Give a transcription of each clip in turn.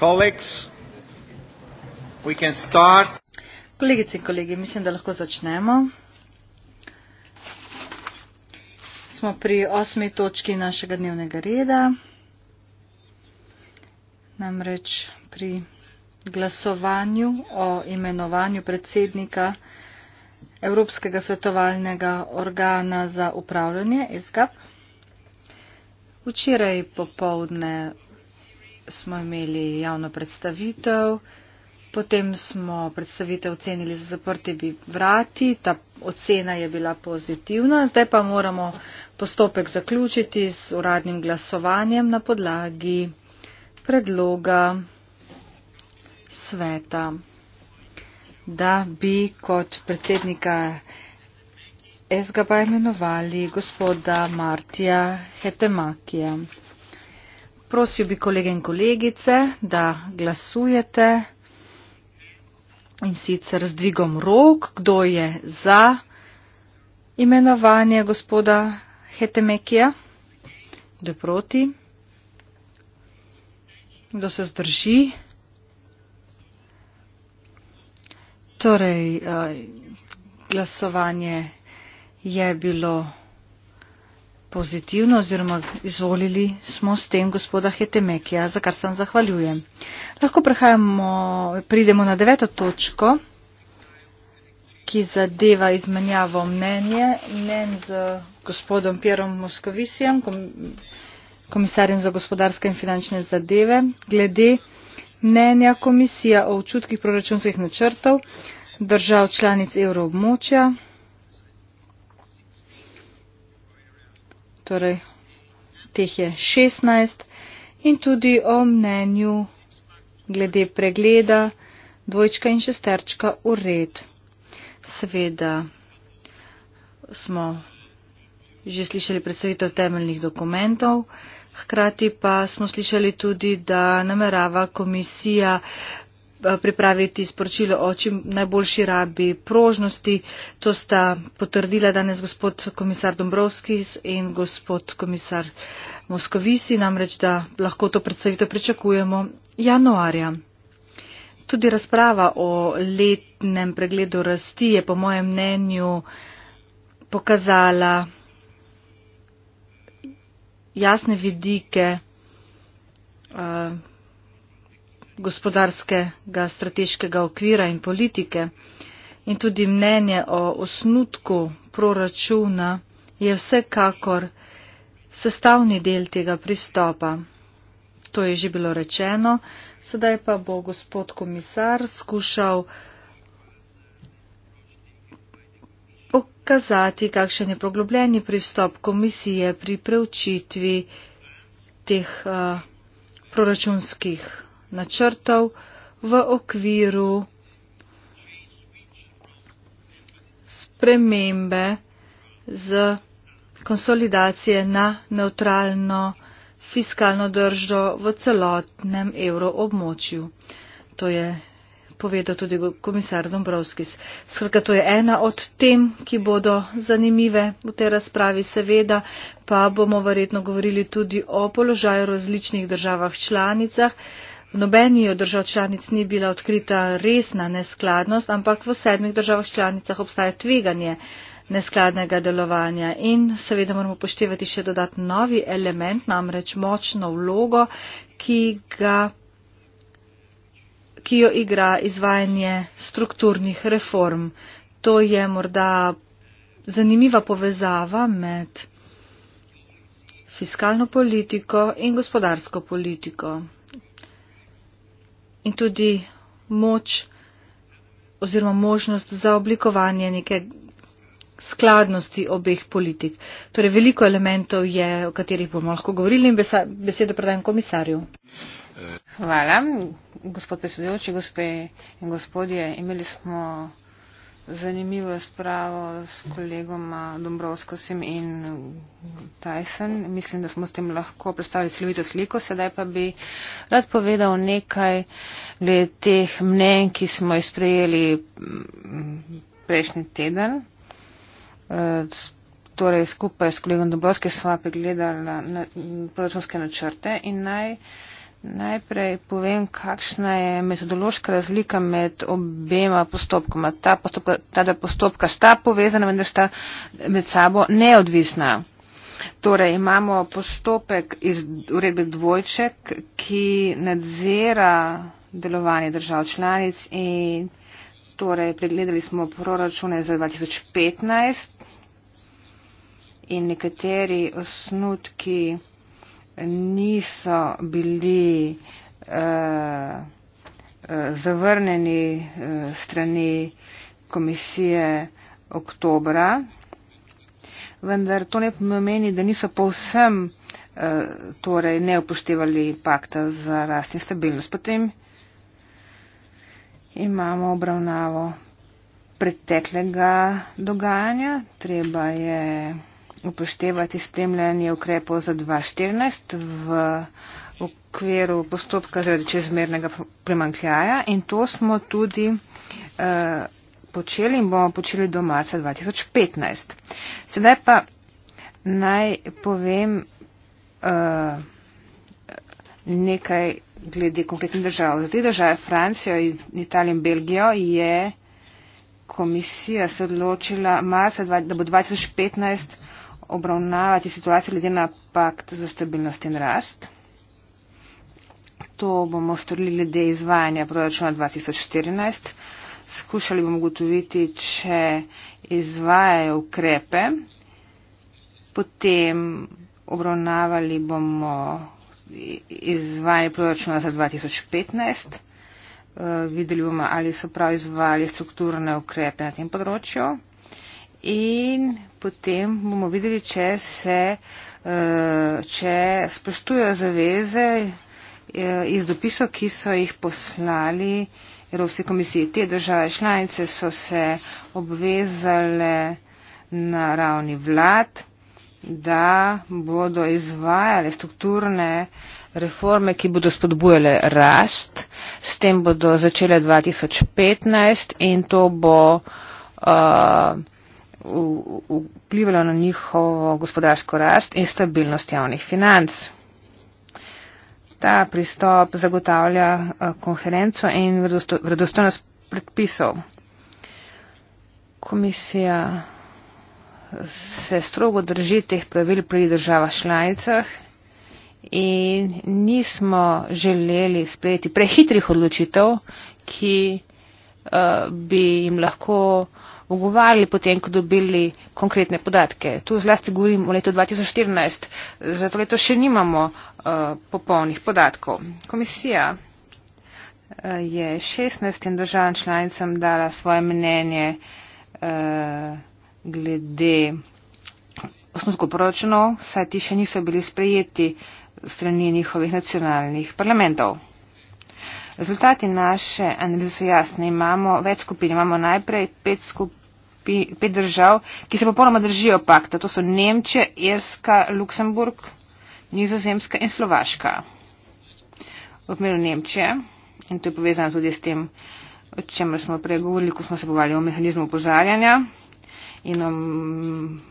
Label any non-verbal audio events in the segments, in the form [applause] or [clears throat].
colleagues, we can start. Kolegice in kolegi, mislim, da lahko začnemo. Smo pri osmi točki našega dnevnega reda, namreč pri glasovanju o imenovanju predsednika Evropskega svetovalnega organa za upravljanje ESGAP. Včeraj popovdne smo imeli javno predstavitev, potem smo predstavitev ocenili za zaprti bi vrati, ta ocena je bila pozitivna, zdaj pa moramo postopek zaključiti z uradnim glasovanjem na podlagi predloga sveta, da bi kot predsednika SGB imenovali gospoda Martija Hetemakija. Prosil bi kolege in kolegice, da glasujete in sicer z dvigom rok, kdo je za imenovanje gospoda Hetemekija, kdo je proti, kdo se zdrži. Torej, eh, glasovanje je bilo pozitivno oziroma izvolili smo s tem gospoda Hetemekija, za kar sem zahvaljujem. Lahko pridemo na deveto točko, ki zadeva izmenjavo mnenje, mnen z gospodom Pierom Moskovisijem, komisarjem za gospodarske in finančne zadeve, glede mnenja komisija o očutkih proračunskih načrtov držav članic evroobmočja, torej teh je 16 in tudi o mnenju glede pregleda dvojčka in šesterčka ured. Seveda smo že slišali predstavitev temeljnih dokumentov, hkrati pa smo slišali tudi, da namerava komisija Eh, pripraviti sporočilo o čim najboljši rabi prožnosti. To sta potrdila danes gospod komisar Dombrovski in gospod komisar Moskovisi, namreč da lahko to predstavitev pričakujemo januarja. Tudi razprava o letnem pregledu rasti je po mojem mnenju pokazala jasne vidike. Uh, gospodarskega strateškega okvira in politike in tudi mnenje o osnutku proračuna je vsekakor sestavni del tega pristopa. To je že bilo rečeno, sedaj pa bo gospod komisar skušal pokazati, kakšen je poglobljeni pristop komisije pri preučitvi teh uh, proračunskih načrtov v okviru spremembe z konsolidacije na neutralno fiskalno držo v celotnem evroobmočju. To je povedal tudi komisar Dombrovskis. Skratka, to je ena od tem, ki bodo zanimive v tej razpravi, seveda, pa bomo verjetno govorili tudi o položaju v različnih državah članicah, V nobeni od držav članic ni bila odkrita resna neskladnost, ampak v sedmih državah članicah obstaja tveganje neskladnega delovanja in seveda moramo poštevati še dodatni novi element, namreč močno vlogo, ki, ga, ki jo igra izvajanje strukturnih reform. To je morda zanimiva povezava med fiskalno politiko in gospodarsko politiko in tudi moč oziroma možnost za oblikovanje neke skladnosti obeh politik. Torej, veliko elementov je, o katerih bomo lahko govorili in besedo predajem komisarju. Hvala, gospod predsedujoči, gospe in gospodje. Imeli smo zanimivo spravo s kolegoma Dombrovskosim in Tyson. Mislim, da smo s tem lahko predstavili celovito sliko. Sedaj pa bi rad povedal nekaj glede teh mnen, ki smo jih sprejeli mm, prejšnji teden. Eh, torej, skupaj s kolegom Dombrovskim sva pregledala na, na, proračunske načrte in naj. Najprej povem, kakšna je metodološka razlika med obema postopkoma. Ta, postopka, ta dva postopka sta povezana, vendar sta med sabo neodvisna. Torej imamo postopek iz uredbe dvojček, ki nadzira delovanje držav članic in torej pregledali smo proračune za 2015 in nekateri osnutki niso bili uh, zavrnjeni uh, strani komisije oktobra, vendar to ne pomeni, da niso povsem uh, torej ne upoštevali pakta za rast in stabilnost. Potem imamo obravnavo preteklega dogajanja, treba je upoštevati spremljanje ukrepov za 2014 v okviru postopka zaradi čezmernega premankljaja in to smo tudi eh, počeli in bomo počeli do marca 2015. Sedaj pa naj povem eh, nekaj glede konkretnih držav. Za te države, Francijo, Italijo in Belgijo, je komisija se odločila, marca, da bo 2015 obravnavati situacijo glede na pakt za stabilnost in rast. To bomo storili glede izvajanja proračuna 2014. Skušali bomo ugotoviti, če izvajajo ukrepe. Potem obravnavali bomo izvajanje proračuna za 2015. Eh, videli bomo, ali so prav izvali strukturne ukrepe na tem področju in potem bomo videli, če se eh, če spoštujejo zaveze eh, iz dopisov, ki so jih poslali Evropske komisije. Te države članice so se obvezale na ravni vlad, da bodo izvajale strukturne reforme, ki bodo spodbujale rast. S tem bodo začele 2015 in to bo uh, vplivalo na njihovo gospodarsko rast in stabilnost javnih financ. Ta pristop zagotavlja eh, konferenco in vredostojnost predpisov. Komisija se strogo drži teh pravil pri državah članicah in nismo želeli sprejeti prehitrih odločitev, ki uh, bi jim lahko uh, ogovarjali potem, ko dobili konkretne podatke. Tu zlasti govorim o letu 2014, za to leto še nimamo uh, popolnih podatkov. Komisija uh, je 16 državam članicam dala svoje mnenje uh, glede osnutkov proračunov, saj ti še niso bili sprejeti strani njihovih nacionalnih parlamentov. Rezultati naše analize so jasne. Imamo več skupin. Imamo najprej pet skupin pet držav, ki se popolnoma držijo pakta. To so Nemčija, Irska, Luksemburg, Nizozemska in Slovaška. V primeru Nemčije, in to je povezano tudi s tem, o čemer smo prej govorili, ko smo se povali o mehanizmu upozarjanja in o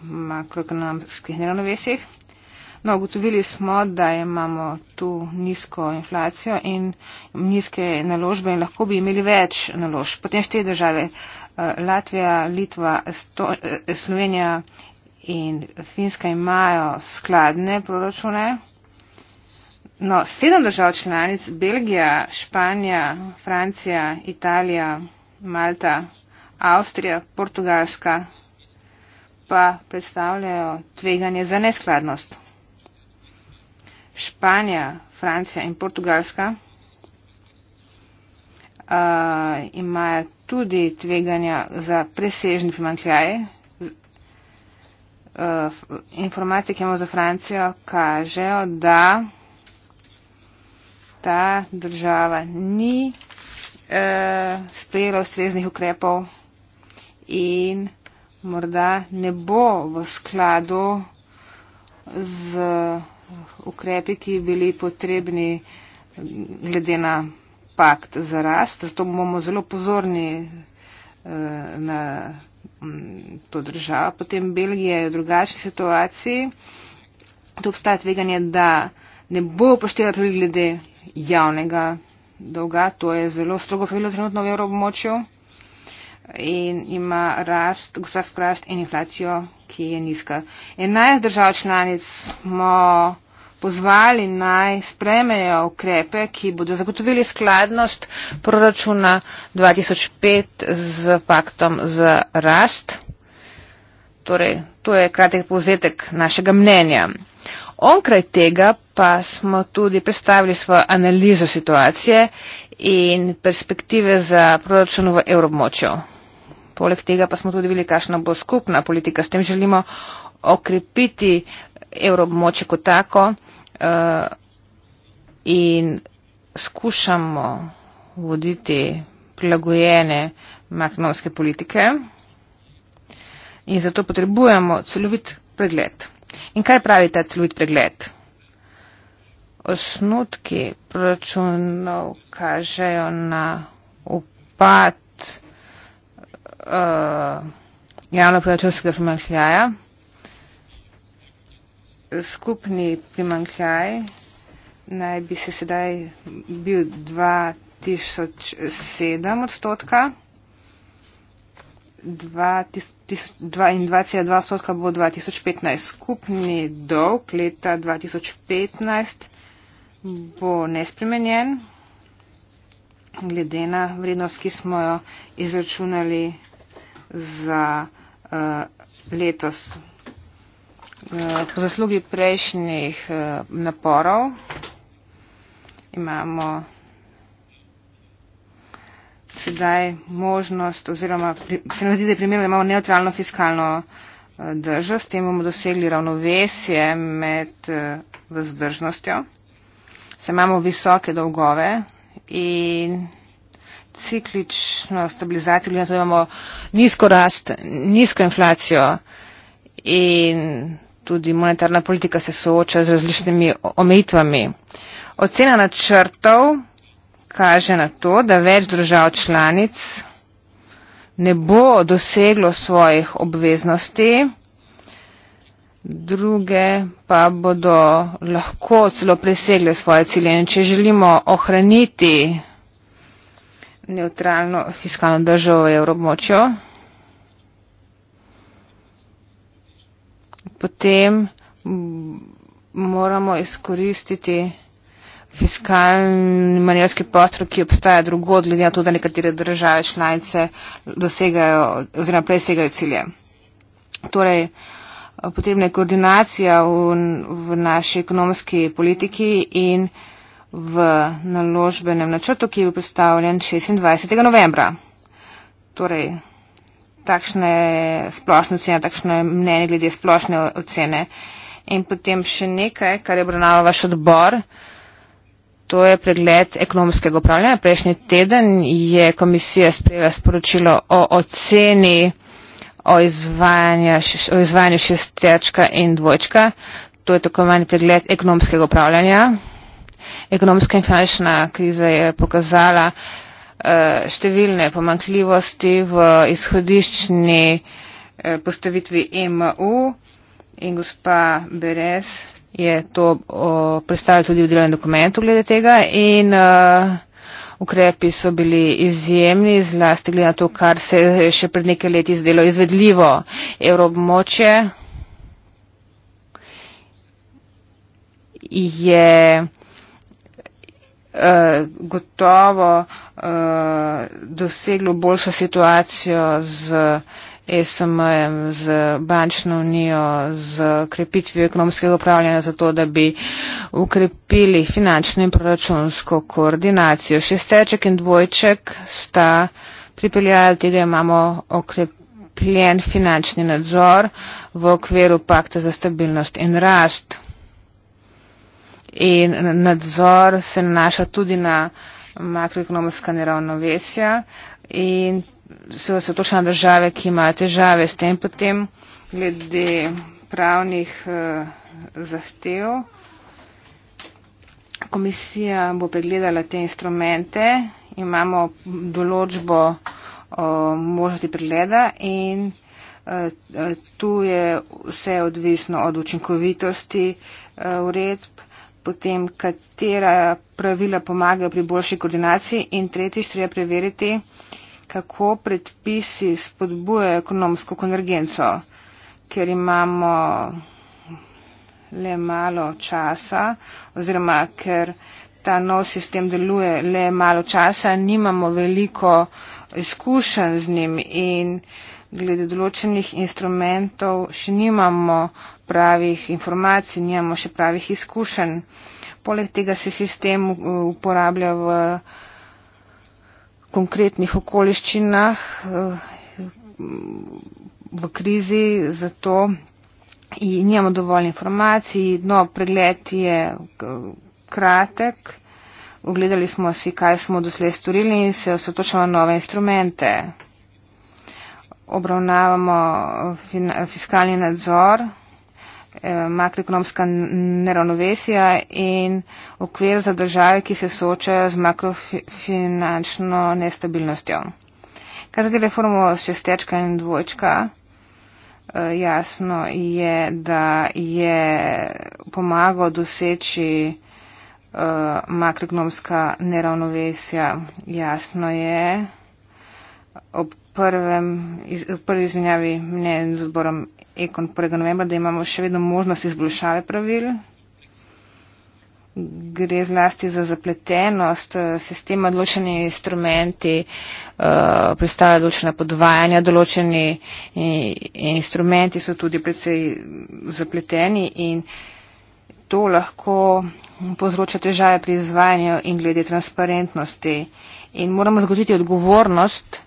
makroekonomskih neravnovesih. No, ugotovili smo, da imamo tu nizko inflacijo in nizke naložbe in lahko bi imeli več naložb. Potem štiri države Eh, Latvija, Litva, Sto, eh, Slovenija in Finska imajo skladne proračune. No, sedem držav članic, Belgija, Španija, Francija, Italija, Malta, Avstrija, Portugalska, pa predstavljajo tveganje za neskladnost. Španija, Francija in Portugalska. Eh, imajo tudi tveganja za presežni primankljaj. Eh, informacije, ki imamo za Francijo, kažejo, da ta država ni eh, sprejela ustreznih ukrepov in morda ne bo v skladu z ukrepi, ki bili potrebni glede na pakt za rast, zato bomo zelo pozorni eh, na mm, to državo. Potem Belgija je v drugačni situaciji. Tu obstaja tveganje, da ne bo upoštevala pri glede javnega dolga. To je zelo strogo pravilo trenutno v evroobmočju in ima rast, gospodarsko rast in inflacijo, ki je nizka. 11 držav članic smo pozvali naj spremejo ukrepe, ki bodo zagotovili skladnost proračuna 2005 z paktom za rast. Torej, to je kratek povzetek našega mnenja. Onkraj tega pa smo tudi predstavili svojo analizo situacije in perspektive za proračun v evromočju. Poleg tega pa smo tudi videli, kakšna bo skupna politika. S tem želimo okrepiti evroobmoče kot tako eh, in skušamo voditi prilagojene makronovske politike in zato potrebujemo celovit pregled. In kaj pravi ta celovit pregled? Osnutki proračunov kažejo na upad uh, eh, javno proračunskega primanjkljaja skupni primankljaj naj bi se sedaj bil 2007 odstotka. 2,2 odstotka bo 2015. Skupni dolg leta 2015 bo nespremenjen, glede na vrednost, ki smo jo izračunali za uh, letos Eh, po zaslugi prejšnjih eh, naporov imamo sedaj možnost oziroma se nam zdi, da je primerno, da imamo neutralno fiskalno eh, držo, s tem bomo dosegli ravnovesje med vzdržnostjo. Se imamo visoke dolgove in ciklično stabilizacijo, glede na to, da imamo nizko rast, nizko inflacijo in tudi monetarna politika se sooča z različnimi omejitvami. Ocena načrtov kaže na to, da več držav članic ne bo doseglo svojih obveznosti, druge pa bodo lahko celo presegle svoje cilje. In če želimo ohraniti neutralno fiskalno državo v Evropmočjo, potem moramo izkoristiti fiskalni manjerski prostor, ki obstaja drugo, glede na to, da nekatere države članice dosegajo oziroma presegajo cilje. Torej, potrebna je koordinacija v, v naši ekonomski politiki in v naložbenem načrtu, ki je bil predstavljen 26. novembra. Torej, takšne splošne ocene, takšno je mnenje glede splošne ocene. In potem še nekaj, kar je obravnaval vaš odbor, to je pregled ekonomskega upravljanja. Prejšnji teden je komisija sprejela sporočilo o oceni o izvajanju šestečka in dvojčka. To je tako manj pregled ekonomskega upravljanja. Ekonomska in finančna kriza je pokazala, Eh, številne pomankljivosti v izhodiščni eh, postavitvi EMU in gospa Beres je to predstavila tudi v delovnem dokumentu glede tega in eh, ukrepi so bili izjemni, zlasti glede na to, kar se je še pred nekaj leti zdelo izvedljivo evroobmoče je eh, gotovo eh, doseglo boljšo situacijo z SMM, z bančno unijo, z krepitvijo ekonomskega upravljanja, zato da bi ukrepili finančno in proračunsko koordinacijo. Šesteček in dvojček sta pripeljali tega, imamo okrep plen finančni nadzor v okviru pakta za stabilnost in rast in nadzor se nanaša tudi na makroekonomska neravnovesja in se osvetoča na države, ki imajo težave s tem potem glede pravnih eh, zahtev. Komisija bo pregledala te instrumente, imamo določbo o možnosti pregleda in eh, eh tu je vse odvisno od učinkovitosti eh, uredb potem katera pravila pomagajo pri boljši koordinaciji in tretjič treba preveriti, kako predpisi spodbujajo ekonomsko konvergenco, ker imamo le malo časa oziroma ker ta nov sistem deluje le malo časa, nimamo veliko izkušenj z njim in glede določenih instrumentov še nimamo pravih informacij, nimamo še pravih izkušenj. Poleg tega se sistem uporablja v konkretnih okoliščinah, v krizi, zato nimamo dovolj informacij. No, pregled je kratek. Ogledali smo si, kaj smo doslej storili in se osredotočamo na nove instrumente. Obravnavamo fiskalni nadzor. Eh, makroekonomska neravnovesja in okvir za države, ki se soočajo z makrofinančno nestabilnostjo. Kar zadeva reformo šestečka in dvojčka, eh, jasno je, da je pomagal doseči eh, makroekonomska neravnovesja. Jasno je, ob prvem, prvi izmenjavi mnenja z odborom ekon 1. novembra, da imamo še vedno možnost izboljšave pravil. Gre zlasti za zapletenost eh, sistema, določeni instrumenti uh, eh, predstavljajo določena podvajanja, določeni in, eh, instrumenti so tudi predvsej zapleteni in to lahko povzroča težave pri izvajanju in glede transparentnosti. In moramo zgoditi odgovornost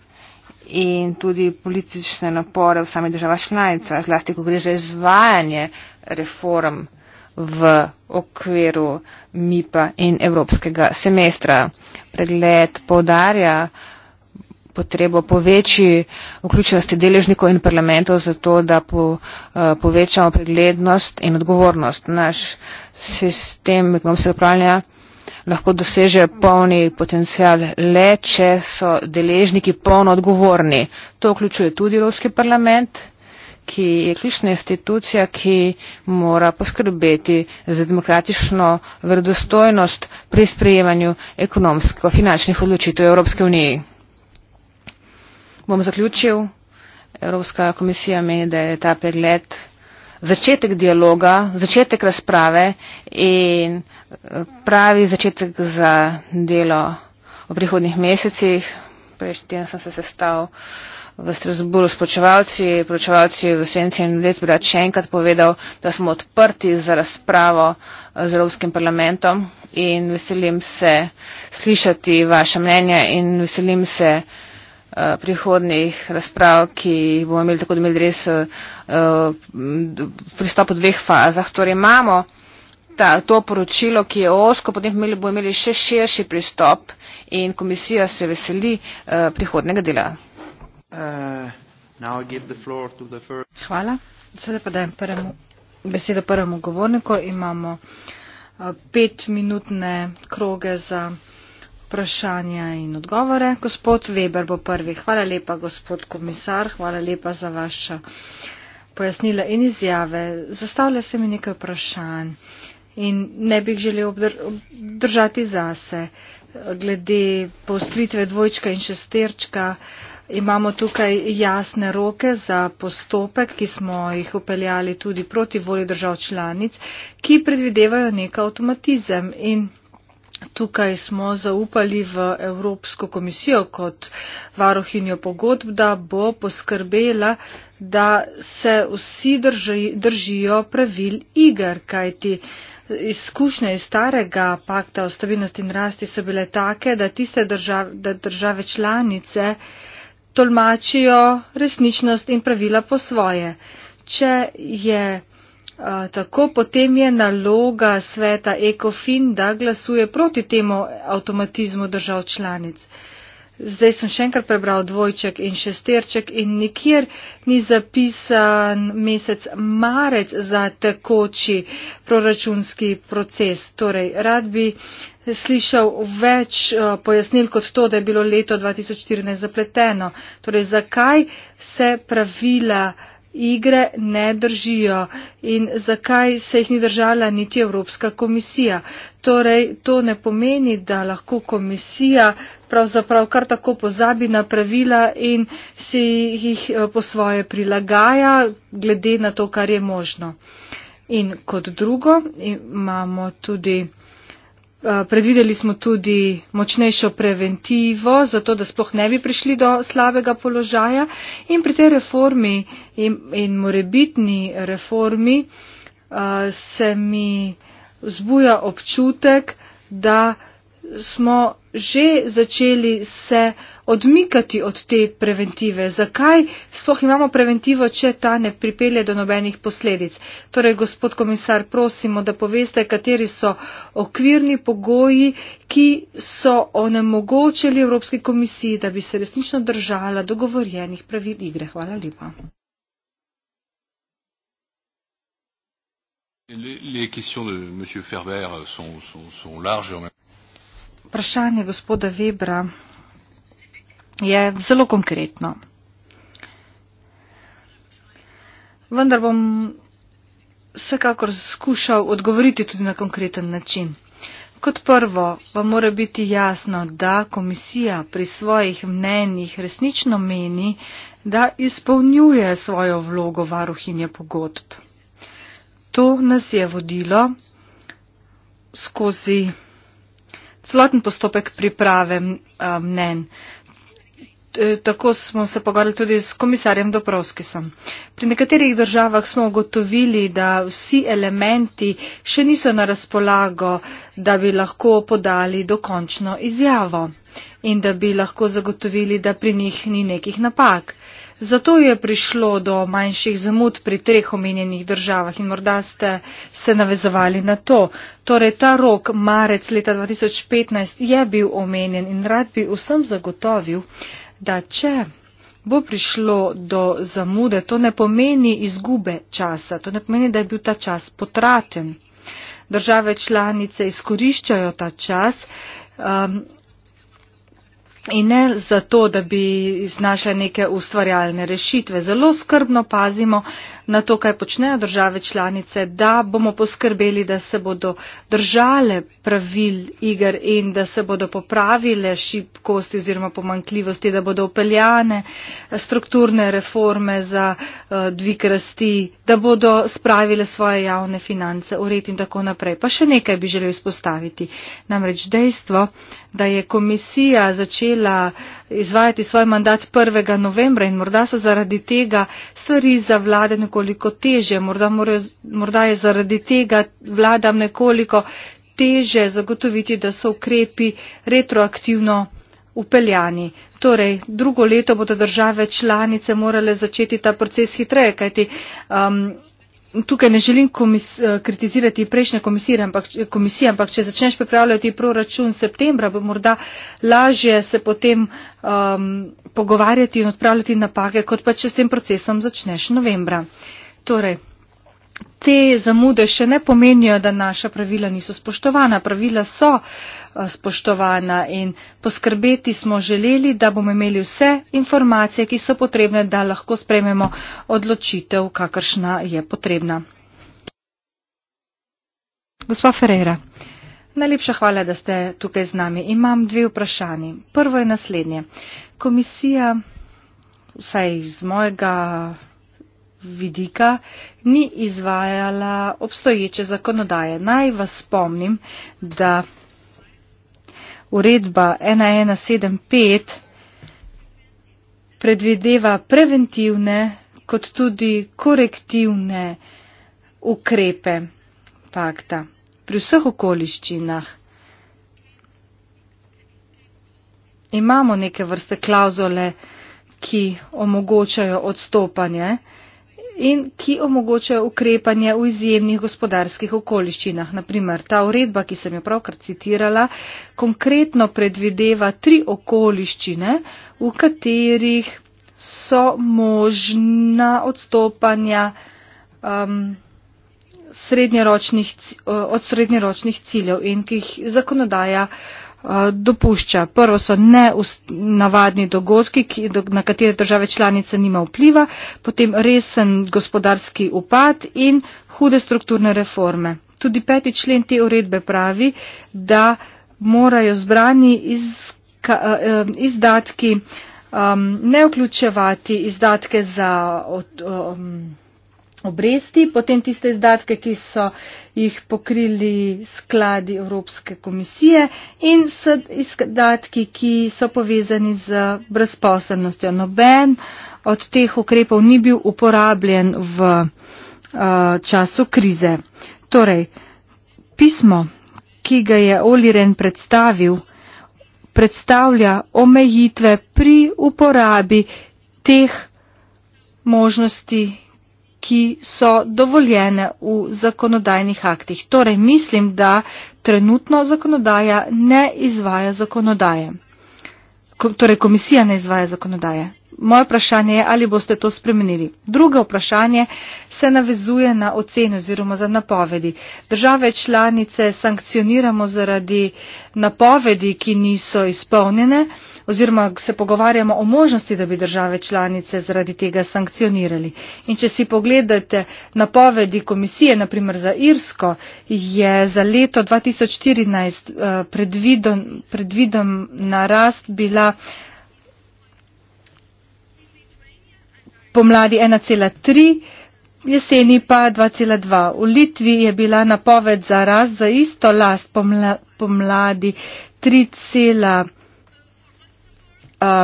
in tudi politične napore v sami država članica, zlasti ko gre za izvajanje reform v okviru MIPA in evropskega semestra. Pregled povdarja potrebo po večji vključenosti deležnikov in parlamentov za to, da po, eh, povečamo preglednost in odgovornost. Naš sistem ekonomskega upravljanja lahko dosežejo polni potencial le, če so deležniki polno odgovorni. To vključuje tudi Evropski parlament, ki je ključna institucija, ki mora poskrbeti za demokratično vredostojnost pri sprejemanju ekonomsko-finančnih odločitev Evropske unije. Bom zaključil. Evropska komisija meni, da je ta pregled začetek dialoga, začetek razprave in eh, pravi začetek za delo v prihodnih mesecih. Prejšnji teden sem se sestal v Strasburu s počevalci, počevalci v Senci in Lec bi rad še enkrat povedal, da smo odprti za razpravo eh, z Evropskim parlamentom in veselim se slišati vaše mnenja in veselim se uh, Eh, prihodnih razprav, ki bomo imeli tako, da imeli res eh, eh, pristop v dveh fazah. Torej imamo ta, to poročilo, ki je osko, potem imeli, bomo imeli še širši pristop in komisija se veseli prihodnega dela. Uh, Hvala. Sedaj pa dajem prvemu, besedo prvemu govorniku. Imamo uh, pet minutne kroge za vprašanja in odgovore. Gospod Weber bo prvi. Hvala lepa, gospod komisar, hvala lepa za vaša pojasnila in izjave. Zastavlja se mi nekaj vprašanj in ne bih želel držati zase. Glede postritve dvojčka in šesterčka imamo tukaj jasne roke za postopek, ki smo jih upeljali tudi proti voli držav članic, ki predvidevajo nek avtomatizem. In Tukaj smo zaupali v Evropsko komisijo kot varohinjo pogodb, da bo poskrbela, da se vsi drži, držijo pravil igr, kajti izkušnje iz starega pakta o stabilnosti in rasti so bile take, da tiste države, da države članice tolmačijo resničnost in pravila po svoje. Če je tako potem je naloga sveta ECOFIN, da glasuje proti temu avtomatizmu držav članic. Zdaj sem še enkrat prebral dvojček in šesterček in nikjer ni zapisan mesec marec za tekoči proračunski proces. Torej, rad bi slišal več pojasnil kot to, da je bilo leto 2014 zapleteno. Torej, zakaj se pravila igre ne držijo in zakaj se jih ni držala niti Evropska komisija. Torej, to ne pomeni, da lahko komisija pravzaprav kar tako pozabi na pravila in si jih eh, po svoje prilagaja glede na to, kar je možno. In kot drugo imamo tudi Eh, predvideli smo tudi močnejšo preventivo, zato da sploh ne bi prišli do slabega položaja in pri tej reformi in, in morebitni reformi eh, se mi vzbuja občutek, da smo že začeli se odmikati od te preventive. Zakaj sploh imamo preventivo, če ta ne pripelje do nobenih posledic? Torej, gospod komisar, prosimo, da poveste, kateri so okvirni pogoji, ki so onemogočili Evropski komisiji, da bi se resnično držala dogovorjenih pravil igre. Hvala lepa. Les questions de M. Ferber sont, sont, sont larges vprašanje gospoda Webra je zelo konkretno. Vendar bom vsekakor skušal odgovoriti tudi na konkreten način. Kot prvo, vam mora biti jasno, da komisija pri svojih mnenjih resnično meni, da izpolnjuje svojo vlogo varuhinje pogodb. To nas je vodilo skozi celoten postopek priprave mnen. Tako smo se pogovarjali tudi s komisarjem Doprovskisom. Pri nekaterih državah smo ugotovili, da vsi elementi še niso na razpolago, da bi lahko podali dokončno izjavo in da bi lahko zagotovili, da pri njih ni nekih napak. Zato je prišlo do manjših zamud pri treh omenjenih državah in morda ste se navezovali na to. Torej, ta rok, marec leta 2015, je bil omenjen in rad bi vsem zagotovil, da če bo prišlo do zamude, to ne pomeni izgube časa, to ne pomeni, da je bil ta čas potraten. Države članice izkoriščajo ta čas. Um, in ne zato, da bi iznašla neke ustvarjalne rešitve. Zelo skrbno pazimo na to, kaj počnejo države članice, da bomo poskrbeli, da se bodo držale pravil igr in da se bodo popravile šibkosti oziroma pomankljivosti, da bodo upeljane strukturne reforme za eh, dvig rasti, da bodo spravile svoje javne finance, ured in tako naprej. Pa še nekaj bi želel izpostaviti. Namreč dejstvo, da je komisija začela izvajati svoj mandat 1. novembra in morda so zaradi tega stvari za vlade nekoliko teže, morda, morajo, morda je zaradi tega vladam nekoliko teže zagotoviti, da so ukrepi retroaktivno upeljani. Torej, drugo leto bodo države članice morale začeti ta proces hitreje, kajti um, tukaj ne želim eh, kritizirati prejšnje komisije ampak če začneš pripravljati proračun septembra bo morda lažje se potem um, pogovarjati in odpravljati napake kot pa če s tem procesom začneš novembra. Torej, te zamude še ne pomenijo, da naša pravila niso spoštovana. Pravila so uh, Eh, spoštovana in poskrbeti smo želeli, da bomo imeli vse informacije, ki so potrebne, da lahko sprememo odločitev, kakršna je potrebna. Gospa Ferreira, najlepša hvala, da ste tukaj z nami. Imam dve vprašanje. Prvo je naslednje. Komisija, vsaj iz mojega vidika, ni izvajala obstoječe zakonodaje. Naj vas spomnim, da uredba 1175 predvideva preventivne kot tudi korektivne ukrepe pakta pri vseh okoliščinah. Imamo neke vrste klauzole, ki omogočajo odstopanje in ki omogočajo ukrepanje v izjemnih gospodarskih okoliščinah. Naprimer, ta uredba, ki sem jo pravkar citirala, konkretno predvideva tri okoliščine, v katerih so možna odstopanja um, srednjeročnih, uh, od srednjeročnih ciljev in ki jih zakonodaja uh, Eh, dopušča. Prvo so nenavadni dogodki, na katere države članice nima vpliva, potem resen gospodarski upad in hude strukturne reforme. Tudi peti člen te uredbe pravi, da morajo zbrani izka, eh, izdatki um, ne vključevati izdatke za. Um, obresti, potem tiste izdatke, ki so jih pokrili skladi Evropske komisije in izdatki, ki so povezani z brezposobnostjo. Noben od teh ukrepov ni bil uporabljen v uh, času krize. Torej, pismo, ki ga je Oliren predstavil, predstavlja omejitve pri uporabi teh možnosti ki so dovoljene v zakonodajnih aktih. Torej, mislim, da trenutno zakonodaja ne izvaja zakonodaje. Torej, komisija ne izvaja zakonodaje. Moje vprašanje je, ali boste to spremenili. Drugo vprašanje se navezuje na ocene oziroma za napovedi. Države članice sankcioniramo zaradi napovedi, ki niso izpolnjene. Uh, oziroma se pogovarjamo o možnosti, da bi države članice zaradi tega sankcionirali. In če si pogledate napovedi komisije, naprimer za Irsko, je za leto 2014 eh, predvidom, predvidom na rast bila pomladi 1,3. Jeseni pa 2,2. V Litvi je bila napoved za rast za isto last pomla, pomladi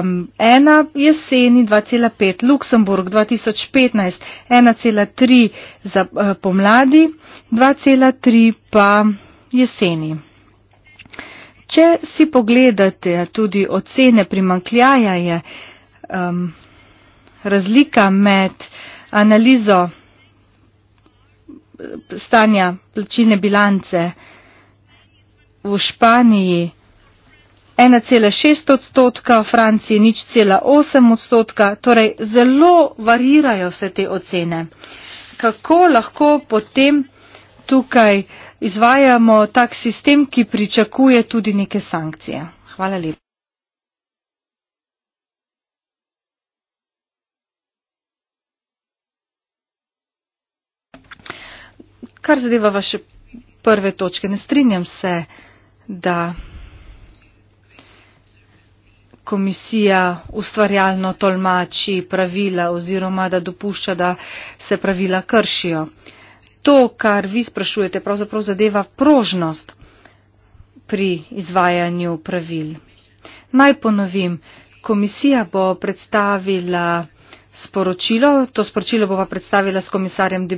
um, 1, jeseni 2,5, Luksemburg 2015 1,3 za uh, pomladi, 2,3 pa jeseni. Če si pogledate tudi ocene primankljaja, je um, razlika med analizo uh, stanja plačilne bilance v Španiji 1,6 odstotka, v Franciji nič cela 8 odstotka, torej zelo varirajo se te ocene. Kako lahko potem tukaj izvajamo tak sistem, ki pričakuje tudi neke sankcije? Hvala lepa. Kar zadeva vaše prve točke, ne strinjam se, da komisija ustvarjalno tolmači pravila oziroma da dopušča, da se pravila kršijo. To, kar vi sprašujete, pravzaprav zadeva prožnost pri izvajanju pravil. Naj ponovim, komisija bo predstavila sporočilo. To sporočilo bova predstavila s komisarjem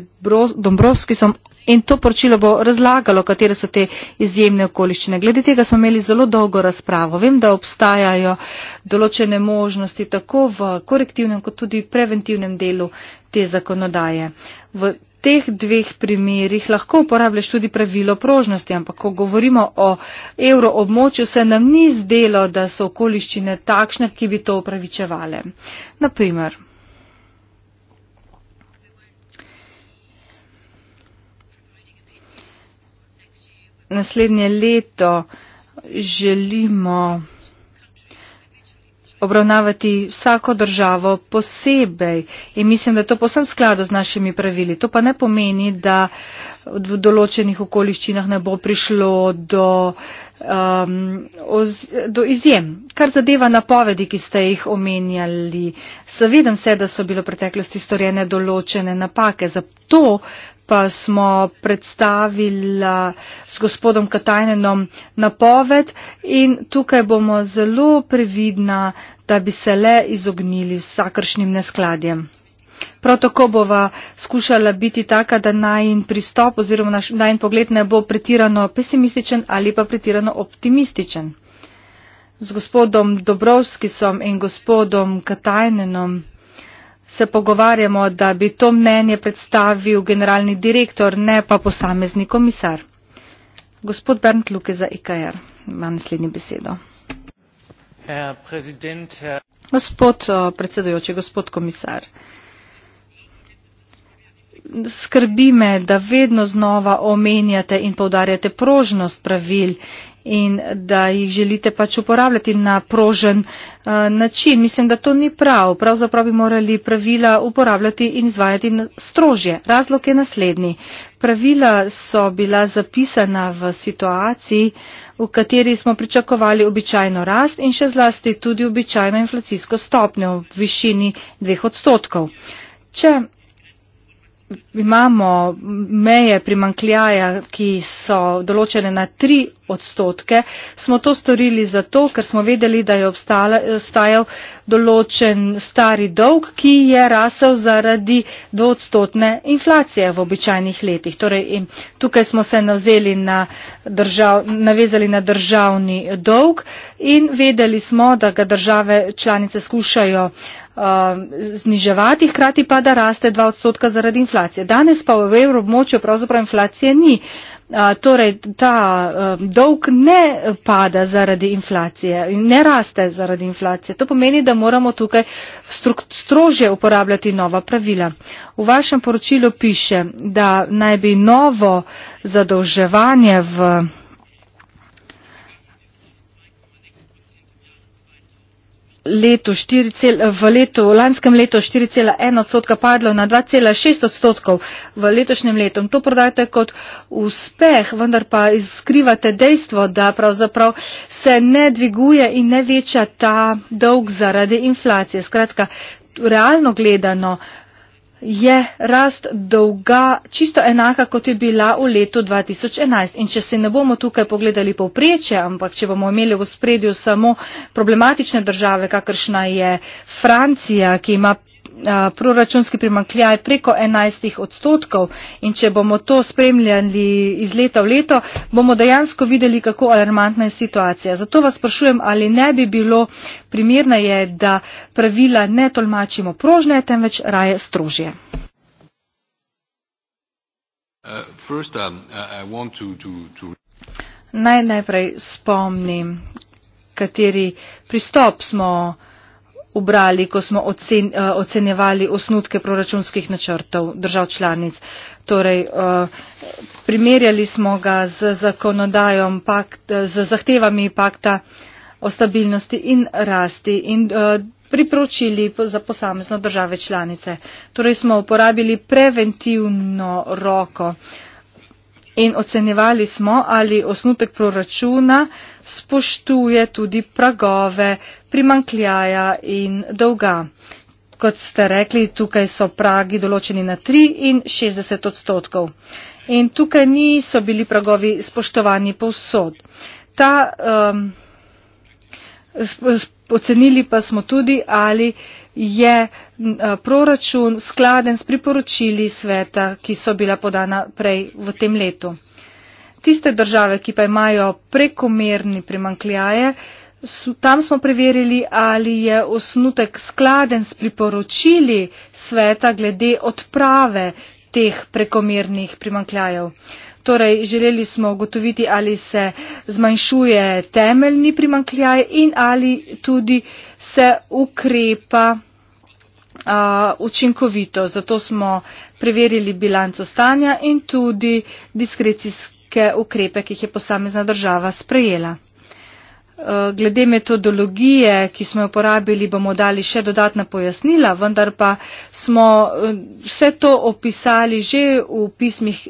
Dombrovskisom in to sporočilo bo razlagalo, katere so te izjemne okoliščine. Glede tega smo imeli zelo dolgo razpravo. Vem, da obstajajo določene možnosti tako v korektivnem kot tudi preventivnem delu te zakonodaje. V teh dveh primerjih lahko uporabljaš tudi pravilo prožnosti, ampak ko govorimo o evroobmočju, se nam ni zdelo, da so okoliščine takšne, ki bi to upravičevale. Naprimer, naslednje leto želimo obravnavati vsako državo posebej in mislim, da je to posem sklado z našimi pravili. To pa ne pomeni, da v določenih okoliščinah ne bo prišlo do, um, oz, do izjem. Kar zadeva napovedi, ki ste jih omenjali, zavedam se, da so bile v preteklosti storjene določene napake. Zato pa smo predstavili s gospodom Katajnenom napoved in tukaj bomo zelo previdna, da bi se le izognili vsakršnim neskladjem. Prav tako bova skušala biti taka, da naj in pristop oziroma naš, naj in pogled ne bo pretirano pesimističen ali pa pretirano optimističen. Z gospodom Dobrovskisom in gospodom Katajnenom se pogovarjamo, da bi to mnenje predstavil generalni direktor, ne pa posamezni komisar. Gospod Bernd Luke za IKR e ima naslednji besedo. Gospod predsedujoči, gospod komisar, skrbi me, da vedno znova omenjate in povdarjate prožnost pravil in da jih želite pač uporabljati na prožen uh, način. Mislim, da to ni prav. Pravzaprav bi morali pravila uporabljati in izvajati strožje. Razlog je naslednji. Pravila so bila zapisana v situaciji, v kateri smo pričakovali običajno rast in še zlasti tudi običajno inflacijsko stopnjo v višini dveh odstotkov. Če imamo meje primankljaja, ki so določene na tri odstotke, smo to storili zato, ker smo vedeli, da je obstajal določen stari dolg, ki je rasel zaradi dvodstotne inflacije v običajnih letih. Torej, tukaj smo se na držav, navezali na državni dolg in vedeli smo, da ga države članice skušajo uh, Um, zniževati, hkrati pa da raste 2 odstotka zaradi inflacije. Danes pa v evroobmočju pravzaprav inflacije ni. Torej, ta um, dolg ne pada zaradi inflacije, ne raste zaradi inflacije. To pomeni, da moramo tukaj strože uporabljati nova pravila. V vašem poročilu piše, da naj bi novo zadolževanje v letu 4, v letu, lanskem letu 4,1 odstotka padlo na 2,6 odstotkov v letošnjem letu. To prodajate kot uspeh, vendar pa izkrivate dejstvo, da pravzaprav se ne dviguje in ne veča ta dolg zaradi inflacije. Skratka, realno gledano, je rast dolga čisto enaka, kot je bila v letu 2011. In če se ne bomo tukaj pogledali povprečje, ampak če bomo imeli v spredju samo problematične države, kakršna je Francija, ki ima proračunski primankljaj preko 11 odstotkov in če bomo to spremljali iz leta v leto, bomo dejansko videli, kako alarmantna je situacija. Zato vas sprašujem, ali ne bi bilo primerno je, da pravila ne tolmačimo prožne, temveč raje strožje. Uh, um, uh, Naj najprej spomnim, kateri pristop smo ubrali, ko smo ocen, uh, ocenjevali osnutke proračunskih načrtov držav članic. Torej, uh, primerjali smo ga z zakonodajom, pakt, z zahtevami pakta o stabilnosti in rasti in uh, priporočili za posamezno države članice. Torej smo uporabili preventivno roko. Uh, in ocenjevali smo, ali osnutek proračuna spoštuje tudi pragove, primankljaja in dolga. Kot ste rekli, tukaj so pragi določeni na 63 odstotkov. In tukaj niso bili pragovi spoštovani povsod. Ta, um, ocenili pa smo tudi, ali uh, je eh, proračun skladen s priporočili sveta, ki so bila podana prej v tem letu. Tiste države, ki pa imajo prekomerni primankljaje, tam smo preverili, ali je osnutek skladen s priporočili sveta glede odprave teh prekomernih primankljajev. Torej, želeli smo ugotoviti, ali se zmanjšuje temeljni primankljaj in ali tudi uh, se ukrepa uh, učinkovito. Zato smo preverili bilanco stanja in tudi diskrecijske ukrepe, ki jih je posamezna država sprejela. Glede metodologije, ki smo jo uporabili, bomo dali še dodatna pojasnila, vendar pa smo vse to opisali že v pismih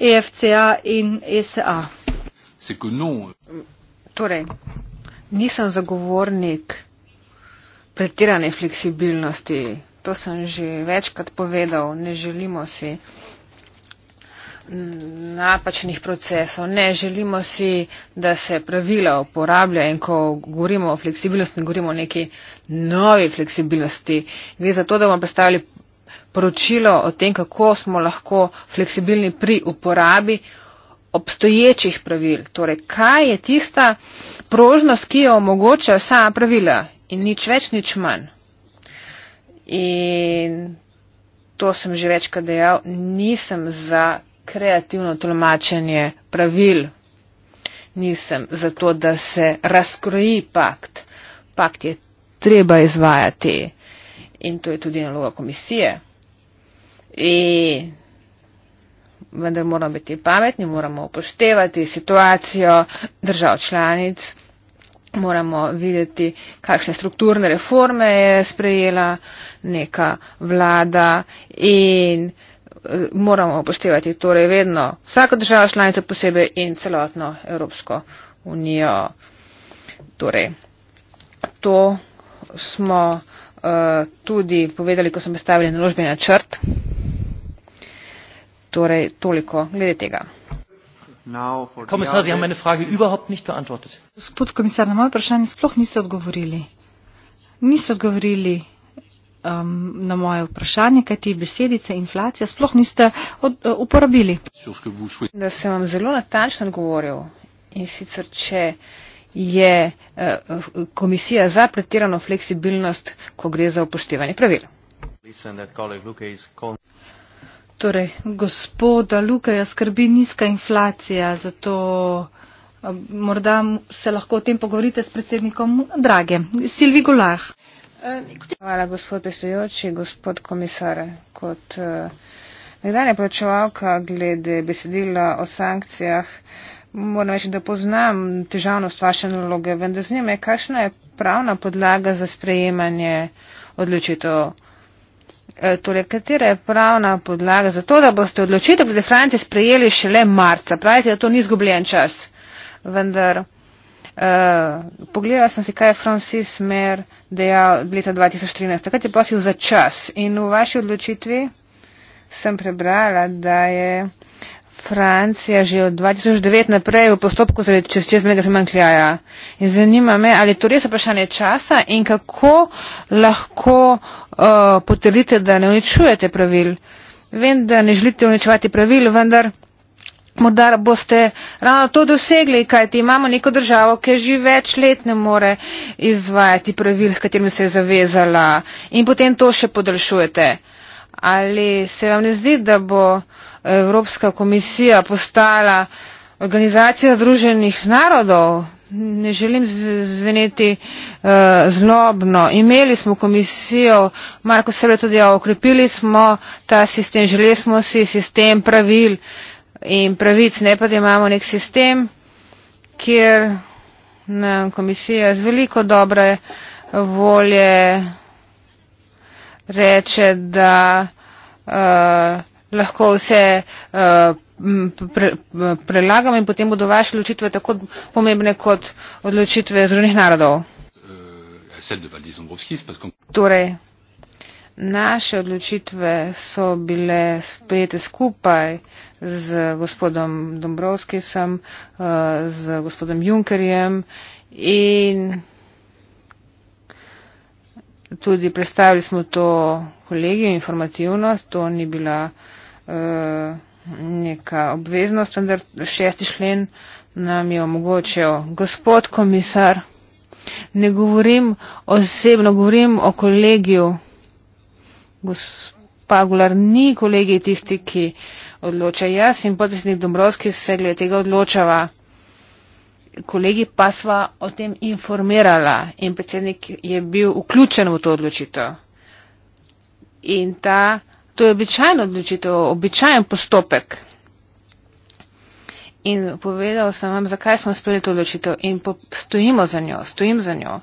EFCA e in e ESA. Torej, nisem zagovornik pretirane fleksibilnosti. To sem že večkrat povedal, ne želimo si napačnih procesov, ne želimo si, da se pravila uporablja in ko govorimo o fleksibilnosti, govorimo o neki novi fleksibilnosti. Gre za to, da bomo predstavili poročilo o tem, kako smo lahko fleksibilni pri uporabi obstoječih pravil. Torej, kaj je tista prožnost, ki jo omogočajo sama pravila? in nič več, nič manj. In to sem že večkrat dejal, nisem za kreativno tolmačenje pravil, nisem za to, da se razkroji pakt. Pakt je treba izvajati in to je tudi naloga komisije. In vendar moramo biti pametni, moramo upoštevati situacijo držav članic moramo videti, kakšne strukturne reforme je sprejela neka vlada in eh, moramo upoštevati torej vedno vsako državo članico posebej in celotno Evropsko unijo. Torej, to smo uh, tudi povedali, ko smo predstavili naložbeni načrt. Torej, toliko glede tega. Komisar, Sie haben meine Frage überhaupt nicht beantwortet. Komisar, nicht na moje vprašanje, um, kaj ti besedice, inflacija, sploh niste od, uh, uporabili. Da sem vam zelo natančno odgovoril in sicer, če je uh, komisija za pretirano fleksibilnost, ko gre za upoštevanje pravil. Torej, gospoda Lukaja skrbi nizka inflacija, zato eh, morda se lahko o tem pogovorite s predsednikom Drage. Silvi Gulah. Hvala, gospod predsedujoči, gospod komisar. Kot eh, nekdanja pročevalka glede besedila o sankcijah, moram reči, da poznam težavnost vaše naloge, vendar z njim je, kakšna je pravna podlaga za sprejemanje odločitev. Eh, torej, katera je pravna podlaga za to, da boste odločitev glede Francije sprejeli šele marca? Pravite, da to ni zgubljen čas. Vendar, eh, pogledala sem si, kaj je Francis Mer dejal leta 2013. Takrat je posil za čas. In v vaši odločitvi sem prebrala, da je Francija že od 2009 naprej v postopku zaradi čezmernega primankljaja. In zanima me, ali to res vprašanje časa in kako lahko uh, potrdite, da ne uničujete pravil. Vem, da ne želite uničevati pravil, vendar. Morda boste ravno to dosegli, kajti imamo neko državo, ki že več let ne more izvajati pravil, s katerimi se je zavezala in potem to še podaljšujete. Ali se vam ne zdi, da bo. Evropska komisija postala organizacija združenih narodov. Ne želim zveneti uh, zlobno. Imeli smo komisijo, Marko Srbe tudi, ja, okrepili smo ta sistem, želeli smo si sistem pravil in pravic, ne pa da imamo nek sistem, kjer nam komisija z veliko dobre volje reče, da uh, lahko vse uh, pre, prelagamo in potem bodo vaše odločitve tako pomembne kot odločitve Združenih narodov. Eh, torej, naše odločitve so bile sprejete skupaj z gospodom Dombrovskisom, eh, z gospodom Junkerjem in tudi predstavili smo to kolegijo informativnost, to ni bila neka obveznost, vendar šesti člen nam je omogočil. Gospod komisar, ne govorim osebno, govorim o kolegiju. Gospa Gular, ni kolegi tisti, ki odloča. Jaz in podpisnik Dombrovski se glede tega odločava. Kolegi pa sva o tem informirala in predsednik je bil vključen v to odločitev. In ta To je običajna odločitev, običajen postopek. In povedal sem vam, zakaj smo sprejeli to odločitev in stojimo za njo, stojim za njo.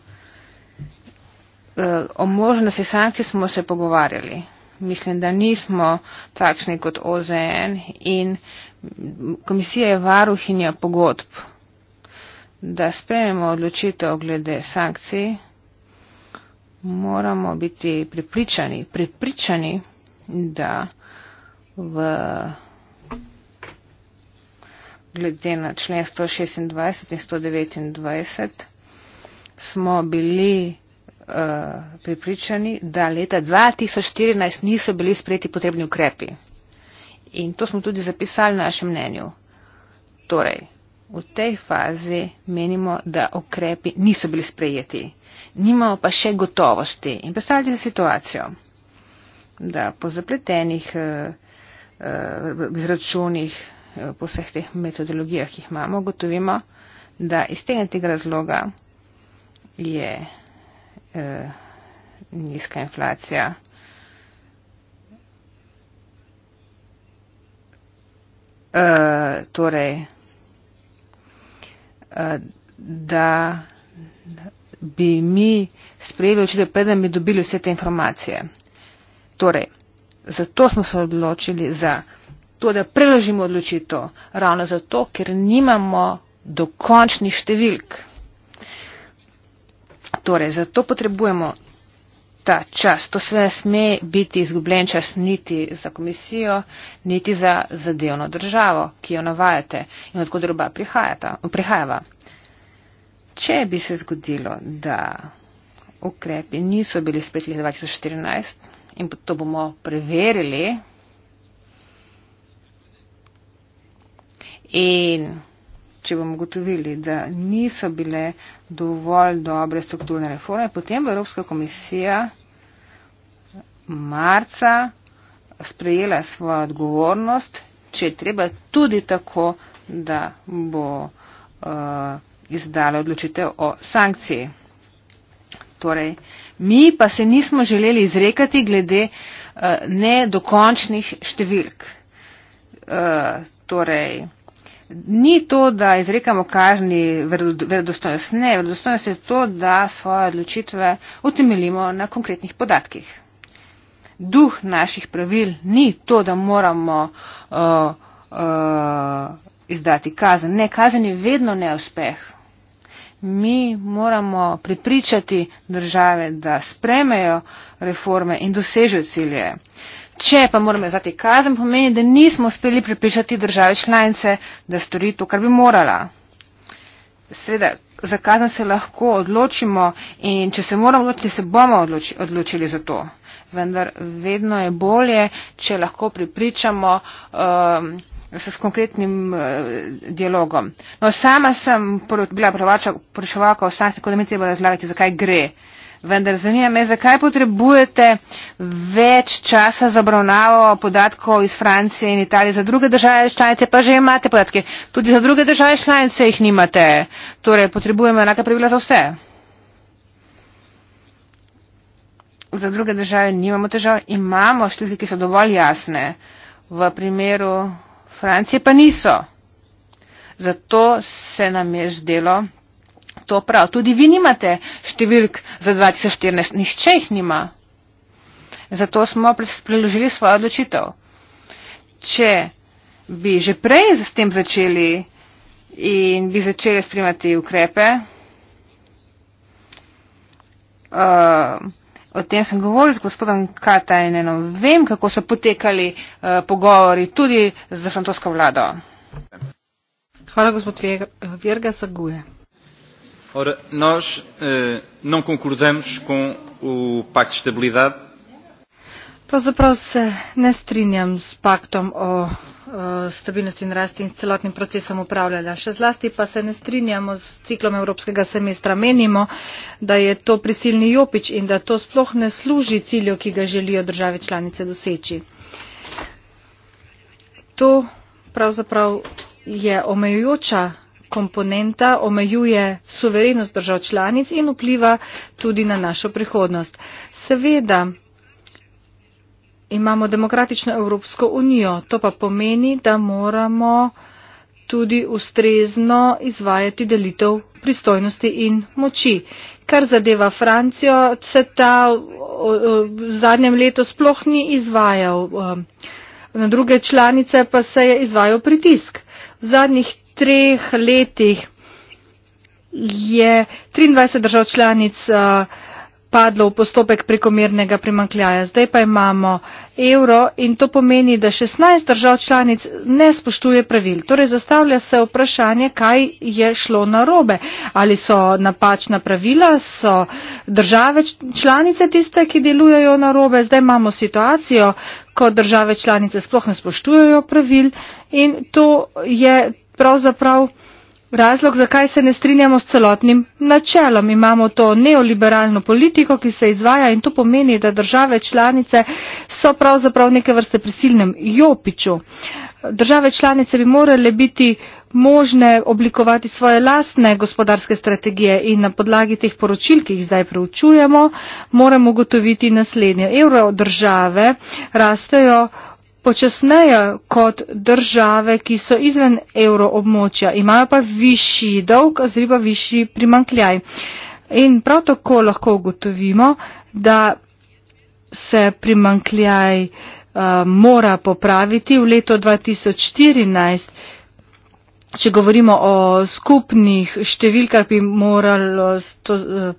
E, o možnosti sankcij smo se pogovarjali. Mislim, da nismo takšni kot OZN in komisija je varuhinja pogodb, da sprejmemo odločitev glede sankcij. Moramo biti pripričani, pripričani, da v glede na člen 126 in 129 smo bili uh, eh, pripričani, da leta 2014 niso bili sprejeti potrebni ukrepi. In to smo tudi zapisali v našem mnenju. Torej, v tej fazi menimo, da ukrepi niso bili sprejeti. Nimamo pa še gotovosti. In predstavljajte si situacijo da po zapletenih eh, eh, izračunih, eh, po vseh teh metodologijah, ki jih imamo, gotovimo, da iz tega in tega razloga je nizka inflacija. Torej, da bi mi sprejeli očitev, preden bi dobili vse te informacije. Torej, zato smo se odločili za to, da preložimo odločitev, ravno zato, ker nimamo dokončnih številk. Torej, zato potrebujemo ta čas. To se ne sme biti izgubljen čas niti za komisijo, niti za zadevno državo, ki jo navajate in odkud roba prihajava. Če bi se zgodilo, da ukrepi niso bili sprejeti 2014, in to bomo preverili. In če bomo gotovili, da niso bile dovolj dobre strukturne reforme, potem bo Evropska komisija marca sprejela svojo odgovornost, če je treba tudi tako, da bo uh, izdala odločitev o sankciji. Torej, uh, mi pa se nismo želeli izrekati glede uh, nedokončnih številk. Uh, torej, ni to, da izrekamo kažni verodostojnost. Ne, verodostojnost je to, da svoje odločitve utemeljimo na konkretnih podatkih. Duh naših pravil ni to, da moramo uh, uh, izdati kazen. Ne, kazen je vedno neuspeh mi moramo pripričati države, da spremejo reforme in dosežejo cilje. Če pa moramo izdati kazen, pomeni, da nismo uspeli pripričati države članice, da stori to, kar bi morala. Sveda, za kazen se lahko odločimo in če se moramo odločiti, se bomo odločili za to. Vendar vedno je bolje, če lahko pripričamo. Um, s konkretnim uh, dialogom. No, sama sem poru, bila poročevalka o sankcij, tako da mi treba razlagati, zakaj gre. Vendar zanima me, zakaj potrebujete več časa za obravnavo podatkov iz Francije in Italije. Za druge države članice pa že imate podatke. Tudi za druge države članice jih nimate. Torej, potrebujemo enaka pravila za vse. Za druge države nimamo težav. Imamo številke, ki so dovolj jasne. V primeru Francije pa niso. Zato se nam je zdelo to prav. Tudi vi nimate številk za 2014, nihče jih nima. Zato smo preložili svojo odločitev. Če bi že prej s tem začeli in bi začeli spremati ukrepe, uh, O tem sem govoril z gospodom Katajnenom. Vem, kako so potekali uh, pogovori tudi z francosko vlado. Hvala, gospod Virga Saguje. Ora, nós uh, não concordamos com o Pacto de Estabilidade. Pravzaprav se ne strinjam s paktom o Eh, stabilnosti in rasti in s celotnim procesom upravljanja. Še zlasti pa se ne strinjamo z ciklom evropskega semestra. Menimo, da je to prisilni jopič in da to sploh ne služi cilju, ki ga želijo države članice doseči. To pravzaprav je omejujoča komponenta, omejuje suverenost držav članic in vpliva tudi na našo prihodnost. Seveda, imamo demokratično Evropsko unijo. To pa pomeni, da moramo tudi ustrezno izvajati delitev pristojnosti in moči. Kar zadeva Francijo, se ta v zadnjem letu sploh ni izvajal. Um, na druge članice pa se je izvajal pritisk. V zadnjih treh letih je 23 držav članic uh, padlo v postopek prekomernega primankljaja. Zdaj pa imamo evro in to pomeni, da 16 držav članic ne spoštuje pravil. Torej zastavlja se vprašanje, kaj je šlo na robe. Ali so napačna pravila, so države članice tiste, ki delujejo na robe. Zdaj imamo situacijo, ko države članice sploh ne spoštujejo pravil in to je pravzaprav. Razlog, zakaj se ne strinjamo s celotnim načelom. Imamo to neoliberalno politiko, ki se izvaja in to pomeni, da države članice so pravzaprav neke vrste prisilnem jopiču. Države članice bi morale biti možne oblikovati svoje lastne gospodarske strategije in na podlagi teh poročil, ki jih zdaj preučujemo, moramo ugotoviti naslednje. Euro države rastejo počasneje kot države, ki so izven evroobmočja, imajo pa višji dolg oziroma višji primankljaj. In prav tako lahko ugotovimo, da se primankljaj uh, mora popraviti v leto 2014. Če govorimo o skupnih številkah, bi moral, to, uh,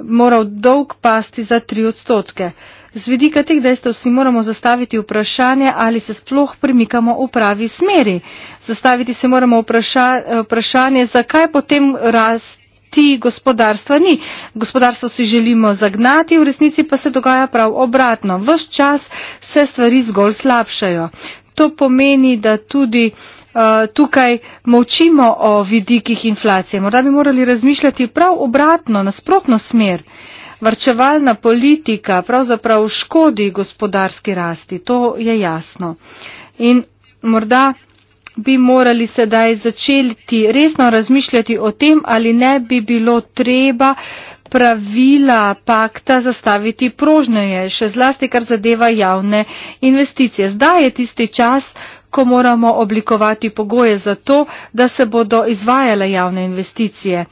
moral dolg pasti za tri odstotke. Uh, Z vidika teh dejstev si moramo zastaviti vprašanje, ali se sploh premikamo v pravi smeri. Zastaviti se moramo vprašanje, zakaj potem rasti gospodarstva ni. Gospodarstvo si želimo zagnati, v resnici pa se dogaja prav obratno. Ves čas se stvari zgolj slabšajo. To pomeni, da tudi uh, tukaj močimo o vidikih inflacije. Morda bi morali razmišljati prav obratno, nasprotno smer. Uh, varčevalna politika pravzaprav škodi gospodarski rasti, to je jasno. In morda bi morali sedaj začeti resno razmišljati o tem, ali ne bi bilo treba pravila pakta zastaviti prožnoje, še zlasti kar zadeva javne investicije. Zdaj je tisti čas, ko moramo oblikovati pogoje za to, da se bodo izvajale javne investicije.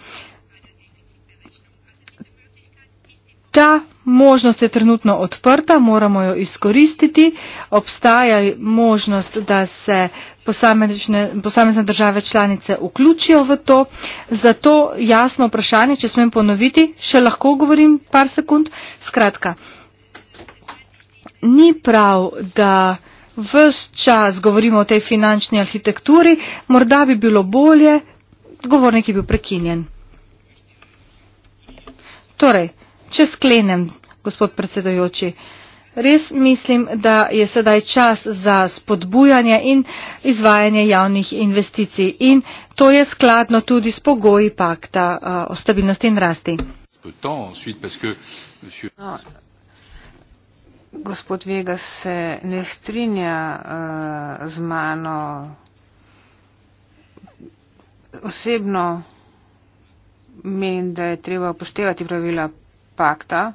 ta možnost je trenutno odprta, moramo jo izkoristiti. Obstaja možnost, da se posamezne države članice vključijo v to. Zato jasno vprašanje, če smem ponoviti, še lahko govorim par sekund. Skratka, ni prav, da. Ves čas govorimo o tej finančni arhitekturi, morda bi bilo bolje, govornik je bil prekinjen. Torej, Če sklenem, gospod predsedojoči, res mislim, da je sedaj čas za spodbujanje in izvajanje javnih investicij in to je skladno tudi s pogoji pakta o stabilnosti in rasti. No, gospod Vega se ne strinja uh, z mano osebno. Menim, da je treba upoštevati pravila pakta.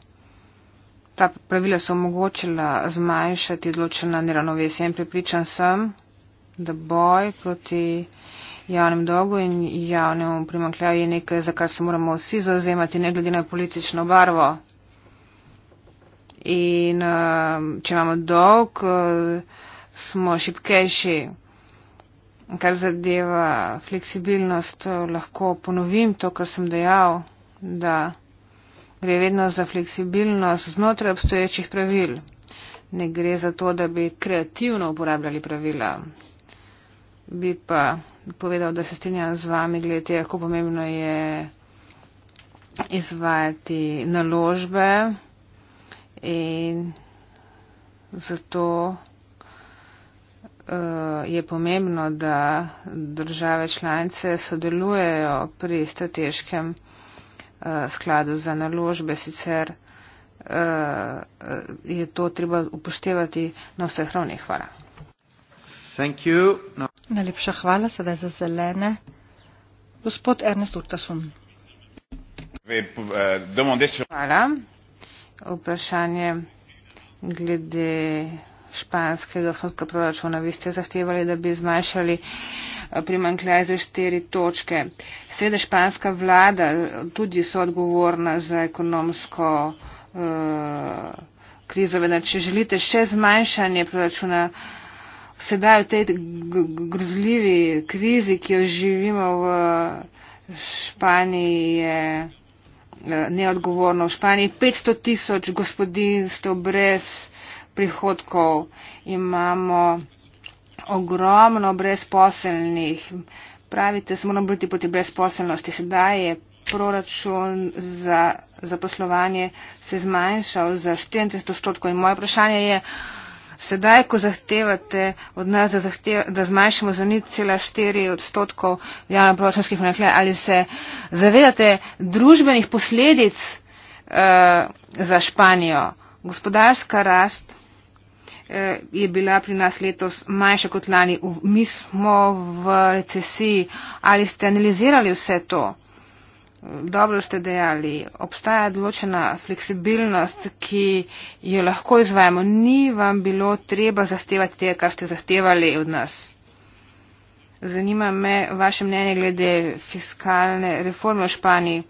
Ta pravila so omogočila zmanjšati odločena neravnovesja in pripričan sem, da boj proti javnem dolgu in javnemu primankljaju je nekaj, za kar se moramo vsi zauzemati, ne glede na politično barvo. In um, če imamo dolg, uh, smo šipkejši. Kar zadeva fleksibilnost, uh, lahko ponovim to, kar sem dejal, da gre vedno za fleksibilnost znotraj obstoječih pravil. Ne gre za to, da bi kreativno uporabljali pravila. Bi pa povedal, da se strinjam z vami, glede, kako pomembno je izvajati naložbe in zato eh, je pomembno, da države članice sodelujejo pri strateškem. Eh, skladu za naložbe, sicer uh, je to treba upoštevati na vseh ravneh. Hvala. No. Najlepša hvala, sedaj za zelene. Gospod Ernest Urtasun. Eh, hvala. Vprašanje glede španskega sodka proračuna. Vi ste zahtevali, da bi zmanjšali uh, primankljaj za štiri točke. Sveda španska vlada tudi so odgovorna za ekonomsko uh, krizo, vedno če želite še zmanjšanje proračuna. Sedaj v tej grozljivi krizi, ki jo živimo v Španiji, je eh, neodgovorno. V Španiji 500 tisoč gospodinstv brez prihodkov imamo ogromno brezposelnih. Pravite, smo nam biti proti brezposelnosti. Sedaj je proračun za zaposlovanje se zmanjšal za 40 odstotkov. In moje vprašanje je, sedaj, ko zahtevate od nas, da, zahtev, da zmanjšamo za 0,4 odstotkov javno proračunskih financij, ali se zavedate družbenih posledic uh, za Španijo? Gospodarska rast. Eh, je bila pri nas letos manjša kot lani. Mi smo v recesiji. Ali ste analizirali vse to? Dobro ste dejali, obstaja določena fleksibilnost, ki jo lahko izvajamo. Ni vam bilo treba zahtevati tega, kar ste zahtevali od nas. Zanima me vaše mnenje glede fiskalne reforme v Španiji.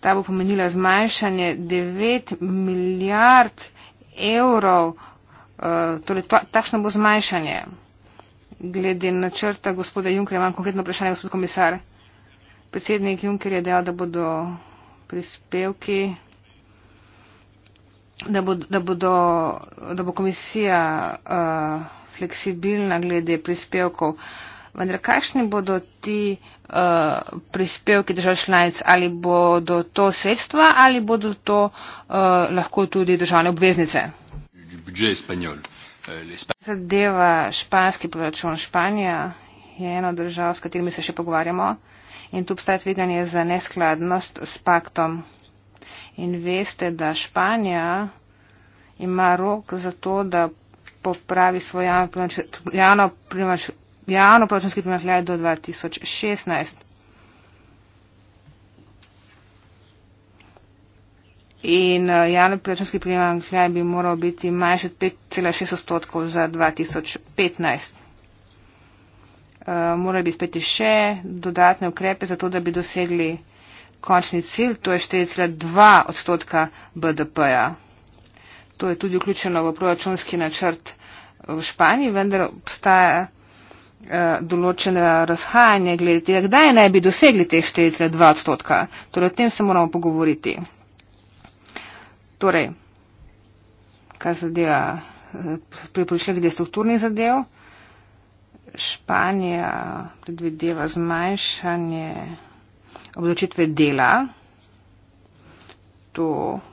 Ta bo pomenila zmanjšanje 9 milijard evrov Eh, torej, takšno bo zmanjšanje glede načrta gospoda Junkerja. Imam konkretno vprašanje, gospod komisar. Predsednik Junker je dejal, da bodo prispevki, da bo, da bodo, da bo komisija uh, fleksibilna glede prispevkov. Vendar, kakšni bodo ti uh, prispevki držav članic? Ali bodo to sredstva ali bodo to uh, lahko tudi državne obveznice? budžet spanjol. Eh, zadeva španski proračun. Španija je ena od držav, s katerimi se še pogovarjamo in tu obstaja tveganje za neskladnost s paktom. In veste, da Španija ima rok za to, da popravi svoj javno proračunski primarjaj do 2016. in eh, javni proračunski primankljaj bi moral biti manjši od 5,6 odstotkov za 2015. Uh, eh, morali bi speti še dodatne ukrepe, zato da bi dosegli končni cilj, to je 4,2 odstotka BDP-ja. To je tudi vključeno v proračunski načrt v Španiji, vendar obstaja uh, eh, določene razhajanje glede tega, kdaj naj bi dosegli teh 4,2 odstotka. Torej, o tem se moramo pogovoriti. Torej, kar zadeva eh, priporočila glede strukturnih zadev, Španija predvideva zmanjšanje obdočitve dela. To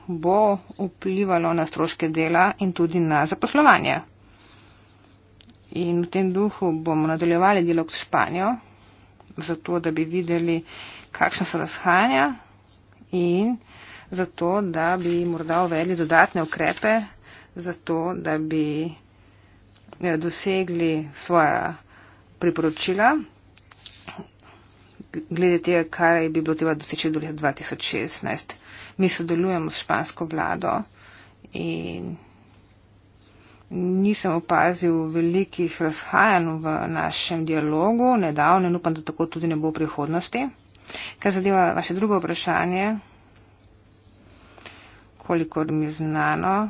bo vplivalo na stroške dela in tudi na zaposlovanje. In v tem duhu bomo nadaljevali dialog s Španijo, zato da bi videli, kakšna so razhajanja in zato, da bi morda uvedli dodatne ukrepe, zato, da bi eh, dosegli svoja priporočila, glede tega, kaj bi bilo treba doseči do leta 2016. Mi sodelujemo s špansko vlado in nisem opazil velikih razhajanj v našem dialogu, nedavno in upam, da tako tudi ne bo v prihodnosti. Kar zadeva vaše drugo vprašanje, kolikor mi znano,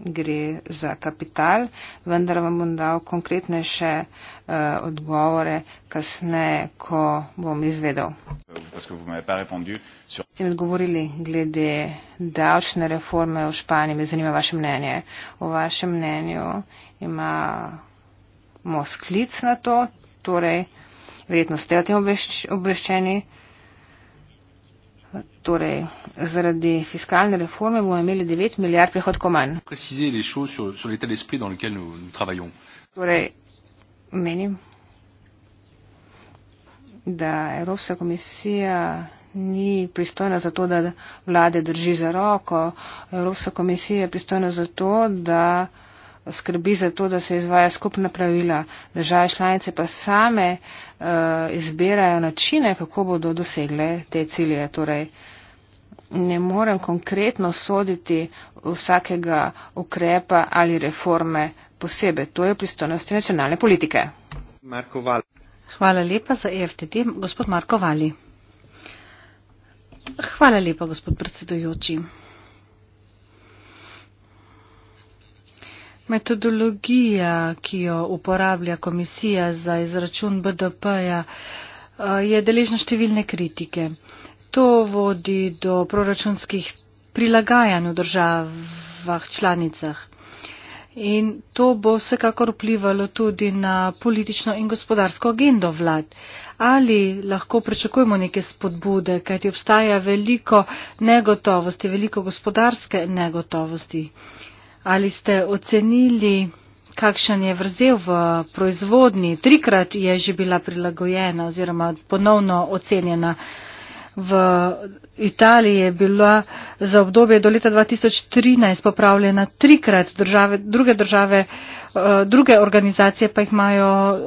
gre za kapital, vendar vam bom dal konkretnejše uh, odgovore kasneje, ko bom izvedel. Ste mi odgovorili glede davčne reforme v Španiji, me zanima vaše mnenje. O vašem mnenju imamo sklic na to, torej verjetno ste o tem obveščeni. Obješč Torej, zaradi fiskalne reforme bomo imeli 9 milijard prihodkov manj. Torej, menim, da Evropska komisija ni pristojna za to, da vlade drži za roko. Evropska komisija je pristojna za to, da skrbi za to, da se izvaja skupna pravila. Države članice pa same uh, izbirajo načine, kako bodo dosegle te cilje. Torej, ne morem konkretno soditi vsakega ukrepa ali reforme posebej. To je pristojnost nacionalne politike. Marko Val. Hvala lepa za EFTD. Gospod Marko Vali. Hvala lepa, gospod predsedujoči. Metodologija, ki jo uporablja komisija za izračun BDP-ja, eh, je deležna številne kritike. To vodi do proračunskih prilagajanj v državah članicah. In to bo vsekakor vplivalo tudi na politično in gospodarsko agendo vlad. Ali lahko pričakujemo neke spodbude, kajti obstaja veliko negotovosti, veliko gospodarske negotovosti. Uh, Ali ste ocenili, kakšen je vrzel v proizvodnji? Trikrat je že bila prilagojena oziroma ponovno ocenjena. V Italiji je bila za obdobje do leta 2013 popravljena trikrat, države, druge države, eh, druge organizacije pa imajo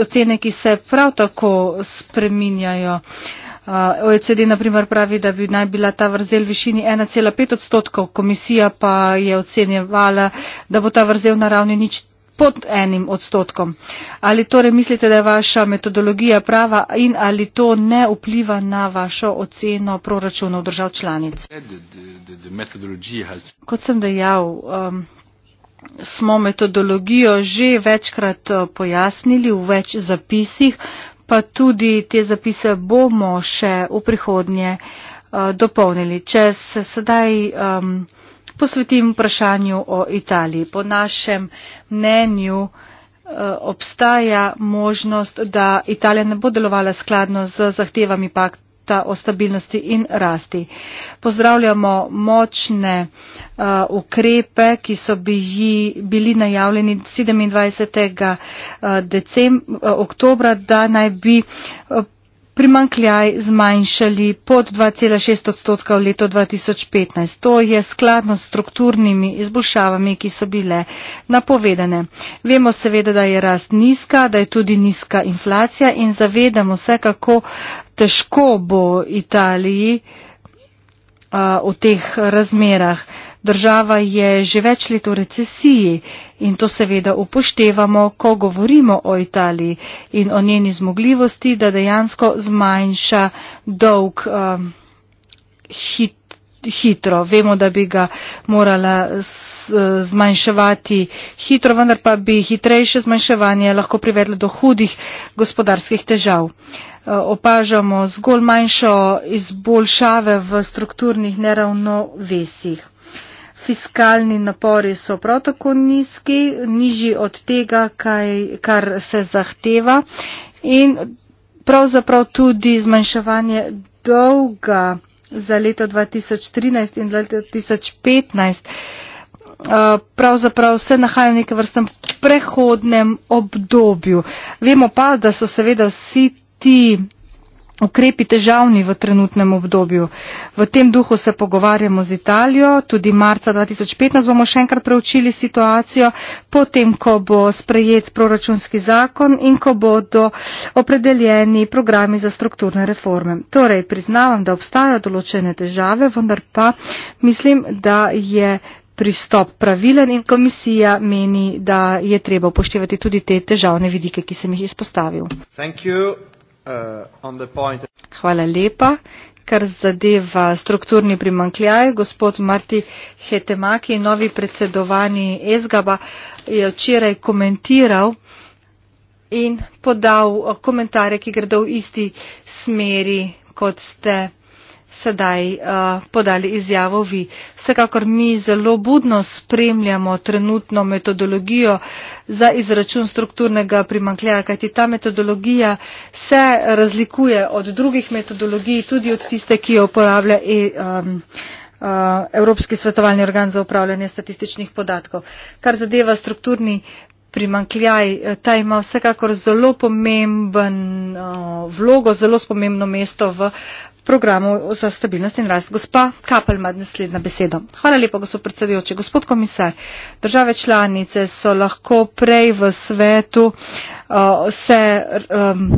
ocene, ki se prav tako spreminjajo. Eh, OECD naprimer pravi, da bi naj bila ta vrzel v višini 1,5 odstotkov, komisija pa je ocenjevala, da bo ta vrzel na ravni nič pod enim odstotkom. Ali torej mislite, da je vaša metodologija prava in ali to ne vpliva na vašo oceno proračunov držav članic? Kot sem dejal, um, smo metodologijo že večkrat eh, pojasnili v več zapisih, pa tudi te zapise bomo še v prihodnje eh, dopolnili. Če se sedaj um, posvetim vprašanju o Italiji. Po našem mnenju uh, obstaja možnost, da Italija ne bo delovala skladno z zahtevami pakta. Sveta o stabilnosti in rasti. Pozdravljamo močne uh, ukrepe, ki so bi, bili najavljeni 27. Eh, decem, eh, oktobra, da naj bi uh, primankljaj zmanjšali pod 2,6 odstotka v leto 2015. To je skladno s strukturnimi izboljšavami, ki so bile napovedane. Vemo seveda, da je rast nizka, da je tudi nizka inflacija in zavedamo se, kako težko bo Italiji a, v teh razmerah. Država je že več let v recesiji in to seveda upoštevamo, ko govorimo o Italiji in o njeni zmogljivosti, da dejansko zmanjša dolg um, hit, hitro. Vemo, da bi ga morala zmanjševati hitro, vendar pa bi hitrejše zmanjševanje lahko privedlo do hudih gospodarskih težav. Uh, opažamo zgolj manjšo izboljšave v strukturnih neravnovesjih. Fiskalni napori so prav tako nizki, nižji od tega, kaj, kar se zahteva. In pravzaprav tudi zmanjševanje dolga za leto 2013 in 2015. Pravzaprav se nahaja v nekem vrstem prehodnem obdobju. Vemo pa, da so seveda vsi ti ukrepi težavni v trenutnem obdobju. V tem duhu se pogovarjamo z Italijo, tudi marca 2015 bomo še enkrat preučili situacijo, potem, ko bo sprejet proračunski zakon in ko bodo opredeljeni programi za strukturne reforme. Torej, priznavam, da obstajajo določene težave, vendar pa mislim, da je pristop pravilen in komisija meni, da je treba upoštevati tudi te težavne vidike, ki sem jih izpostavil. Uh, Hvala lepa. Kar zadeva strukturni primankljaj, gospod Marti Hetemaki, novi predsedovani Ezgaba, je včeraj komentiral in podal komentare, ki gredo v isti smeri, kot ste sedaj uh, podali izjavo vi. Vsekakor mi zelo budno spremljamo trenutno metodologijo za izračun strukturnega primankljaja, kajti ta metodologija se razlikuje od drugih metodologij, tudi od tiste, ki jo uporablja e, um, uh, Evropski svetovalni organ za upravljanje statističnih podatkov. Kar zadeva strukturni primankljaj, eh, ta ima vsekakor zelo pomemben uh, vlogo, zelo pomembno mesto v programu za stabilnost in rast. Gospa Kapel ima naslednjo besedo. Hvala lepa, gospod predsedujoči. Gospod komisar, države članice so lahko prej v svetu uh, se um,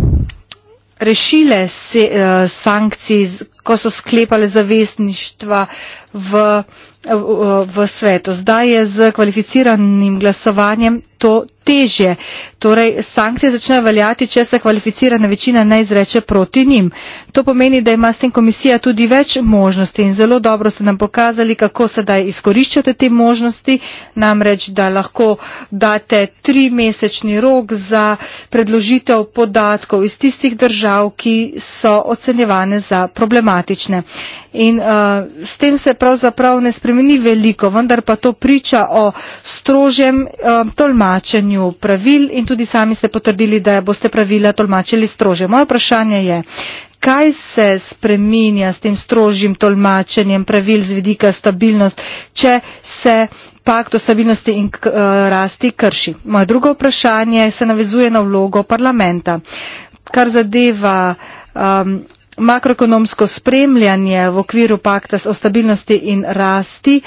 rešile se, uh, sankcij, ko so sklepale zavestništva uh, v, v svetu. Zdaj je z kvalificiranim glasovanjem to težje. Torej, sankcije začnejo veljati, če se kvalificirana večina ne izreče proti njim. To pomeni, da ima s tem komisija tudi več možnosti in zelo dobro ste nam pokazali, kako sedaj izkoriščate te možnosti, namreč, da lahko date tri mesečni rok za predložitev podatkov iz tistih držav, ki so ocenjevane za problematične in uh, s tem se pravzaprav ne spremeni veliko, vendar pa to priča o strožjem uh, tolmačenju pravil in tudi sami ste potrdili, da boste pravila tolmačili strožje. Moje vprašanje je, kaj se spreminja s tem strožjim tolmačenjem pravil z vidika stabilnost, če se pakt o stabilnosti in k, uh, rasti krši? Moje drugo vprašanje se navezuje na vlogo parlamenta, kar zadeva. Um, makroekonomsko spremljanje v okviru pakta o stabilnosti in rasti,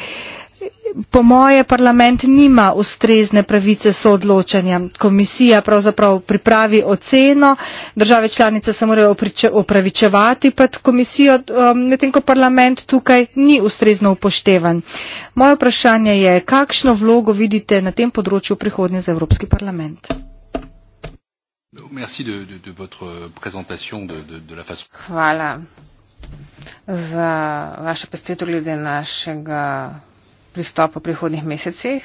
po moje parlament nima ustrezne pravice soodločanja. Komisija pravzaprav pripravi oceno, države članice se morajo opravičevati pred komisijo, um, medtem ko parlament tukaj ni ustrezno upoštevan. Moje vprašanje je, kakšno vlogo vidite na tem področju prihodnje za Evropski parlament? Merci de, de, de votre présentation de, de, de la façon. Voilà. za vaše predstavitev glede našega pristopa v prihodnih mesecih.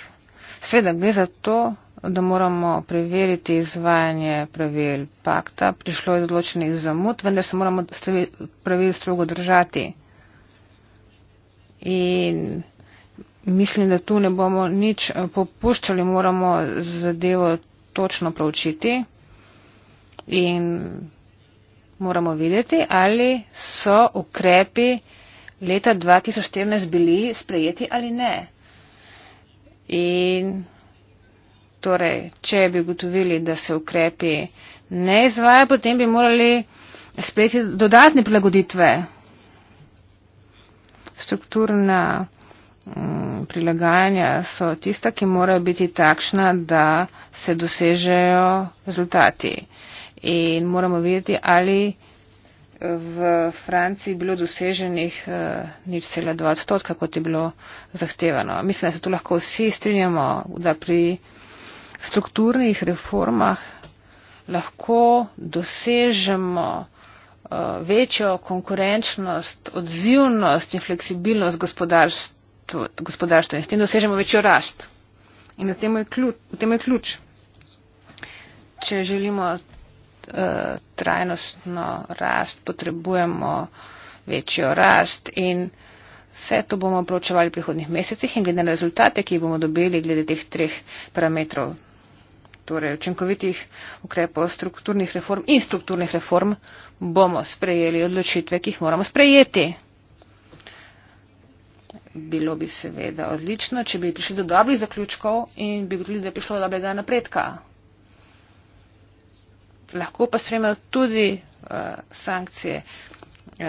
Sveda gre za to, da moramo preveriti izvajanje pravil pakta. Prišlo je do odločenih zamud, vendar se moramo pravil strogo držati. In mislim, da tu ne bomo nič popuščali, moramo zadevo točno proučiti in moramo videti, ali so ukrepi leta 2014 bili sprejeti ali ne. In torej, če bi ugotovili, da se ukrepi ne izvajajo, potem bi morali sprejeti dodatne prilagoditve. Strukturna mm, prilagajanja so tista, ki morajo biti takšna, da se dosežejo rezultati in moramo vedeti, ali v Franciji bilo doseženih eh, nič cela dva odstotka, kot je bilo zahtevano. Mislim, da se tu lahko vsi strinjamo, da pri strukturnih reformah lahko dosežemo eh, večjo konkurenčnost, odzivnost in fleksibilnost gospodarstva, gospodarstva in s tem dosežemo večjo rast. In v tem je ključ. Če želimo Eh, trajnostno rast, potrebujemo večjo rast in vse to bomo pročevali v prihodnih mesecih in glede na rezultate, ki bomo dobili glede teh treh parametrov, torej učinkovitih ukrepov, strukturnih reform in strukturnih reform, bomo sprejeli odločitve, ki jih moramo sprejeti. Bilo bi seveda odlično, če bi prišli do dobrih zaključkov in bi videli, da je prišlo do dobrega napredka lahko pa spremljajo tudi uh, sankcije. Uh,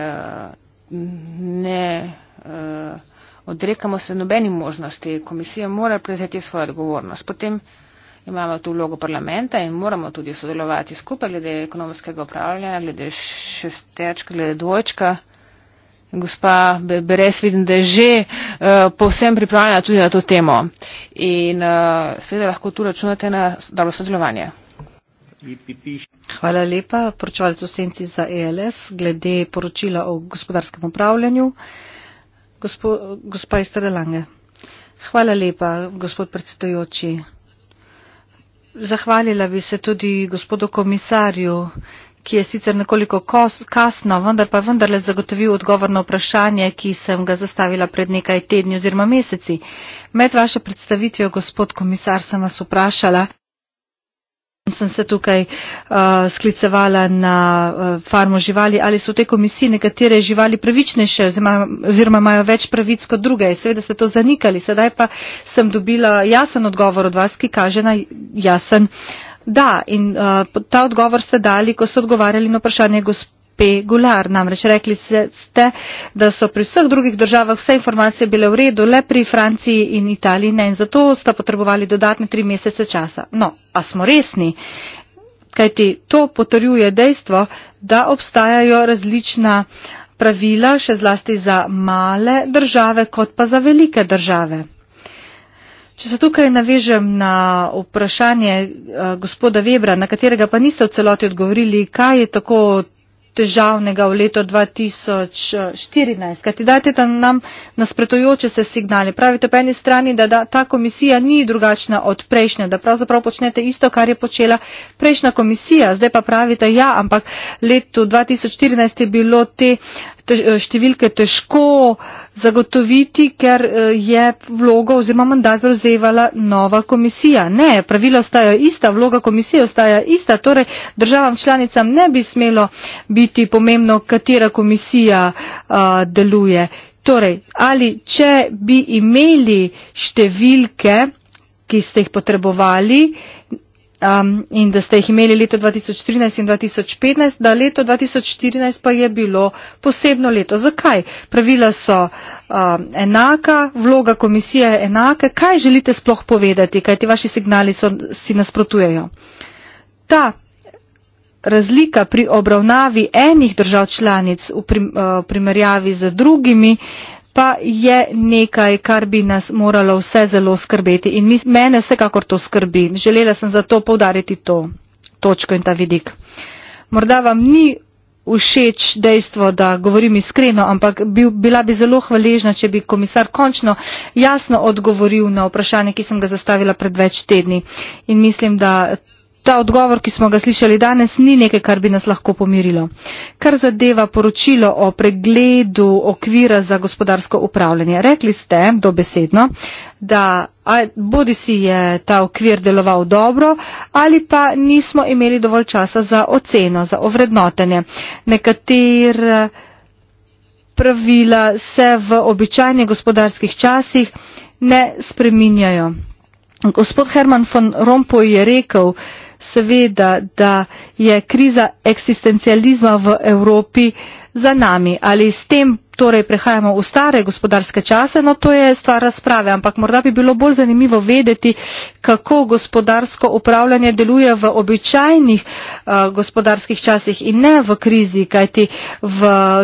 ne uh, odrekamo se nobeni možnosti. Komisija mora prevzeti svojo odgovornost. Potem imamo tu vlogo parlamenta in moramo tudi sodelovati skupaj glede ekonomskega upravljanja, glede šestečka, glede dvojčka. Gospa Beres vidim, da je že uh, povsem pripravljena tudi na to temo. In uh, seveda lahko tu računate na dobro sodelovanje. Hvala lepa, poročevalec v senci za ELS, glede poročila o gospodarskem upravljanju. Gospo, gospa iz Tredelange. Hvala lepa, gospod predsedojoči. Zahvalila bi se tudi gospodu komisarju, ki je sicer nekoliko kos, kasno, vendar pa vendarle zagotovil odgovor na vprašanje, ki sem ga zastavila pred nekaj tedni oziroma meseci. Med vaše predstavitvijo, gospod komisar, sem vas vprašala sem se tukaj uh, sklicevala na uh, farmo živali, ali so v tej komisiji nekatere živali pravičnejše oziroma, oziroma imajo več pravic kot druge. Seveda ste to zanikali, sedaj pa sem dobila jasen odgovor od vas, ki kaže na jasen da. In uh, ta odgovor ste dali, ko ste odgovarjali na vprašanje gospodine gospe Gular. Namreč rekli ste, da so pri vseh drugih državah vse informacije bile v redu, le pri Franciji in Italiji ne in zato sta potrebovali dodatne tri mesece časa. No, a smo resni? Kajti to potrjuje dejstvo, da obstajajo različna pravila, še zlasti za male države, kot pa za velike države. Če se tukaj navežem na vprašanje eh, gospoda Webra, na katerega pa niste v celoti odgovorili, kaj je tako težavnega v leto 2014. Kajti dajte nam nasprotujoče se signale. Pravite po eni strani, da, da ta komisija ni drugačna od prejšnje, da pravzaprav počnete isto, kar je počela prejšnja komisija. Zdaj pa pravite, ja, ampak letu 2014 je bilo te uh, tež, eh, številke težko zagotoviti, ker eh, je vlogo oziroma mandat prevzevala nova komisija. Ne, pravila ostajajo ista, vloga komisije ostaja ista, torej državam članicam ne bi smelo biti pomembno, katera komisija a, deluje. Torej, ali če bi imeli številke, ki ste jih potrebovali, um, in da ste jih imeli leto 2013 in 2015, da leto 2014 pa je bilo posebno leto. Zakaj? Pravila so um, enaka, vloga komisije je enaka. Kaj želite sploh povedati, kaj ti vaši signali so, si nasprotujejo? Ta razlika pri obravnavi enih držav članic v prim, uh, primerjavi z drugimi uh, pa je nekaj, kar bi nas moralo vse zelo skrbeti. In mis, mene vsekakor to skrbi. Želela sem zato povdariti to točko in ta vidik. Morda vam ni všeč dejstvo, da govorim iskreno, ampak bil, bila bi zelo hvaležna, če bi komisar končno jasno odgovoril na vprašanje, ki sem ga zastavila pred več tedni. In mislim, da Ta odgovor, ki smo ga slišali danes, ni nekaj, kar bi nas lahko pomirilo. Kar zadeva poročilo o pregledu okvira za gospodarsko upravljanje. Rekli ste dobesedno, da bodi si je ta okvir deloval dobro ali pa nismo imeli dovolj časa za oceno, za ovrednotenje. Nekater pravila se v običajnih gospodarskih časih ne spreminjajo. Gospod Herman von Rompuy je rekel, seveda, da je kriza eksistencializma v Evropi eh, za nami. Ali s tem torej prehajamo v stare gospodarske čase, no to je stvar razprave, ampak morda bi bilo bolj zanimivo vedeti, kako gospodarsko upravljanje deluje v običajnih uh, gospodarskih časih in ne v krizi, kajti v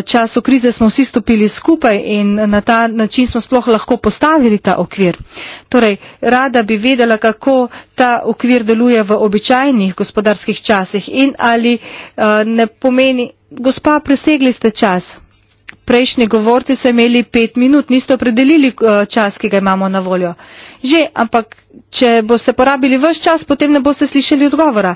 času krize smo vsi stopili skupaj in na ta način smo sploh lahko postavili ta okvir. Torej, rada bi vedela, kako ta okvir deluje v običajnih gospodarskih časih in ali uh, ne pomeni. Gospa, presegli ste čas. Prejšnji govorci so imeli pet minut, niste opredelili eh, čas, ki ga imamo na voljo. Že, ampak če boste porabili vse čas, potem ne boste slišali odgovora.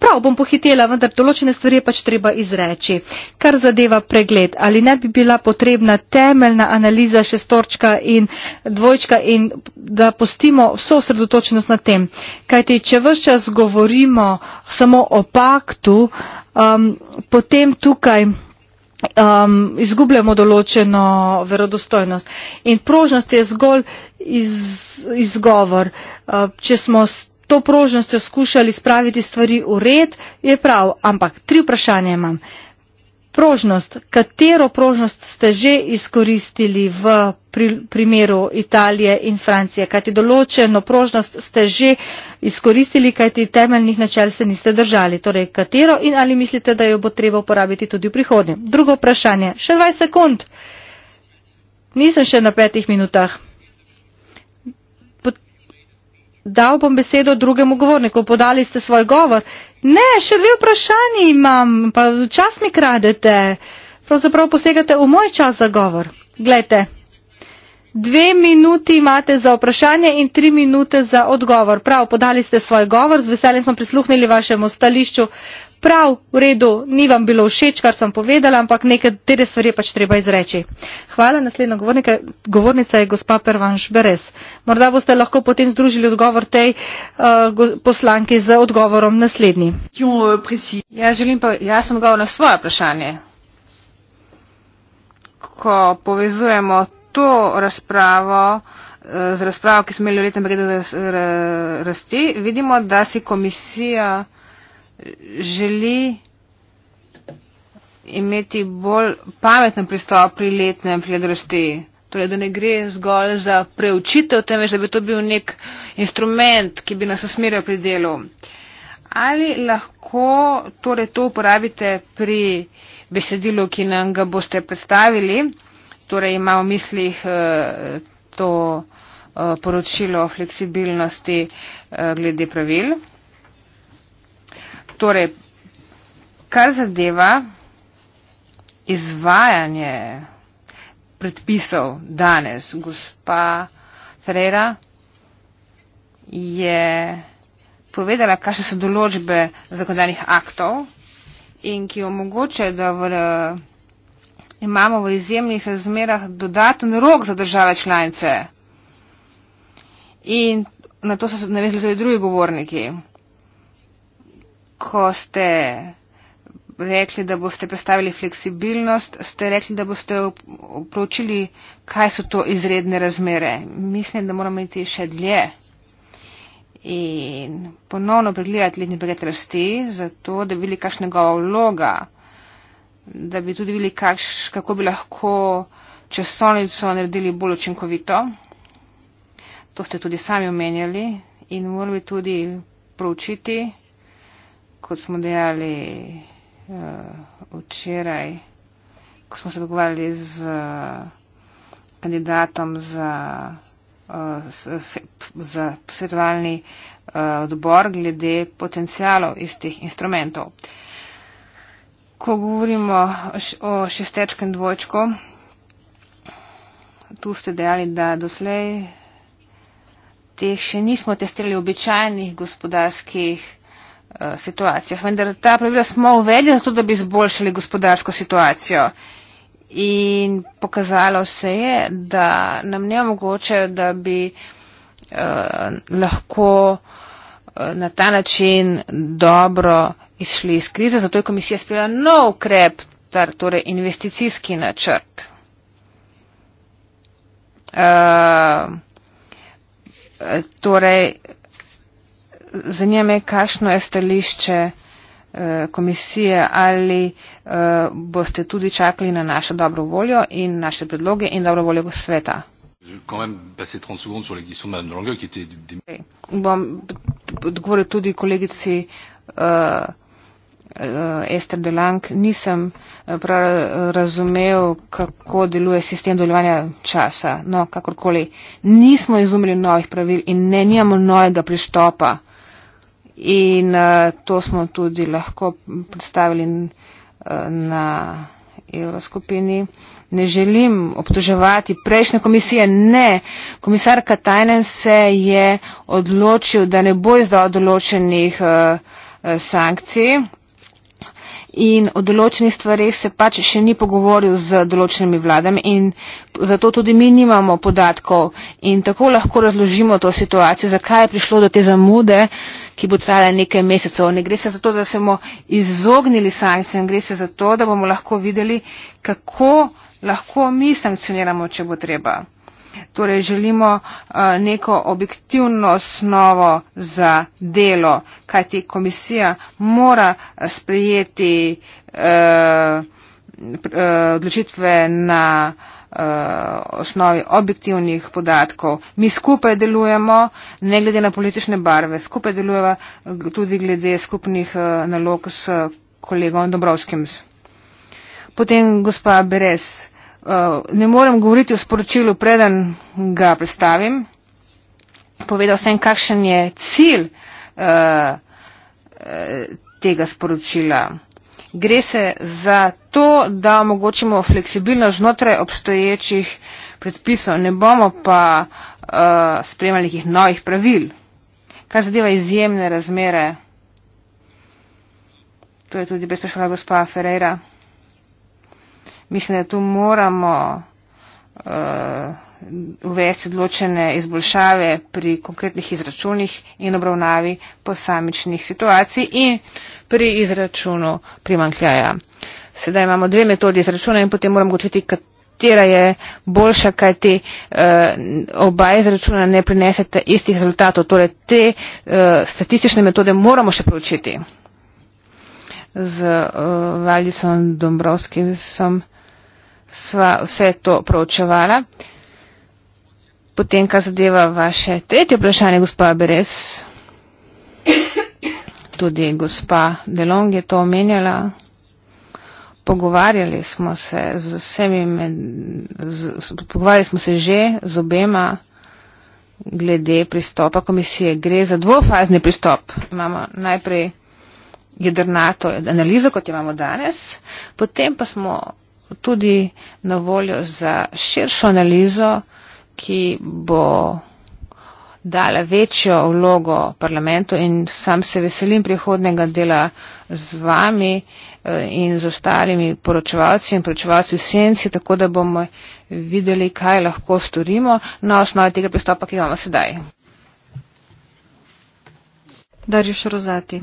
Prav bom pohitela, vendar določene stvari je pač treba izreči. Kar zadeva pregled, ali ne bi bila potrebna temeljna analiza šestorčka in dvojčka in da postimo vso osredotočenost na tem. Kajti, če vse čas govorimo samo o paktu, uh, um, potem tukaj um, izgubljamo določeno verodostojnost. In prožnost je zgolj iz, izgovor. Uh, če smo s to prožnostjo skušali spraviti stvari v red, je prav. Ampak tri vprašanja imam. Uh, prožnost. Katero prožnost ste že izkoristili v pri, primeru Italije in Francije? Kajti določeno prožnost ste že izkoristili, kajti temeljnih načel se niste držali. Torej, katero in ali mislite, da jo bo treba uporabiti tudi v prihodnje? Drugo vprašanje. Še 20 sekund. Nisem še na petih minutah dal bom besedo drugemu govorniku, podali ste svoj govor. Ne, še dve vprašanje imam, pa čas mi kradete. Pravzaprav posegate v moj čas za govor. Glejte, dve minuti imate za vprašanje in tri minute za odgovor. Prav, podali ste svoj govor, z veseljem smo prisluhnili vašemu stališču. Uh, prav, v redu, ni vam bilo všeč, kar sem povedala, ampak neke tere stvari pač treba izreči. Hvala, naslednja govornica je gospa Pervanš Beres. Morda boste lahko potem združili odgovor tej uh, poslanki z odgovorom naslednji. Ja, želim pa, jaz sem odgovor na svoje vprašanje. Ko povezujemo to razpravo eh, z razpravo, ki smo imeli v letem redu rasti, vidimo, da si komisija želi imeti bolj pameten pristop pri letnem pledrosti. Torej, da ne gre zgolj za preučitev, temveč da bi to bil nek instrument, ki bi nas usmeril pri delu. Ali lahko torej to uporabite pri besedilu, ki nam ga boste predstavili? Torej, ima v mislih eh, to eh, poročilo o fleksibilnosti eh, glede pravil. Torej, kar zadeva izvajanje predpisov danes, gospa Ferreira je povedala, kakšne so določbe zakonodajnih aktov in ki omogočajo, da v, imamo v izjemnih razmerah dodaten rok za države članice. In na to so navezali tudi drugi govorniki ko ste rekli, da boste predstavili fleksibilnost, ste rekli, da boste vpročili, kaj so to izredne razmere. Mislim, da moramo iti še dlje in ponovno pregledati letni pregled rasti, zato da bi bili kakšnega vloga, da bi tudi bili, kakš, kako bi lahko časovnico naredili bolj učinkovito. To ste tudi sami omenjali in morali tudi proučiti kot smo dejali uh, včeraj, ko smo se pogovarjali z uh, kandidatom za, uh, za posvetovalni uh, odbor glede potencijalov iz teh instrumentov. Ko govorimo o šestečkem dvojčku, tu ste dejali, da doslej teh še nismo testirali običajnih gospodarskih Eh, situacijah. Vendar ta pravila smo uvedli zato, da bi izboljšali gospodarsko situacijo. In pokazalo se je, da nam ne omogočajo, da bi eh, lahko eh, na ta način dobro izšli iz krize. Zato je komisija sprejela nov ukrep, tar, torej investicijski načrt. Eh, torej, zanima me, kakšno je stališče eh, komisije, ali eh, boste tudi čakali na našo dobro voljo in naše predloge in dobro voljo sveta. Okay. Bom odgovoril tudi kolegici uh, uh, Ester Delang. Nisem prav razumel, kako deluje sistem doljevanja časa. No, kakorkoli, nismo izumili novih pravil in ne nijamo novega pristopa. In uh, to smo tudi lahko predstavili eh, na evroskupini. Ne želim obtoževati prejšnje komisije. Ne, komisar Katajnen se je odločil, da ne bo izdal določenih uh, sankcij in o določenih stvarih se pač še ni pogovoril z določenimi vladami in zato tudi mi nimamo podatkov in tako lahko razložimo to situacijo, zakaj je prišlo do te zamude, ki bo trajala nekaj mesecev. Ne gre se za to, da smo izognili sankcije, gre se za to, da bomo lahko videli, kako lahko mi sankcioniramo, če bo treba torej želimo eh, neko objektivno osnovo za delo, kajti komisija mora eh, sprejeti eh, odločitve na osnovi objektivnih podatkov. Mi skupaj delujemo, ne glede na politične barve, skupaj delujemo tudi glede skupnih nalog s kolegom Dobrovskim. Potem gospa Beres. Eh, ne morem govoriti o sporočilu, preden ga predstavim. Povedal sem, kakšen je cilj uh, tega sporočila. Gre se za to, da omogočimo fleksibilnost znotraj obstoječih predpisov, ne bomo pa uh, spremljali nekih novih pravil. Kar zadeva izjemne razmere, to je tudi brez vprašanja gospa Ferreira mislim, da tu moramo uh, uvesti odločene izboljšave pri konkretnih izračunih in obravnavi posamičnih situacij in pri izračunu primankljaja. Sedaj imamo dve metodi izračuna in potem moramo gotoviti, katera je boljša, kaj ti uh, eh, oba izračuna ne prinesete istih rezultatov. Torej te uh, statistične metode moramo še proučiti z uh, Valjicom Dombrovskim. Sem, uh, sva vse to proučevala. Potem, kar zadeva vaše tretje vprašanje, gospa Beres, tudi gospa Delong je to omenjala. Pogovarjali smo se z vsemi, med, z, pogovarjali smo se že z obema glede pristopa komisije. Gre za dvofazni pristop. Imamo najprej jedrnato analizo, kot jo imamo danes, potem pa smo tudi na voljo za širšo analizo, ki bo dala večjo vlogo parlamentu in sam se veselim prihodnega dela z vami eh, in z ostalimi poročevalci in poročevalci v senci, tako da bomo videli, kaj lahko storimo na osnovi tega pristopa, ki imamo sedaj. Darjuš Rozati.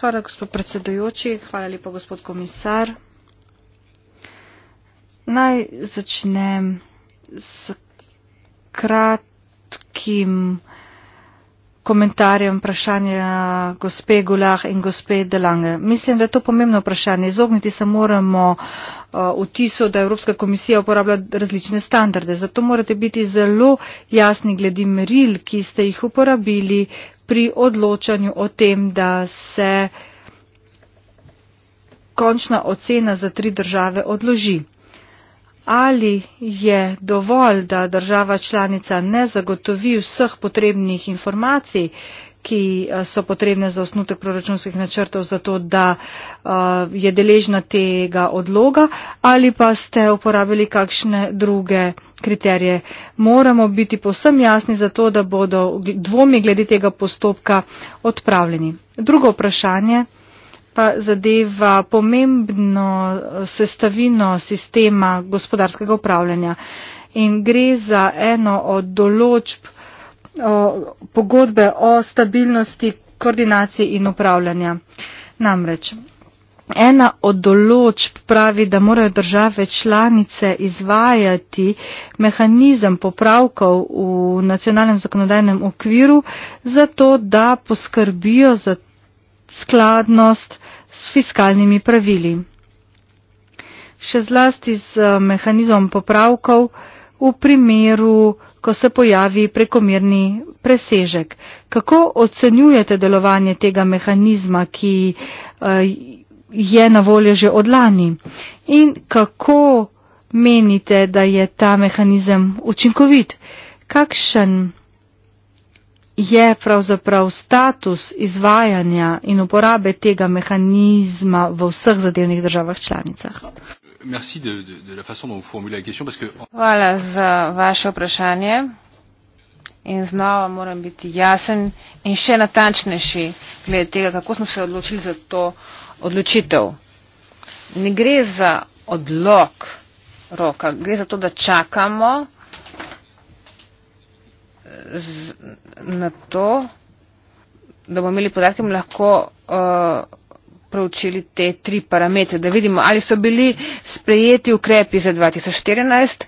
Hvala, gospod predsedujoči, hvala lepa, gospod komisar. Naj začnem s kratkim komentarjem vprašanja gospe Gulah in gospe Delange. Mislim, da je to pomembno vprašanje. Izogniti se moramo uh, vtisu, da Evropska komisija uporablja različne standarde. Zato morate biti zelo jasni glede meril, ki ste jih uporabili pri odločanju o tem, da se končna ocena za tri države odloži ali je dovolj, da država članica ne zagotovi vseh potrebnih informacij, ki eh, so potrebne za osnutek proračunskih načrtov, zato da eh, je deležna tega odloga, ali pa ste uporabili kakšne druge kriterije. Moramo biti povsem jasni za to, da bodo dvomi glede tega postopka odpravljeni. Drugo vprašanje pa zadeva pomembno sestavino sistema gospodarskega upravljanja. In gre za eno od določb o, pogodbe o stabilnosti, koordinaciji in upravljanja. Namreč, ena od določb pravi, da morajo države članice izvajati mehanizem popravkov v nacionalnem zakonodajnem okviru, zato da poskrbijo za skladnost s fiskalnimi pravili. Še zlasti z eh, mehanizmom popravkov v primeru, ko se pojavi prekomerni presežek. Kako ocenjujete delovanje tega mehanizma, ki eh, je na voljo že od lani? In kako menite, da je ta mehanizem učinkovit? Kakšen je pravzaprav status izvajanja in uporabe tega mehanizma v vseh zadevnih državah članicah? Hvala za vaše vprašanje. In znova moram biti jasen in še natančnejši glede tega, kako smo se odločili za to odločitev. Ne gre za odlog roka, gre za to, da čakamo na to, da bomo imeli podatke, lahko uh, preučili te tri parametre, da vidimo, ali so bili sprejeti ukrepi za 2014,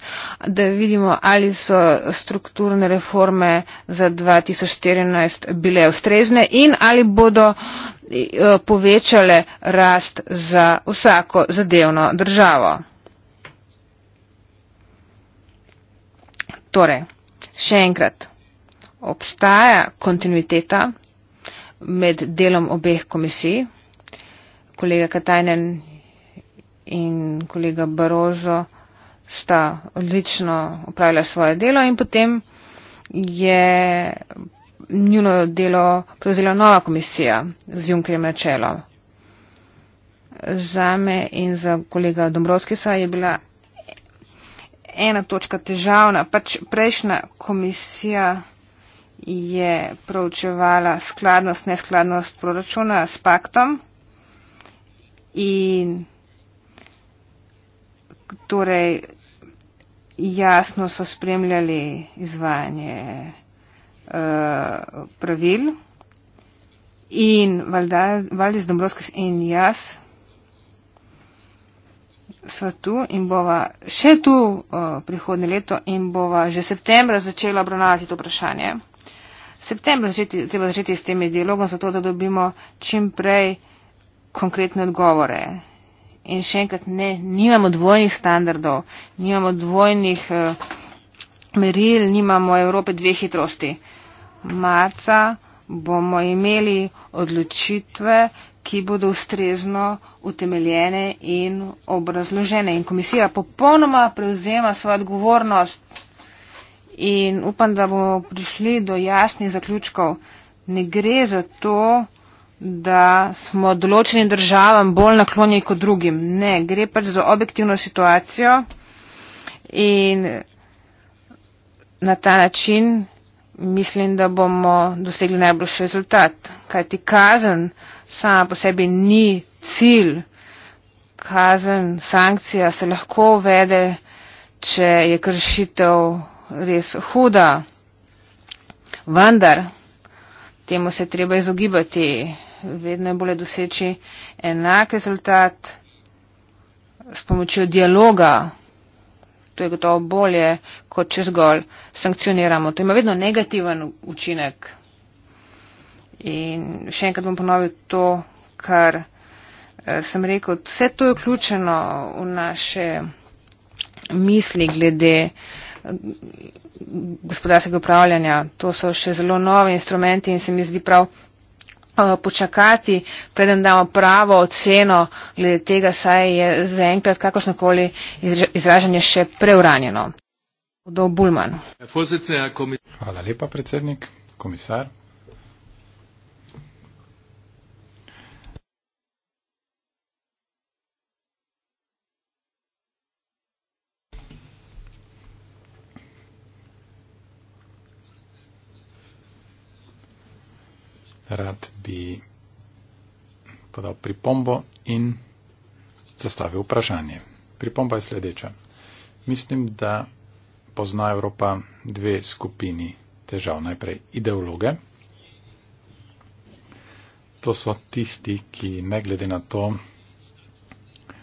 da vidimo, ali so strukturne reforme za 2014 bile ustrezne in ali bodo uh, povečale rast za vsako zadevno državo. Torej, Še enkrat, obstaja kontinuiteta med delom obeh komisij, kolega Katajnen in kolega Barožo sta odlično upravila svoje delo in potem je njuno delo prevzela nova komisija z Junkerjem na čelo. Za me in za kolega Dombrovskisa je bila ena točka težavna. Pač prejšnja komisija je proučevala skladnost, neskladnost proračuna s paktom in torej jasno so spremljali izvajanje uh, pravil in Valdis Dombrovskis in jaz sva tu in bova še tu uh, eh, prihodne leto in bova že septembra začela obravnavati to vprašanje. Septembra začeti, treba začeti s temi dialogom, zato da dobimo čim prej konkretne odgovore. In še enkrat, ne, nimamo dvojnih standardov, nimamo dvojnih uh, meril, nimamo Evrope dve hitrosti. Marca bomo imeli odločitve, ki bodo ustrezno utemeljene in obrazložene. In komisija popolnoma prevzema svojo odgovornost in upam, da bomo prišli do jasnih zaključkov. Ne gre za to, da smo določenim državam bolj naklonjeni kot drugim. Ne, gre pač za objektivno situacijo in na ta način mislim, da bomo dosegli najboljši rezultat. Kaj ti kazen? sama po sebi ni cilj. Kazen, sankcija se lahko uvede, če je kršitev res huda. Vendar temu se treba izogibati. Vedno je bolje doseči enak rezultat s pomočjo dialoga. To je gotovo bolje, kot če zgolj sankcioniramo. To ima vedno negativen učinek. In še enkrat bom ponovil to, kar eh, sem rekel. Vse to je vključeno v naše misli glede eh, gospodarskega upravljanja. To so še zelo novi instrumenti in se mi zdi prav eh, počakati, preden damo pravo oceno glede tega, saj je zaenkrat kakošnokoli izražanje še preuranjeno. Hvala lepa, predsednik, komisar. rad bi podal pripombo in zastavil vprašanje. Pripomba je sledeča. Mislim, da pozna Evropa dve skupini težav. Najprej ideologe. To so tisti, ki ne glede na to,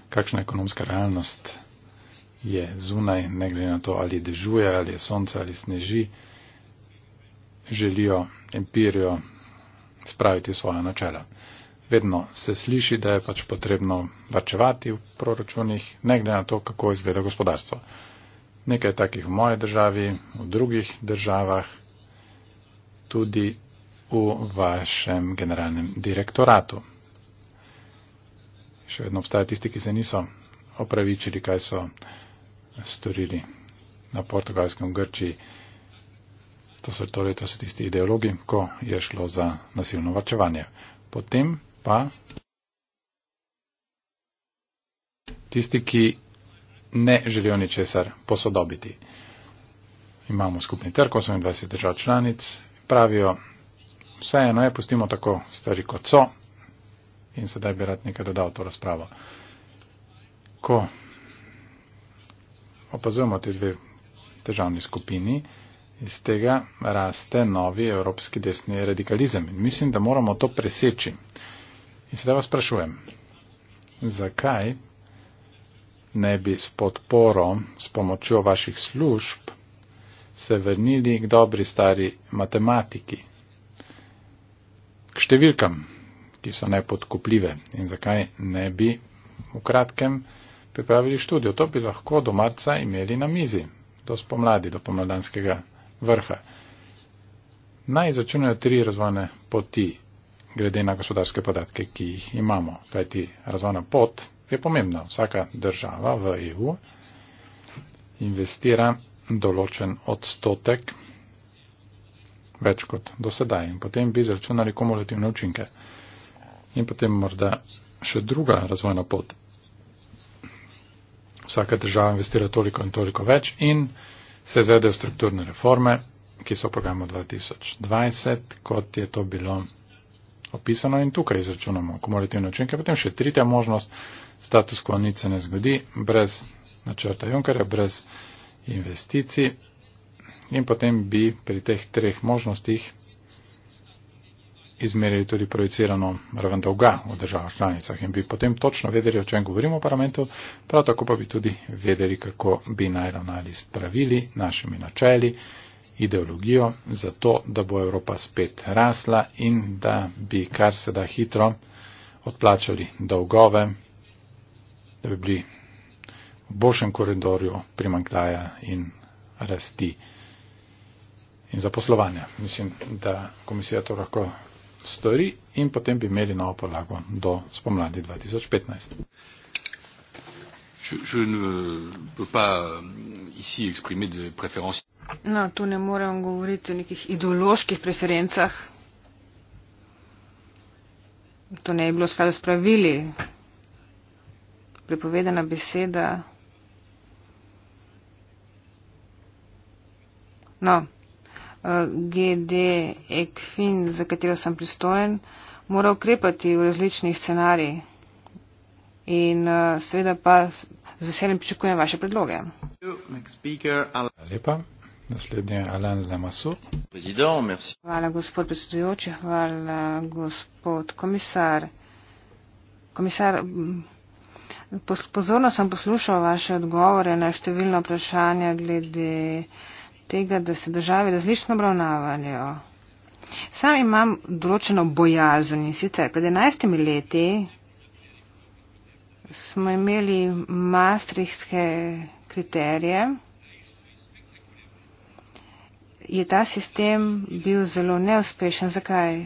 kakšna ekonomska realnost je zunaj, ne glede na to, ali dežuje, ali je sonce, ali sneži, želijo empirijo spraviti svoje načela. Vedno se sliši, da je pač potrebno varčevati v proračunih, ne glede na to, kako izgleda gospodarstvo. Nekaj takih v moji državi, v drugih državah, tudi v vašem generalnem direktoratu. Še vedno obstajajo tisti, ki se niso opravičili, kaj so storili na portugalskem Grčiji. To so torej to so tisti ideologi, ko je šlo za nasilno varčevanje. Potem pa tisti, ki ne želijo ničesar posodobiti. Imamo skupni trg, 28 držav članic, pravijo, vseeno je, pustimo tako stvari kot so in sedaj bi rad nekaj dodal to razpravo. Ko opazujemo te dve državni skupini, iz tega raste novi evropski desni radikalizem. In mislim, da moramo to preseči. In sedaj vas sprašujem, zakaj ne bi s podporo, s pomočjo vaših služb, se vrnili k dobri stari matematiki, k številkam, ki so nepodkupljive in zakaj ne bi v kratkem pripravili študijo. To bi lahko do marca imeli na mizi, do spomladi, do pomladanskega vrha. Naj začunajo tri razvojne poti, glede na gospodarske podatke, ki jih imamo. Kajti razvojna pot je pomembna. Vsaka država v EU investira določen odstotek več kot dosedaj in potem bi zračunali kumulativne učinke. In potem morda še druga razvojna pot. Vsaka država investira toliko in toliko več in se izvedejo strukturne reforme, ki so v programu 2020, kot je to bilo opisano in tukaj izračunamo kumulativne učinke. Potem še tretja možnost, status quo nič se ne zgodi brez načrta Junkerja, brez investicij in potem bi pri teh treh možnostih izmerili tudi projicirano raven dolga v državah članicah in bi potem točno vedeli, o čem govorimo v parlamentu, prav tako pa bi tudi vedeli, kako bi naj ravnali s pravili, našimi načeli, ideologijo, zato da bo Evropa spet rasla in da bi kar se da hitro odplačali dolgove, da bi bili v boljšem koridorju primankljaja in rasti. In zaposlovanja. Mislim, da komisija to lahko stvari in potem bi imeli novo podlago do spomladi 2015. Je, je, je, euh, no, tu ne morem govoriti o nekih ideoloških preferencah. To ne je bilo skladno s pravili. Prepovedana beseda. No. GD ECFIN, za katero sem pristojen, mora ukrepati v različnih scenarij. In uh, seveda pa z veseljem pričakujem vaše predloge. Hvala lepa. Naslednji je Alain Lamassou. Hvala, gospod predsedujoči. Hvala, gospod komisar. Komisar, mm, pozorno sem poslušal vaše odgovore na številno vprašanje glede tega, da se države različno obravnavajo. Sam imam določeno bojazen in sicer pred 11 leti smo imeli maastrihtske kriterije. Je ta sistem bil zelo neuspešen. Zakaj?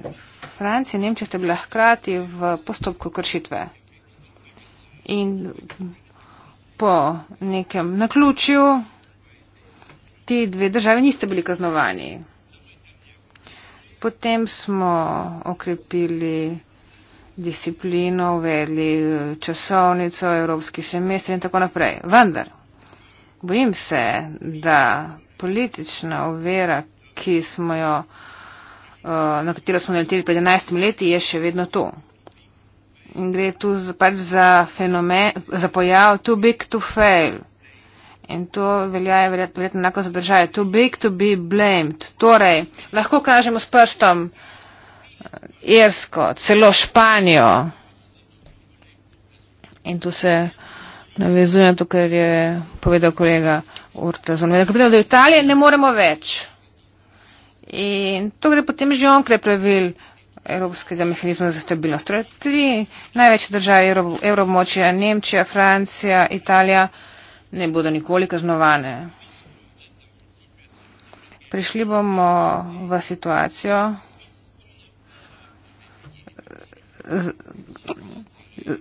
Francija in Nemčija sta bila hkrati v postopku kršitve. In po nekem naključju ti dve države niste bili kaznovani. Potem smo okrepili disciplino, uvedli časovnico, evropski semester in tako naprej. Vendar, bojim se, da politična ovira, ki smo jo, eh, na katero smo naleteli pred 11 leti, je še vedno tu. In gre tu pač za, fenomen, za pojav too big to fail. In to velja verjetno enako za države. Too big to be blamed. Torej, lahko kažemo s prstom eh, Irsko, celo Španijo. In tu se navezujem to, kar je povedal kolega Urtazon. Vedno, ko pridemo do Italije, ne moremo več. In to gre potem že onkraj pravil Evropskega mehanizma za stabilnost. Torej, tri največje države evrobmočja, Nemčija, Francija, Italija ne bodo nikoli kaznovane. Prišli bomo v situacijo,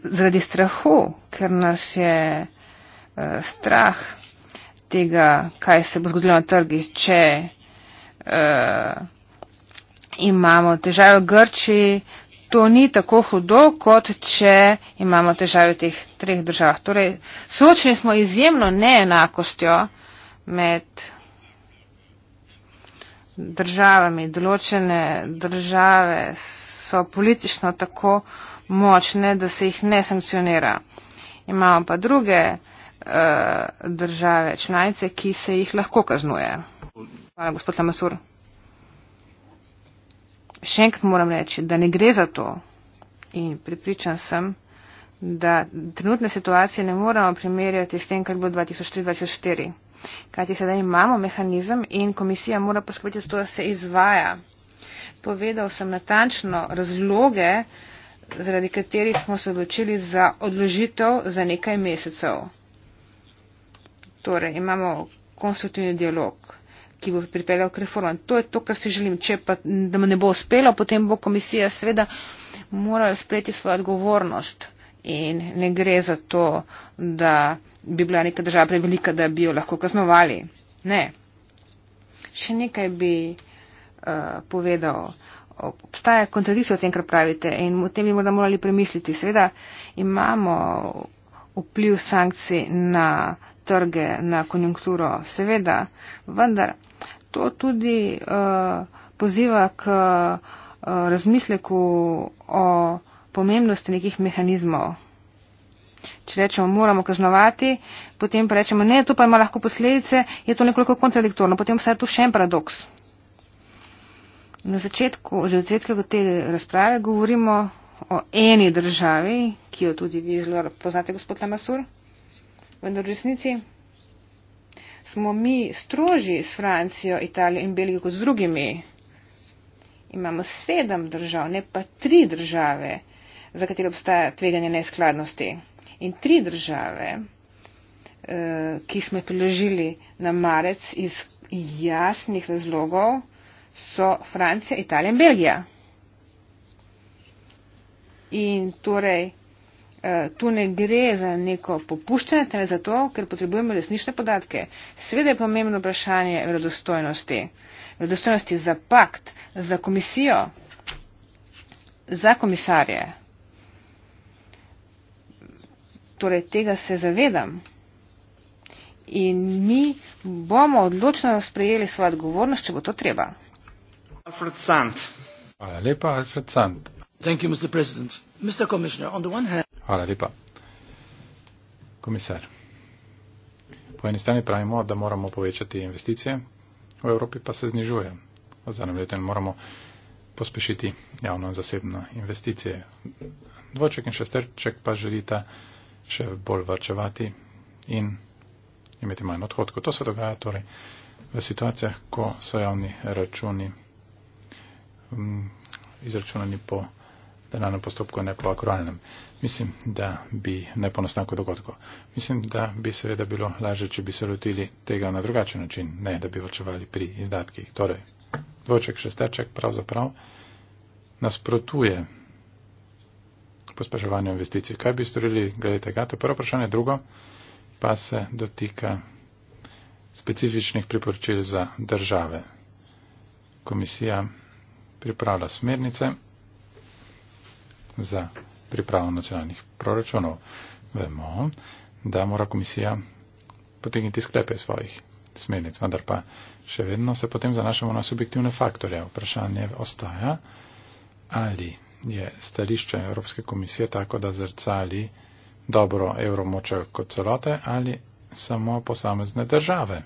zaradi strahu, ker nas je uh, strah tega, kaj se bo zgodilo na trgih, če uh, imamo težave v Grčiji, to ni tako hudo, kot če imamo težave v teh treh državah. Torej, soočeni smo izjemno neenakostjo med državami. Določene države so politično tako močne, da se jih ne sankcionira. Imamo pa druge uh, države članice, ki se jih lahko kaznuje. Hvala, gospod Lamasur še enkrat moram reči, da ne gre za to in pripričan sem, da trenutne situacije ne moramo primerjati s tem, kar bo 2003-2004. Kajti sedaj imamo mehanizem in komisija mora poskrbeti za to, da se izvaja. Povedal sem natančno razloge, zaradi katerih smo se odločili za odložitev za nekaj mesecev. Torej, imamo konstruktivni dialog ki bo pripeljal k reformam. To je to, kar si želim. Če pa da ne bo uspelo, potem bo komisija seveda morala sprejeti svojo odgovornost. In ne gre za to, da bi bila neka država prevelika, da bi jo lahko kaznovali. Ne. Še nekaj bi uh, povedal. Obstaja kontradikcija v tem, kar pravite in o tem bi morda morali premisliti. Seveda imamo vpliv sankcij na trge, na konjunkturo, seveda, vendar to tudi uh, poziva k uh, razmisleku o pomembnosti nekih mehanizmov. Če rečemo, moramo kaznovati, potem pa rečemo, ne, to pa ima lahko posledice, je to nekoliko kontradiktorno, potem pa je tu še en paradoks. Na začetku, že od začetka te razprave govorimo o eni državi, ki jo tudi vi zelo poznate, gospod Lamasur vendar v resnici smo mi strožji s Francijo, Italijo in Belgijo kot z drugimi. Imamo sedem držav, ne pa tri države, za katere obstaja tveganje neskladnosti. In tri države, eh, ki smo jih priložili na marec iz jasnih razlogov, so Francija, Italija in Belgija. In torej, Eh, tu ne gre za neko popuščanje, temveč zato, ker potrebujemo resnične podatke. Sveda je pomembno vprašanje verodostojnosti. Verodostojnosti za pakt, za komisijo, za komisarje. Torej, tega se zavedam. In mi bomo odločno sprejeli svojo odgovornost, če bo to treba. Alfred Sand. Hvala lepa, Alfred Sand. Thank you, Mr. President. Mr. Commissioner, on the one hand. Hvala lepa. Komisar. Po eni strani pravimo, da moramo povečati investicije, v Evropi pa se znižuje. V zadnjem letu moramo pospešiti javno in zasebno investicije. Dvoček in šesterček pa želita še bolj vrčevati in imeti manj odhodkov. To se dogaja torej v situacijah, ko so javni računi mm, izračunani po denarnem postopku, ne po akruvalnem. Mislim, da bi ne po nastanku dogodkov. Mislim, da bi seveda bilo lažje, če bi se lotili tega na drugačen način, ne da bi vrčevali pri izdatkih. Torej, dvoček, šesterček pravzaprav nasprotuje pospeševanju investicij. Kaj bi storili glede tega? To je prvo vprašanje. Drugo pa se dotika specifičnih priporočil za države. Komisija pripravlja smernice za pripravo nacionalnih proračunov. Vemo, da mora komisija potegniti sklepe svojih smernic, vendar pa še vedno se potem zanašamo na subjektivne faktorje. Vprašanje ostaja, ali je stališče Evropske komisije tako, da zrcali dobro evromoče kot celote ali samo posamezne države.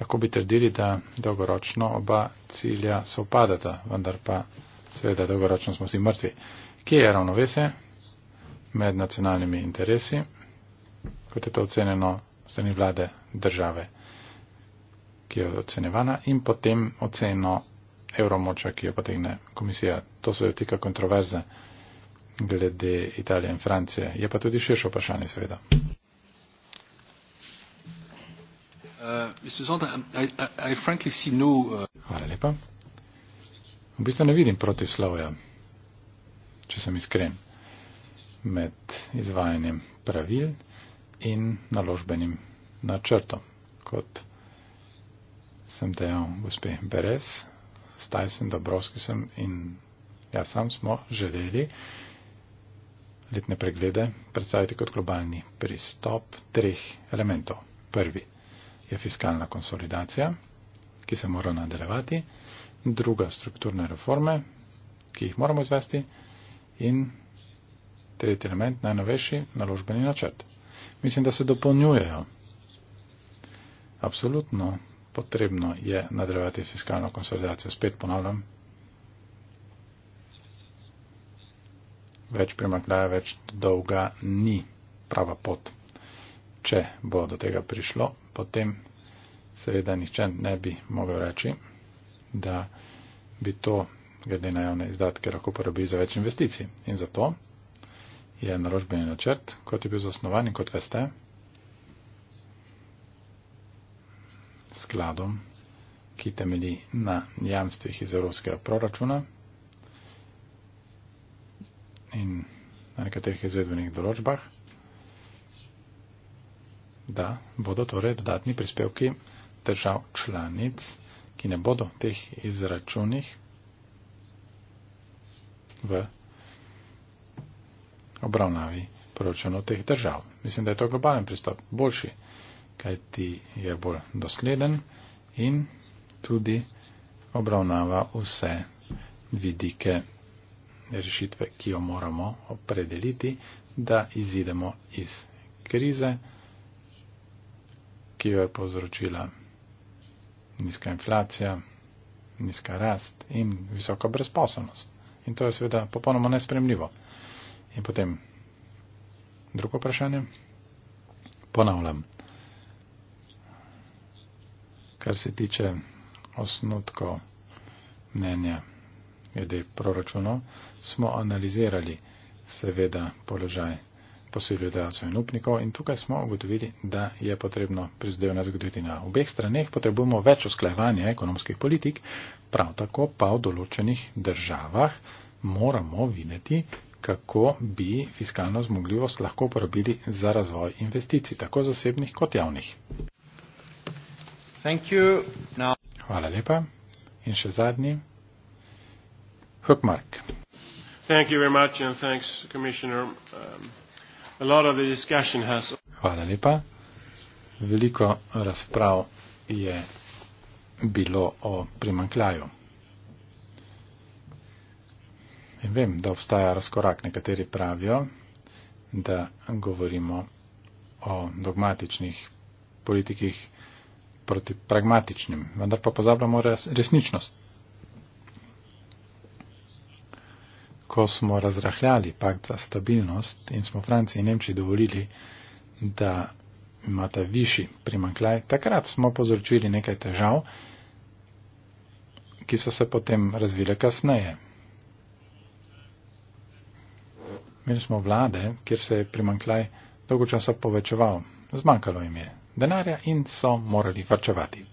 Lahko bi trdili, da dolgoročno oba cilja sovpadata, vendar pa seveda dolgoročno smo vsi mrtvi. Kje je ravnovesje med nacionalnimi interesi, kot je to ocenjeno strani vlade države, ki je ocenjevana, in potem oceno evromoča, ki jo potegne komisija. To se dotika kontroverze glede Italije in Francije. Je pa tudi širše vprašanje, seveda. Uh, Zonda, I, I, I no, uh... Hvala lepa v bistvu ne vidim protislovja, če sem iskren, med izvajanjem pravil in naložbenim načrtom. Kot sem dejal gospe Beres, staj sem Dobrovski sem in ja sam smo želeli letne preglede predstaviti kot globalni pristop treh elementov. Prvi je fiskalna konsolidacija, ki se mora nadaljevati druga strukturne reforme, ki jih moramo izvesti in tretji element, najnovejši naložbeni načrt. Mislim, da se dopolnjujejo. Absolutno potrebno je nadrevati fiskalno konsolidacijo. Spet ponavljam, več primakljaja, več dolga ni prava pot. Če bo do tega prišlo, potem seveda nihče ne bi mogel reči, da bi to, glede na javne izdatke, lahko porabili za več investicij. In zato je naložbeni načrt, kot je bil zasnovan in kot veste, skladom, ki temeli na jamstvih iz evropskega proračuna in na nekaterih izvedbenih določbah, da bodo torej dodatni prispevki držav članic ki ne bodo v teh izračunih v obravnavi proračunov teh držav. Mislim, da je to globalen pristop boljši, kajti je bolj dosleden in tudi obravnava vse vidike rešitve, ki jo moramo opredeliti, da izidemo iz krize, ki jo je povzročila nizka inflacija, nizka rast in visoka brezposobnost. In to je seveda popolnoma nespremljivo. In potem drugo vprašanje. Ponavljam. Kar se tiče osnutko mnenja glede proračunov, smo analizirali seveda položaj posilijo delavcev in upnikov in tukaj smo ugotovili, da je potrebno prizadevanje zgoditi na obeh straneh, potrebujemo več usklajevanja ekonomskih politik, prav tako pa v določenih državah moramo videti, kako bi fiskalno zmogljivost lahko uporabili za razvoj investicij, tako zasebnih kot javnih. Hvala lepa. In še zadnji. Hukmark. Thank you very much and thanks, Commissioner. Um, Hvala lepa. Veliko razprav je bilo o primankljaju. In vem, da obstaja razkorak. Nekateri pravijo, da govorimo o dogmatičnih politikih proti pragmatičnim, vendar pa pozabljamo res, resničnost. ko smo razrahljali pakt za stabilnost in smo Franciji in Nemčiji dovolili, da imata višji primankljaj, takrat smo povzročili nekaj težav, ki so se potem razvile kasneje. Imeli smo vlade, kjer se je primankljaj dolgo časa povečeval. Zmanjkalo jim je denarja in so morali varčevati.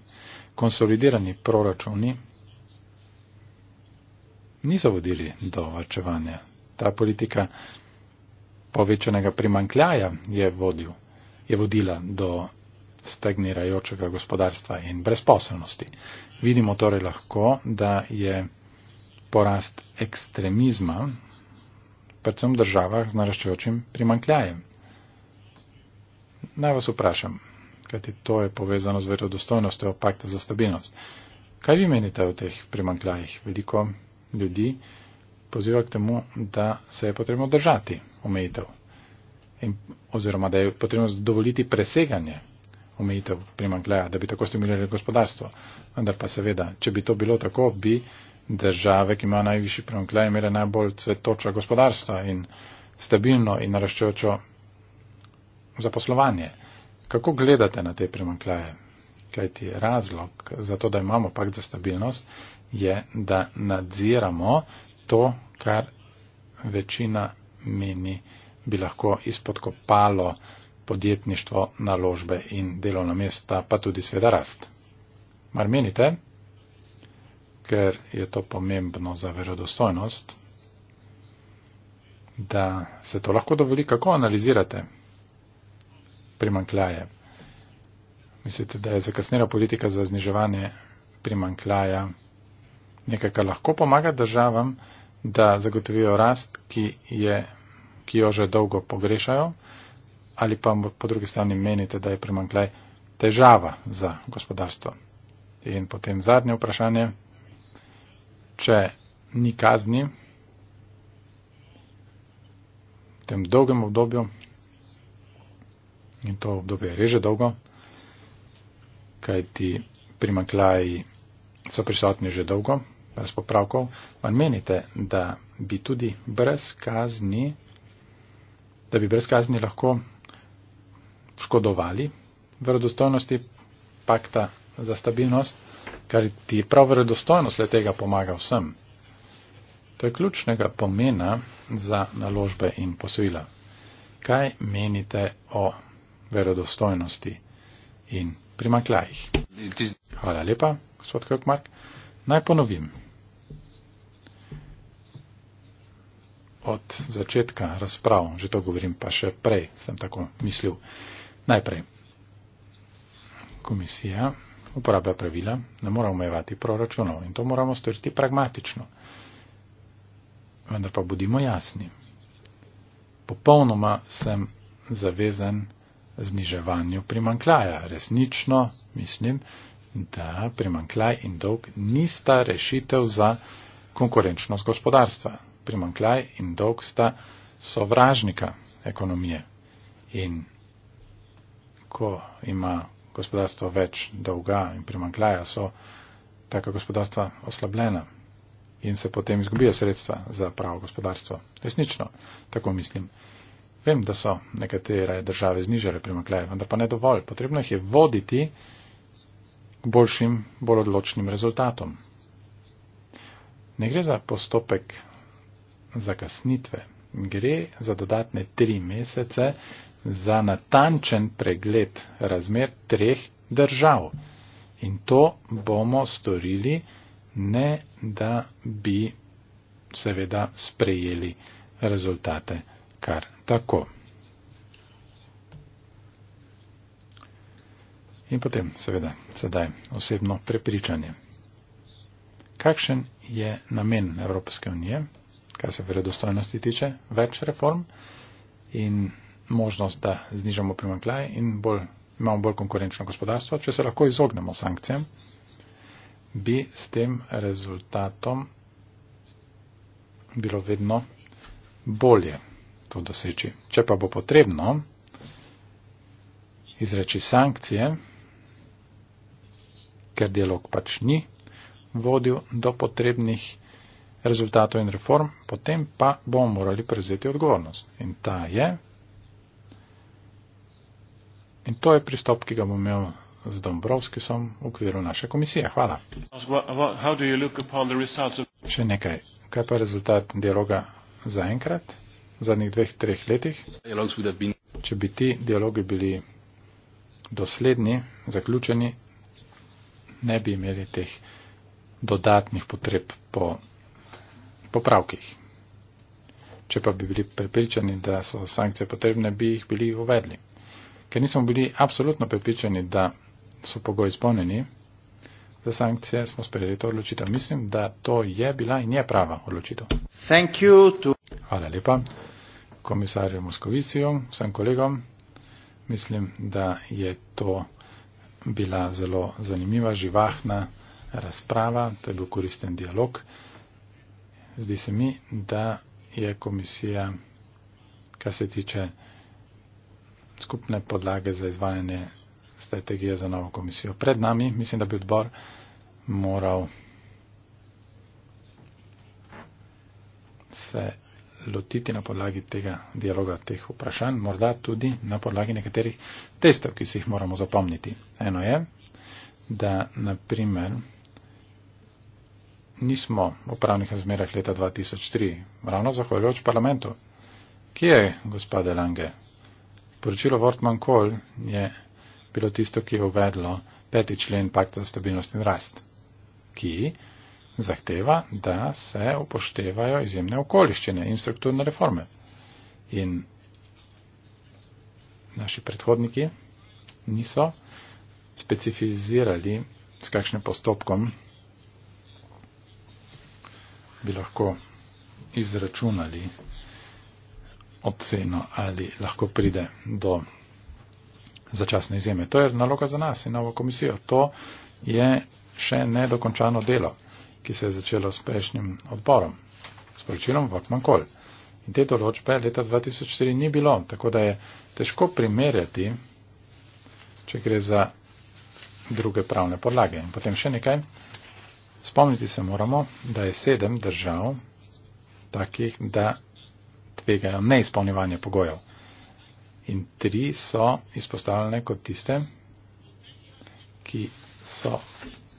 Konsolidirani proračuni niso vodili do varčevanja. Ta politika povečanega primankljaja je, vodil, je vodila do stagnirajočega gospodarstva in brezposelnosti. Vidimo torej lahko, da je porast ekstremizma predvsem v državah z naraščajočim primankljajem. Naj vas vprašam, kajti to je povezano z verodostojnostjo pakta za stabilnost. Kaj vi menite o teh primankljajih? Veliko ljudi poziva k temu, da se je potrebno držati omejitev in, oziroma da je potrebno dovoliti preseganje omejitev primankleja, da bi tako stimulirali gospodarstvo. Vendar pa seveda, če bi to bilo tako, bi države, ki imajo najvišji primankleje, imele najbolj cvetoča gospodarstva in stabilno in naraščajočo zaposlovanje. Kako gledate na te primankleje? Kajti razlog za to, da imamo pakt za stabilnost, je, da nadziramo to, kar večina meni bi lahko izpodkopalo podjetništvo, naložbe in delovna mesta, pa tudi sveda rast. Mar menite, ker je to pomembno za verodostojnost, da se to lahko dovoli, kako analizirate primankljaje? Mislite, da je zakasnila politika za zniževanje primankljaja? nekaj, kar lahko pomaga državam, da zagotovijo rast, ki, je, ki jo že dolgo pogrešajo, ali pa po drugi strani menite, da je primankljaj težava za gospodarstvo. In potem zadnje vprašanje, če ni kazni v tem dolgem obdobju, in to obdobje je reže dolgo, kaj ti primankljaji so prisotni že dolgo, brez popravkov, pa menite, da bi tudi brez kazni, da bi brez kazni lahko škodovali verodostojnosti pakta za stabilnost, kar ti prav verodostojnost le tega pomaga vsem. To je ključnega pomena za naložbe in posojila. Kaj menite o verodostojnosti in primakljajih? Hvala lepa, gospod Krokmark. Naj ponovim. od začetka razprav, že to govorim, pa še prej sem tako mislil. Najprej, komisija uporablja pravila, ne mora omejevati proračunov in to moramo storiti pragmatično. Vendar pa bodimo jasni. Popolnoma sem zavezan zniževanju primankljaja. Resnično mislim, da primankljaj in dolg nista rešitev za konkurenčnost gospodarstva primankljaj in dolg sta sovražnika ekonomije. In ko ima gospodarstvo več dolga in primankljaja, so taka gospodarstva oslabljena in se potem izgubijo sredstva za pravo gospodarstvo. Resnično, tako mislim. Vem, da so nekatere države znižale primankljaje, vendar pa ne dovolj. Potrebno jih je voditi k boljšim, bolj odločnim rezultatom. Ne gre za postopek zakasnitve. Gre za dodatne tri mesece za natančen pregled razmer treh držav. In to bomo storili ne, da bi seveda sprejeli rezultate kar tako. In potem, seveda, sedaj osebno prepričanje. Kakšen je namen Evropske unije? kar se verodostojnosti tiče, več reform in možnost, da znižamo primanklaj in bolj, imamo bolj konkurenčno gospodarstvo. Če se lahko izognemo sankcijam, bi s tem rezultatom bilo vedno bolje to doseči. Če pa bo potrebno izreči sankcije, ker dialog pač ni vodil do potrebnih rezultatov in reform, potem pa bomo morali prevzeti odgovornost. In ta je. In to je pristop, ki ga bom imel z Dombrovskisom v okviru naše komisije. Hvala. Še nekaj. Kaj pa je rezultat dialoga zaenkrat, v zadnjih dveh, treh letih? Če bi ti dialogi bili dosledni, zaključeni, ne bi imeli teh dodatnih potreb po popravkih. Če pa bi bili prepričani, da so sankcije potrebne, bi jih bili uvedli. Ker nismo bili absolutno prepričani, da so pogoji izpolnjeni za sankcije, smo sprejeli to odločitev. Mislim, da to je bila in je prava odločitev. Hvala lepa komisarju Moskovicijo, vsem kolegom. Mislim, da je to bila zelo zanimiva, živahna razprava, to je bil koristen dialog zdi se mi, da je komisija, kar se tiče skupne podlage za izvajanje strategije za novo komisijo pred nami, mislim, da bi odbor moral se lotiti na podlagi tega dialoga, teh vprašanj, morda tudi na podlagi nekaterih testov, ki si jih moramo zapomniti. Eno je, da naprimer nismo v pravnih razmerah leta 2003, ravno zahvaljujoč parlamentu. Kje je, gospode Lange? Poročilo Wortmann Kohl je bilo tisto, ki je uvedlo peti člen pakta za stabilnost in rast, ki zahteva, da se upoštevajo izjemne okoliščine in strukturne reforme. In naši predhodniki niso specifizirali, s kakšnim postopkom bi lahko izračunali oceno, ali lahko pride do začasne izjeme. To je naloga za nas in novo komisijo. To je še nedokončano delo, ki se je začelo s prejšnjim odborom, s poročilom Vakmankol. In te določbe leta 2004 ni bilo, tako da je težko primerjati, če gre za druge pravne podlage. In potem še nekaj, Spomniti se moramo, da je sedem držav takih, da tvegajo neizpolnjevanje pogojev. In tri so izpostavljene kot tiste, ki so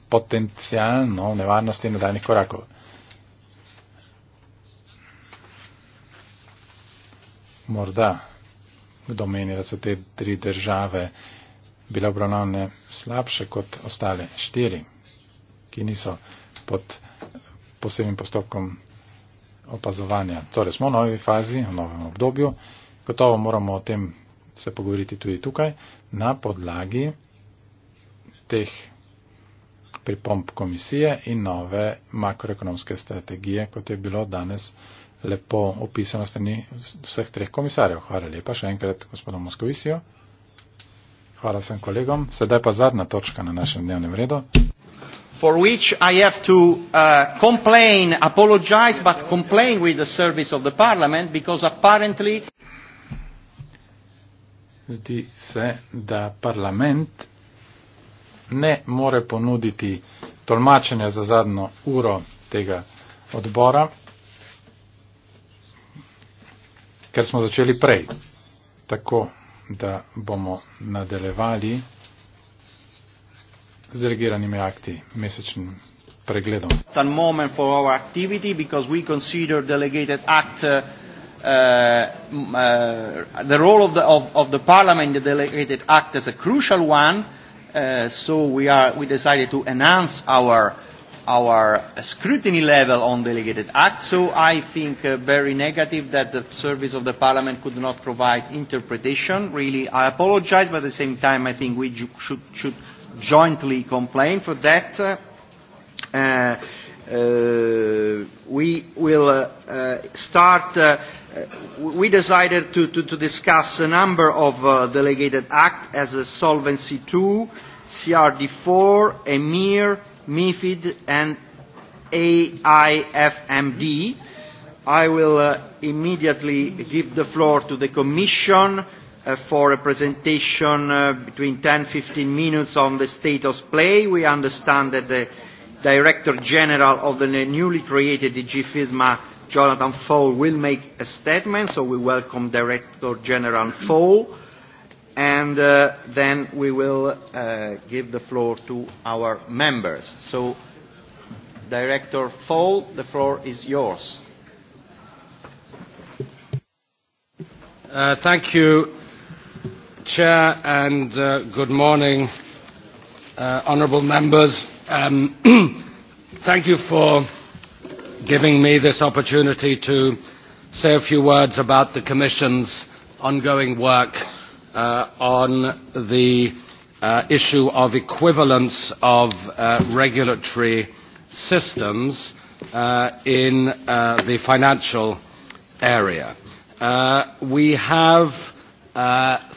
potencijalno v nevarnosti nadaljnih korakov. Morda, kdo meni, da so te tri države bile obravnavne slabše kot ostale štiri ki niso pod posebnim postopkom opazovanja. Torej smo v novi fazi, v novem obdobju. Gotovo moramo o tem se pogovoriti tudi tukaj na podlagi teh pripomp komisije in nove makroekonomske strategije, kot je bilo danes lepo opisano strani vseh treh komisarjev. Hvala lepa še enkrat gospodom Moskovisijo. Hvala vsem kolegom. Sedaj pa zadnja točka na našem dnevnem redu for which I have to uh, complain, apologize, but complain with the service of the parliament because apparently. Zdi se, da parlament ne more ponuditi tolmačenja za zadnjo uro tega odbora, ker smo začeli prej. Tako da bomo nadaljevali z delegiranimi akti, mesečnim pregledom. Uh, uh, uh, the role of the, of, of the Parliament, the delegated act, is a crucial one. Uh, so we, are, we decided to enhance our, our scrutiny level on delegated act. So I think uh, very negative that the service of the Parliament could not provide interpretation. Really, I apologise, but at the same time, I think we should, should jointly complain for that. Uh, uh, we will uh, uh, start. Uh, we decided to, to, to discuss a number of uh, delegated acts as a Solvency II, CRD4, EMIR, MIFID, and AIFMD. I will uh, immediately give the floor to the Commission. Uh, for a presentation uh, between 10-15 minutes on the state of play. We understand that the Director General of the newly created DG FISMA, Jonathan Fowle, will make a statement, so we welcome Director General Fowle. And uh, then we will uh, give the floor to our members. So, Director Fowle, the floor is yours. Uh, thank you, chair and uh, good morning uh, honorable members um, [clears throat] thank you for giving me this opportunity to say a few words about the commission's ongoing work uh, on the uh, issue of equivalence of uh, regulatory systems uh, in uh, the financial area uh, we have uh,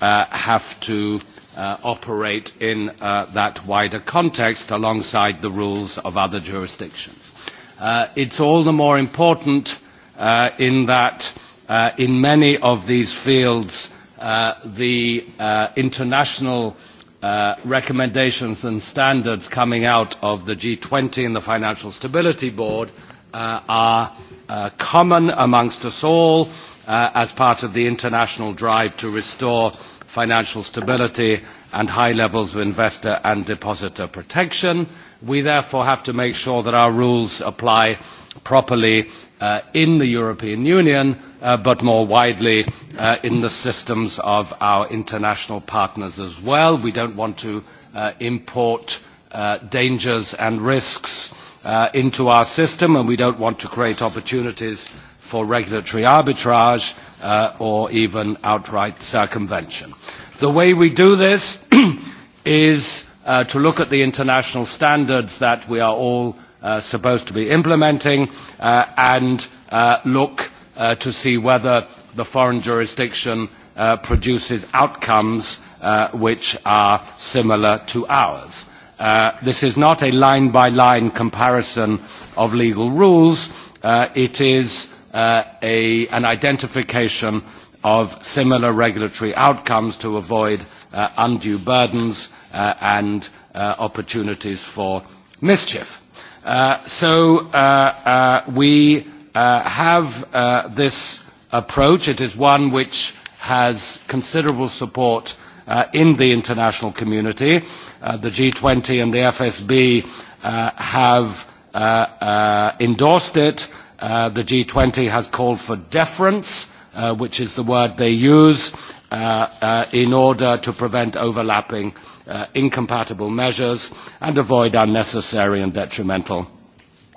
uh, have to uh, operate in uh, that wider context alongside the rules of other jurisdictions. Uh, it's all the more important uh, in that uh, in many of these fields uh, the uh, international uh, recommendations and standards coming out of the G20 and the Financial Stability Board uh, are uh, common amongst us all. Uh, uh, as part of the international drive to restore financial stability and high levels of investor and depositor protection. We therefore have to make sure that our rules apply properly uh, in the European Union, uh, but more widely uh, in the systems of our international partners as well. We don't want to uh, import uh, dangers and risks uh, into our system, and we don't want to create opportunities for regulatory arbitrage uh, or even outright circumvention. The way we do this [clears throat] is uh, to look at the international standards that we are all uh, supposed to be implementing uh, and uh, look uh, to see whether the foreign jurisdiction uh, produces outcomes uh, which are similar to ours. Uh, this is not a line-by-line -line comparison of legal rules. Uh, it is uh, a, an identification of similar regulatory outcomes to avoid uh, undue burdens uh, and uh, opportunities for mischief. Uh, so uh, uh, we uh, have uh, this approach. It is one which has considerable support uh, in the international community. Uh, the G20 and the FSB uh, have uh, uh, endorsed it. Uh, the G20 has called for deference, uh, which is the word they use, uh, uh, in order to prevent overlapping uh, incompatible measures and avoid unnecessary and detrimental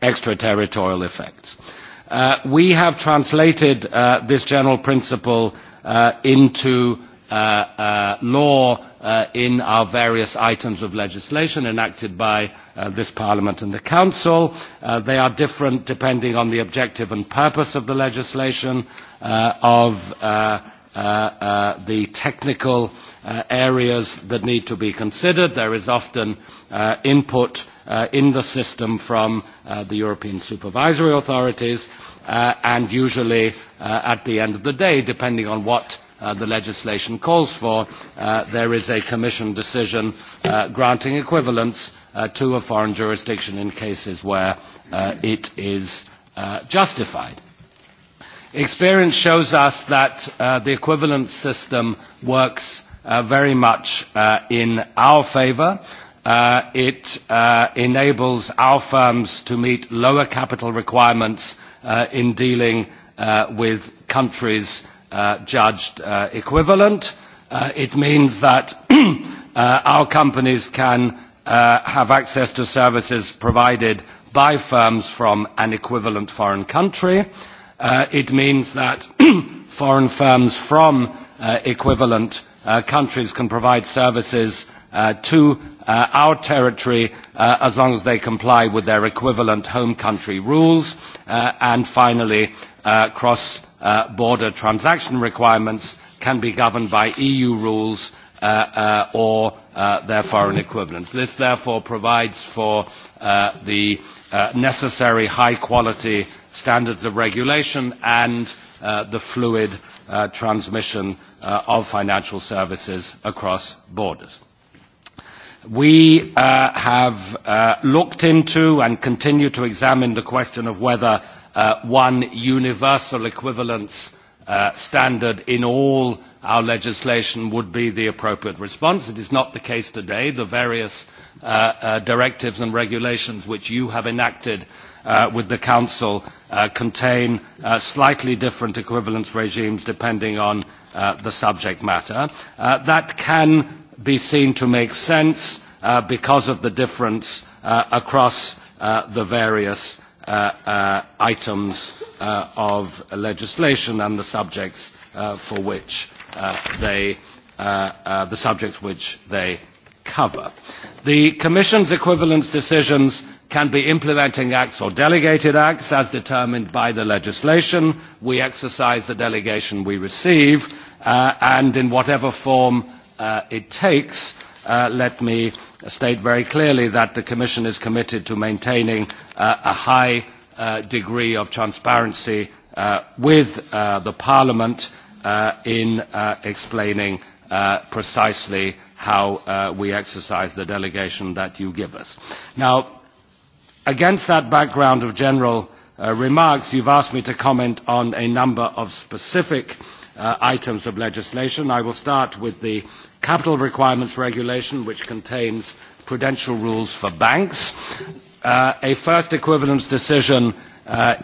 extraterritorial effects. Uh, we have translated uh, this general principle uh, into uh, uh, law uh, in our various items of legislation enacted by uh, this Parliament and the Council. Uh, they are different depending on the objective and purpose of the legislation, uh, of uh, uh, uh, the technical uh, areas that need to be considered. There is often uh, input uh, in the system from uh, the European supervisory authorities, uh, and usually uh, at the end of the day, depending on what uh, the legislation calls for, uh, there is a Commission decision uh, granting equivalence uh, uh, to a foreign jurisdiction in cases where uh, it is uh, justified. Experience shows us that uh, the equivalent system works uh, very much uh, in our favor. Uh, it uh, enables our firms to meet lower capital requirements uh, in dealing uh, with countries uh, judged uh, equivalent. Uh, it means that [clears throat] uh, our companies can uh, Uh, have access to services provided by firms from an equivalent foreign country. Uh, it means that [clears throat] foreign firms from uh, equivalent uh, countries can provide services uh, to uh, our territory uh, as long as they comply with their equivalent home country rules. Uh, and finally, uh, cross-border uh, transaction requirements can be governed by EU rules uh, uh, or Uh, their foreign equivalents. This therefore provides for uh, the uh, necessary high quality standards of regulation and uh, the fluid uh, transmission uh, of financial services across borders. We uh, have uh, looked into and continue to examine the question of whether uh, one universal equivalence uh, standard in all uh, our legislation would be the appropriate response. It is not the case today. The various uh, uh, directives and regulations which you have enacted uh, with the Council uh, contain uh, slightly different equivalence regimes depending on uh, the subject matter. Uh, that can be seen to make sense uh, because of the difference uh, across uh, the various uh, uh, items uh, of legislation and the subjects uh, for which uh, Uh, they, uh, uh, the subjects which they cover. The Commission's equivalence decisions can be implementing acts or delegated acts as determined by the legislation. We exercise the delegation we receive, uh, and in whatever form uh, it takes, uh, let me state very clearly that the Commission is committed to maintaining uh, a high uh, degree of transparency uh, with uh, the Parliament. Uh, in uh, explaining uh, precisely how we exercise the delegation that you give us. Now, against that background of general remarks, you've asked me to comment on a number of specific items of legislation. I will start with the capital requirements regulation, which contains prudential rules for banks. A first equivalence decision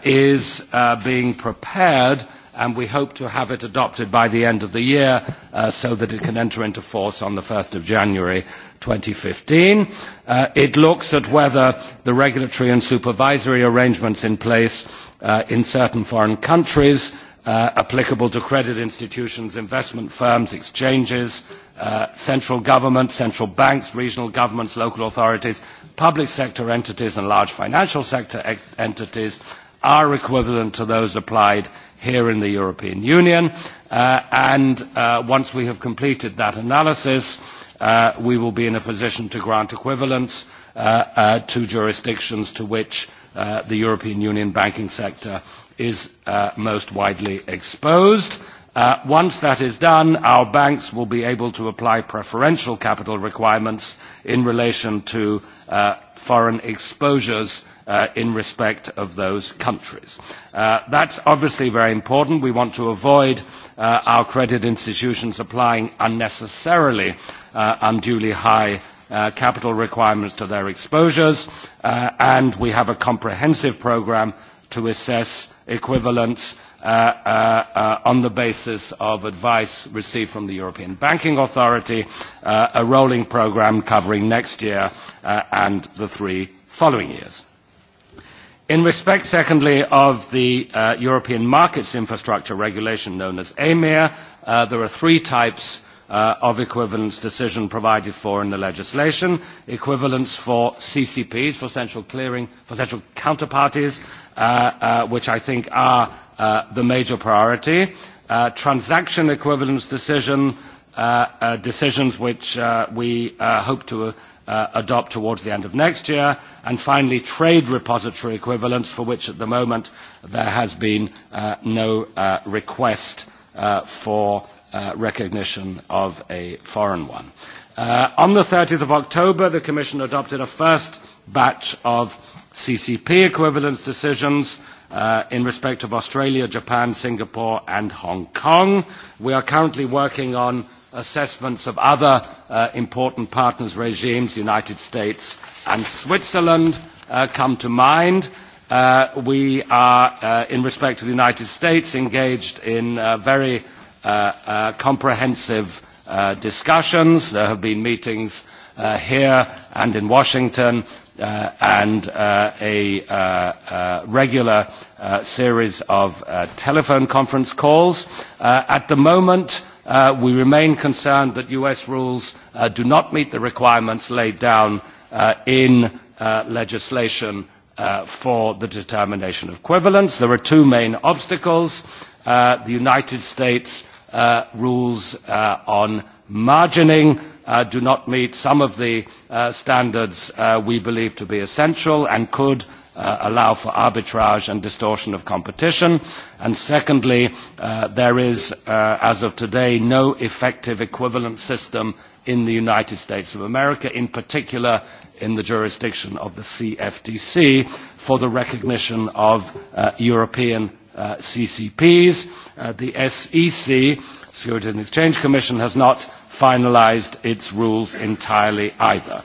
is being prepared, and we hope to have it adopted by the end of the year uh, so that it can enter into force on the 1st of January 2015. Uh, it looks at whether the regulatory and supervisory arrangements in place uh, in certain foreign countries uh, applicable to credit institutions, investment firms, exchanges, uh, central governments, central banks, regional governments, local authorities, public sector entities and large financial sector e entities are equivalent to those applied uh, here in the European Union. Uh, and uh, once we have completed that analysis, uh, we will be in a position to grant equivalence uh, uh, to jurisdictions to which uh, the European Union banking sector is uh, most widely exposed. Uh, once that is done, our banks will be able to apply preferential capital requirements in relation to uh, foreign exposures uh, uh, in respect of those countries. Uh, that's obviously very important. We want to avoid uh, our credit institutions applying unnecessarily uh, unduly high uh, capital requirements to their exposures, uh, and we have a comprehensive program to assess equivalence uh, uh, uh, on the basis of advice received from the European Banking Authority, uh, a rolling program covering next year uh, and the three following years. In respect, secondly, of the uh, European Markets Infrastructure Regulation, known as EMIR, uh, there are three types uh, of equivalence decision provided for in the legislation. Equivalence for CCPs, for central clearing, for central counterparties, uh, uh, which I think are uh, the major priority. Uh, transaction equivalence decision, uh, uh, decisions which uh, we uh, hope to uh, Uh, adopt towards the end of next year, and finally, trade repository equivalents, for which at the moment there has been uh, no uh, request uh, for uh, recognition of a foreign one. Uh, on the 30th of October, the Commission adopted a first batch of CCP equivalence decisions uh, in respect of Australia, Japan, Singapore, and Hong Kong. We are currently working on assessments of other uh, important partners regimes, the United States and Switzerland, uh, come to mind. Uh, we are, uh, in respect to the United States, engaged in uh, very uh, uh, comprehensive uh, discussions. There have been meetings uh, here and in Washington uh, and uh, a uh, uh, regular uh, series of uh, telephone conference calls. Uh, at the moment, uh, uh, we remain concerned that US rules uh, do not meet the requirements laid down uh, in uh, legislation uh, for the determination of equivalence. There are two main obstacles. Uh, the United States uh, rules uh, on margining uh, do not meet some of the uh, standards uh, we believe to be essential and could Uh, allow for arbitrage and distortion of competition and secondly uh, there is uh, as of today no effective equivalent system in the united states of america in particular in the jurisdiction of the cftc for the recognition of uh, european uh, CCPs. Uh, the SEC, Securities and Exchange Commission, has not finalized its rules entirely either.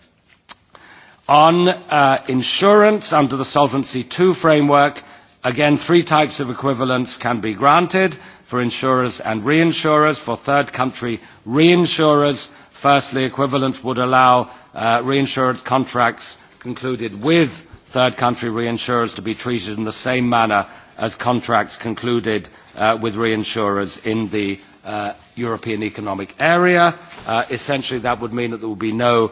on uh, insurance under the Solvency II framework, again, three types of equivalence can be granted for insurers and reinsurers. For third country reinsurers, firstly, equivalence would allow uh, reinsurance contracts concluded with third country reinsurers to be treated in the same manner as contracts concluded uh, with reinsurers in the uh, European Economic Area. Uh, essentially, that would mean that there would be no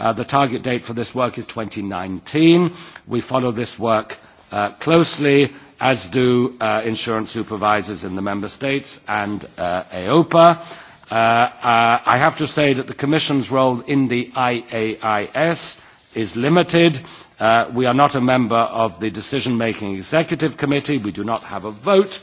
Uh, the target date for this work is 2019. We follow this work uh, closely, as do uh, insurance supervisors in the member states and EIOPA. I have to say that the commission's role in the IAIS is limited. We are not a member of the decision-making executive committee. We do not have a vote.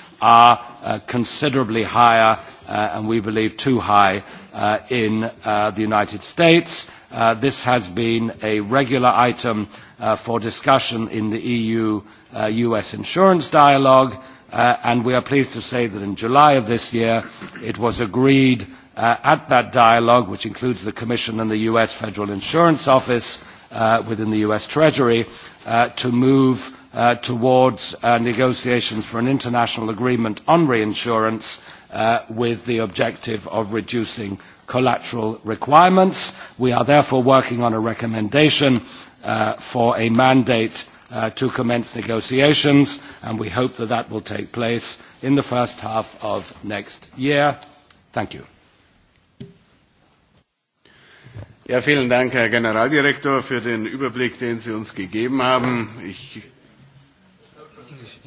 are uh, considerably higher uh, and we believe too high uh, in the united states. this has been a regular item for discussion in the eu us insurance dialogue and we are pleased to say that in july of this year it was agreed at that dialogue which includes the commission and the us federal insurance office within the us treasury to move Uh, towards uh, negotiations for an international agreement on reinsurance uh, with the objective of reducing collateral requirements. We are therefore working on a recommendation for a mandate to commence negotiations and we hope that that will take place in the first half of next year. Thank you. Ja, vielen Dank, Herr Generaldirektor, für den Überblick, den Sie uns gegeben haben. Ich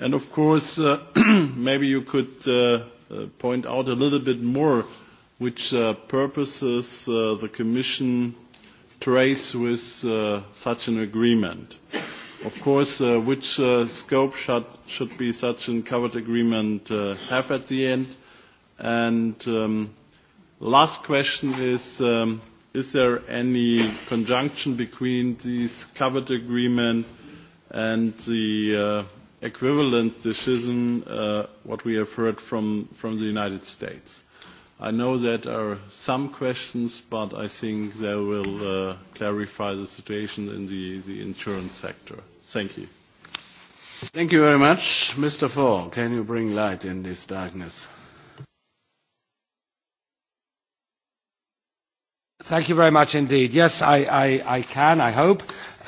Of course, uh, [clears throat] maybe you could uh, uh, point out a little bit more which purposes the Commission trace with such an agreement. Of course, which scope should be such a covered agreement have at the end? Um, last question um, is there any conjunction between this covered agreement and the equivalence decision, uh, what we have heard from, from the United States. I know that are some questions, but I think they will uh, clarify the situation in the, the insurance sector. Thank you. Thank you very much. Mr. Fall, can you bring light in this darkness? Thank you very much indeed. Yes, I, I, I can, I hope.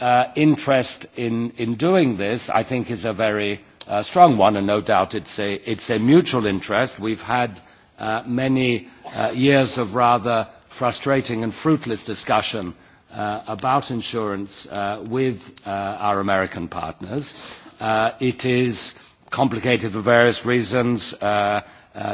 Uh, interest in doing this i think is a very uh, strong one and no doubt it is a mutual interest. we have had uh, many years of rather frustrating and fruitless discussion about insurance with our american partners. it is complicated for various reasons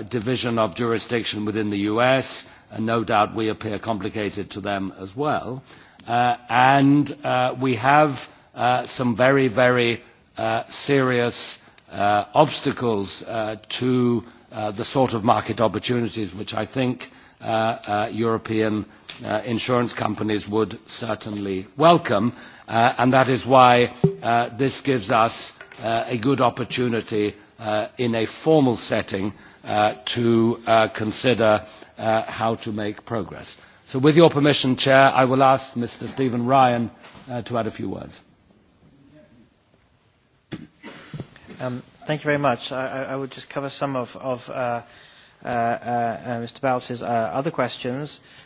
division of jurisdiction within the us and no doubt we appear complicated to them as well uh, and uh, we have uh, some very, very uh, serious uh, obstacles uh, to uh, the sort of market opportunities which I think uh, uh, European uh, insurance companies would certainly welcome. Uh, and that is why uh, this gives us uh, a good opportunity uh, in a formal setting uh, to uh, consider uh, how to make progress so with your permission chair i will ask mr stephen ryan uh, to add a few words um, thank you very much I, I would just cover some of, of uh, uh, uh, uh mr balz's uh, other questions uh,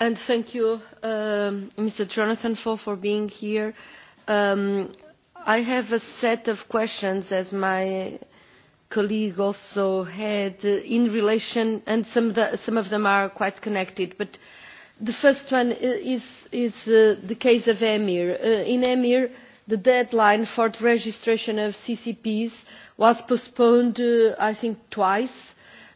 and thank you mr um, jonathan for being here. Um, i have a set of questions as my colleague also had uh, in relation and some of them are quite connected but the first one is uh, the case of emir. Uh, in emir the deadline for the registration of ccps was postponed i think twice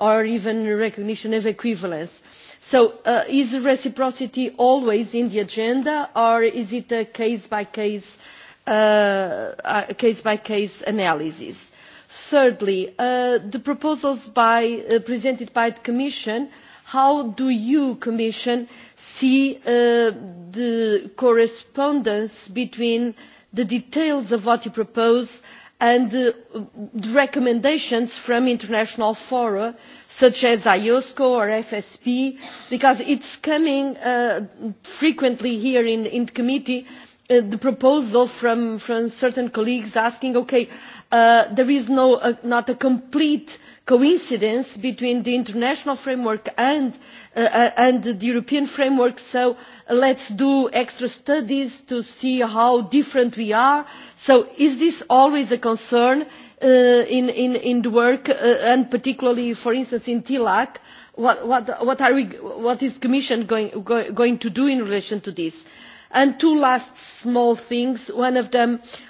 or even recognition of equivalence. so uh, is reciprocity always on the agenda or is it a case by case uh, a case by case analysis? Thirdly, uh, the proposals by, uh, presented by the Commission, how do you, Commission, see uh, the correspondence between the details of what you propose and the recommendations from international fora such as iosco or fsp because it is coming uh, frequently here in, in the committee uh, the proposals from, from certain colleagues asking okay uh, there is no, uh, not a complete coincidence between the international framework and uh, uh, the european framework so uh, let us do extra studies to see how different we are. so is this always a concern in the work and particularly for instance in tlac? what are we what is the commission going to do in relation to this? and two last small things one of them is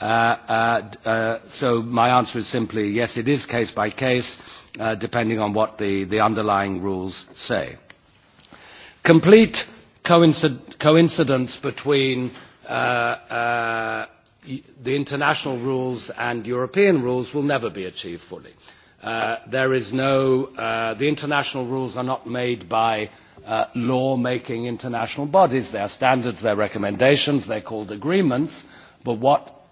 Uh, uh, uh, so my answer is simply yes, it is case by case, uh, depending on what the, the underlying rules say. Complete coincid- coincidence between uh, uh, the international rules and European rules will never be achieved fully. Uh, there is no, uh, the international rules are not made by uh, law-making international bodies. They are standards, they are recommendations, they are called agreements. But what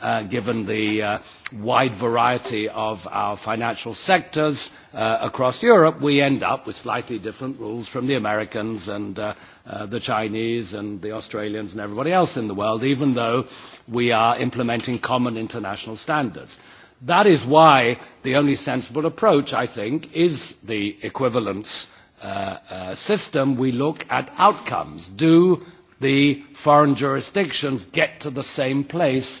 Uh, given the uh, wide variety of our financial sectors uh, across Europe, we end up with slightly different rules from the Americans and uh, uh, the Chinese and the Australians and everybody else in the world, even though we are implementing common international standards. That is why the only sensible approach, I think, is the equivalence uh, uh, system. We look at outcomes. Do the foreign jurisdictions get to the same place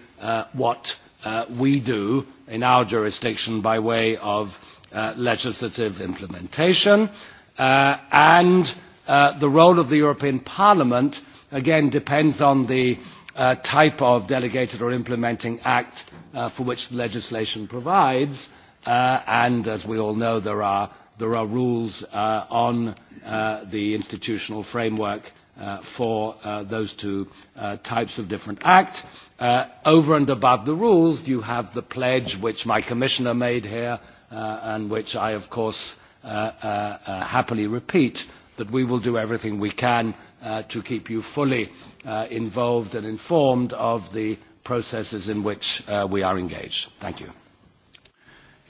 Uh, what uh, we do in our jurisdiction by way of uh, legislative implementation. And the role of the European Parliament, again, depends on the type of delegated or implementing act for which the legislation provides. And as we all know, there are, there are rules on the institutional framework for those two types of different act. Uh, over and above the rules, you have the pledge which my commissioner made here, uh, and which I, of course, uh, uh, uh, happily repeat, that we will do everything we can uh, to keep you fully uh, involved and informed of the processes in which uh, we are engaged. Thank you.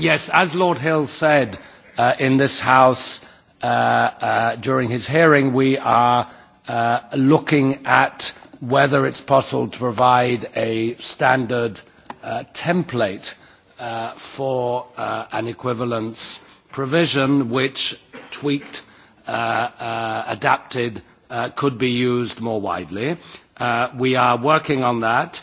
yes as lord hill said uh, in this house uh, uh, during his hearing we are looking at whether it is possible to provide a standard template for an equivalence provision which tweaked adapted could be used more widely. we are working on that.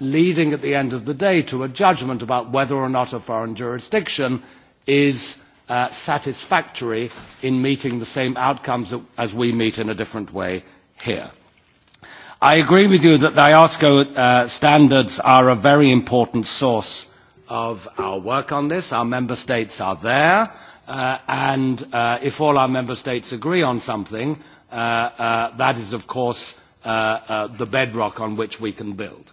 leading at the end of the day to a judgment about whether or not a foreign jurisdiction is uh, satisfactory in meeting the same outcomes as we meet in a different way here. I agree with you that the IASCO uh, standards are a very important source of our work on this. Our member states are there, uh, and uh, if all our member states agree on something, uh, uh, that is, of course, uh, uh, the bedrock on which we can build.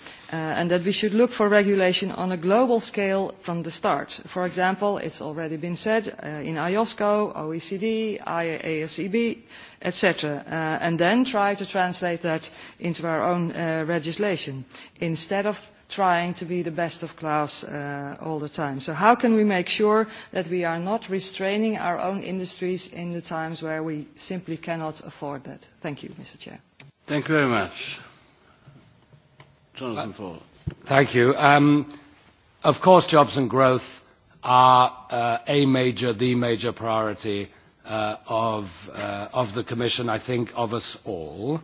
Uh, and that we should look for regulation on a global scale from the start. for example it has already been said uh, in iosco oecd iasb e etc. Uh, and then try to translate that into our own legislation instead of trying to be the best of class all the time. so how can we make sure that we are not restraining our own industries in times where we simply cannot afford that? thank you mr president. Uh, um, of course, jobs and growth are uh, a major, the major priority uh, of, uh, of the Commission, I think, of us all.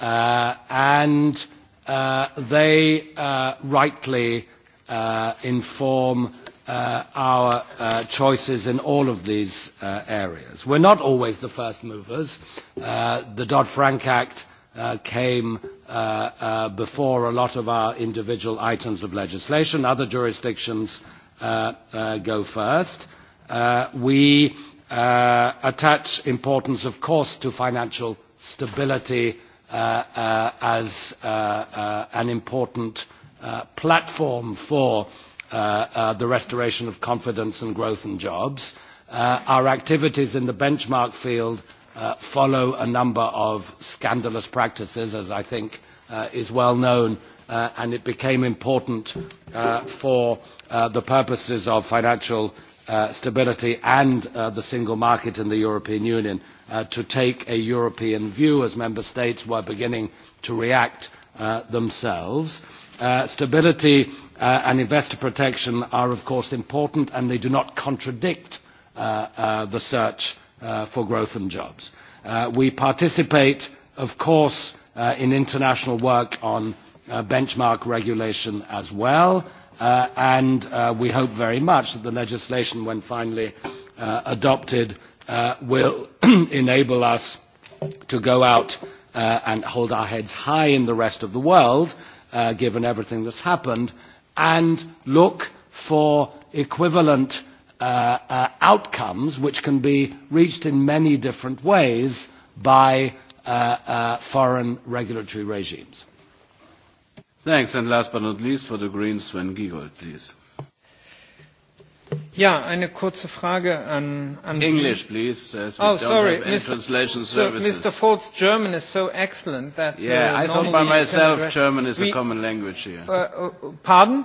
Uh, and uh, they uh, rightly uh, inform uh, our uh, choices in all of these uh, areas. We're not always the first movers. Uh, the Dodd-Frank Act uh, came uh, uh, before a lot of our individual items of legislation. Other jurisdictions uh, uh, go first. Uh, we uh, attach importance, of course, to financial stability uh, uh, as uh, uh, an important uh, platform for uh, uh, the restoration of confidence and growth and jobs. Uh, our activities in the benchmark field Uh, follow a number of scandalous practices, as I think uh, is well known, uh, and it became important uh, for uh, the purposes of financial uh, stability and uh, the single market in the European Union uh, to take a European view as member states were beginning to react uh, themselves. Uh, stability uh, and investor protection are, of course, important, and they do not contradict uh, uh, the search uh, uh, for growth and jobs. Uh, we participate, of course, uh, in international work on uh, benchmark regulation as well, uh, and uh, we hope very much that the legislation, when finally uh, adopted, uh, will [clears throat] enable us to go out uh, and hold our heads high in the rest of the world, uh, given everything that's happened, and look for equivalent uh, uh, uh, outcomes which can be reached in many different ways by uh, uh, foreign regulatory regimes. Thanks. And last but not least, for the Greens, Sven Giegold, please. Ja, eine kurze Frage an, an English, Sie. please. As we oh, don't sorry, have Mr. Translation so, services. Mr. Ford's German is so excellent that. Yeah, uh, I thought by myself German is we, a common language here. Uh, uh, pardon?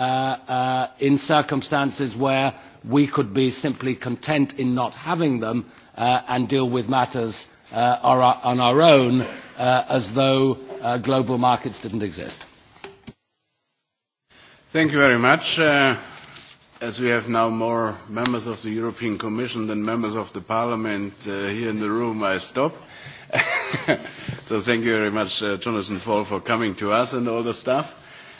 Uh, uh, in circumstances where we could be simply content in not having them uh, and deal with matters uh, on our own uh, as though uh, global markets didn't exist. Thank you very much. Uh, as we have now more members of the European Commission than members of the Parliament uh, here in the room, I stop. [laughs] so thank you very much, uh, Jonathan Fall, for coming to us and all the staff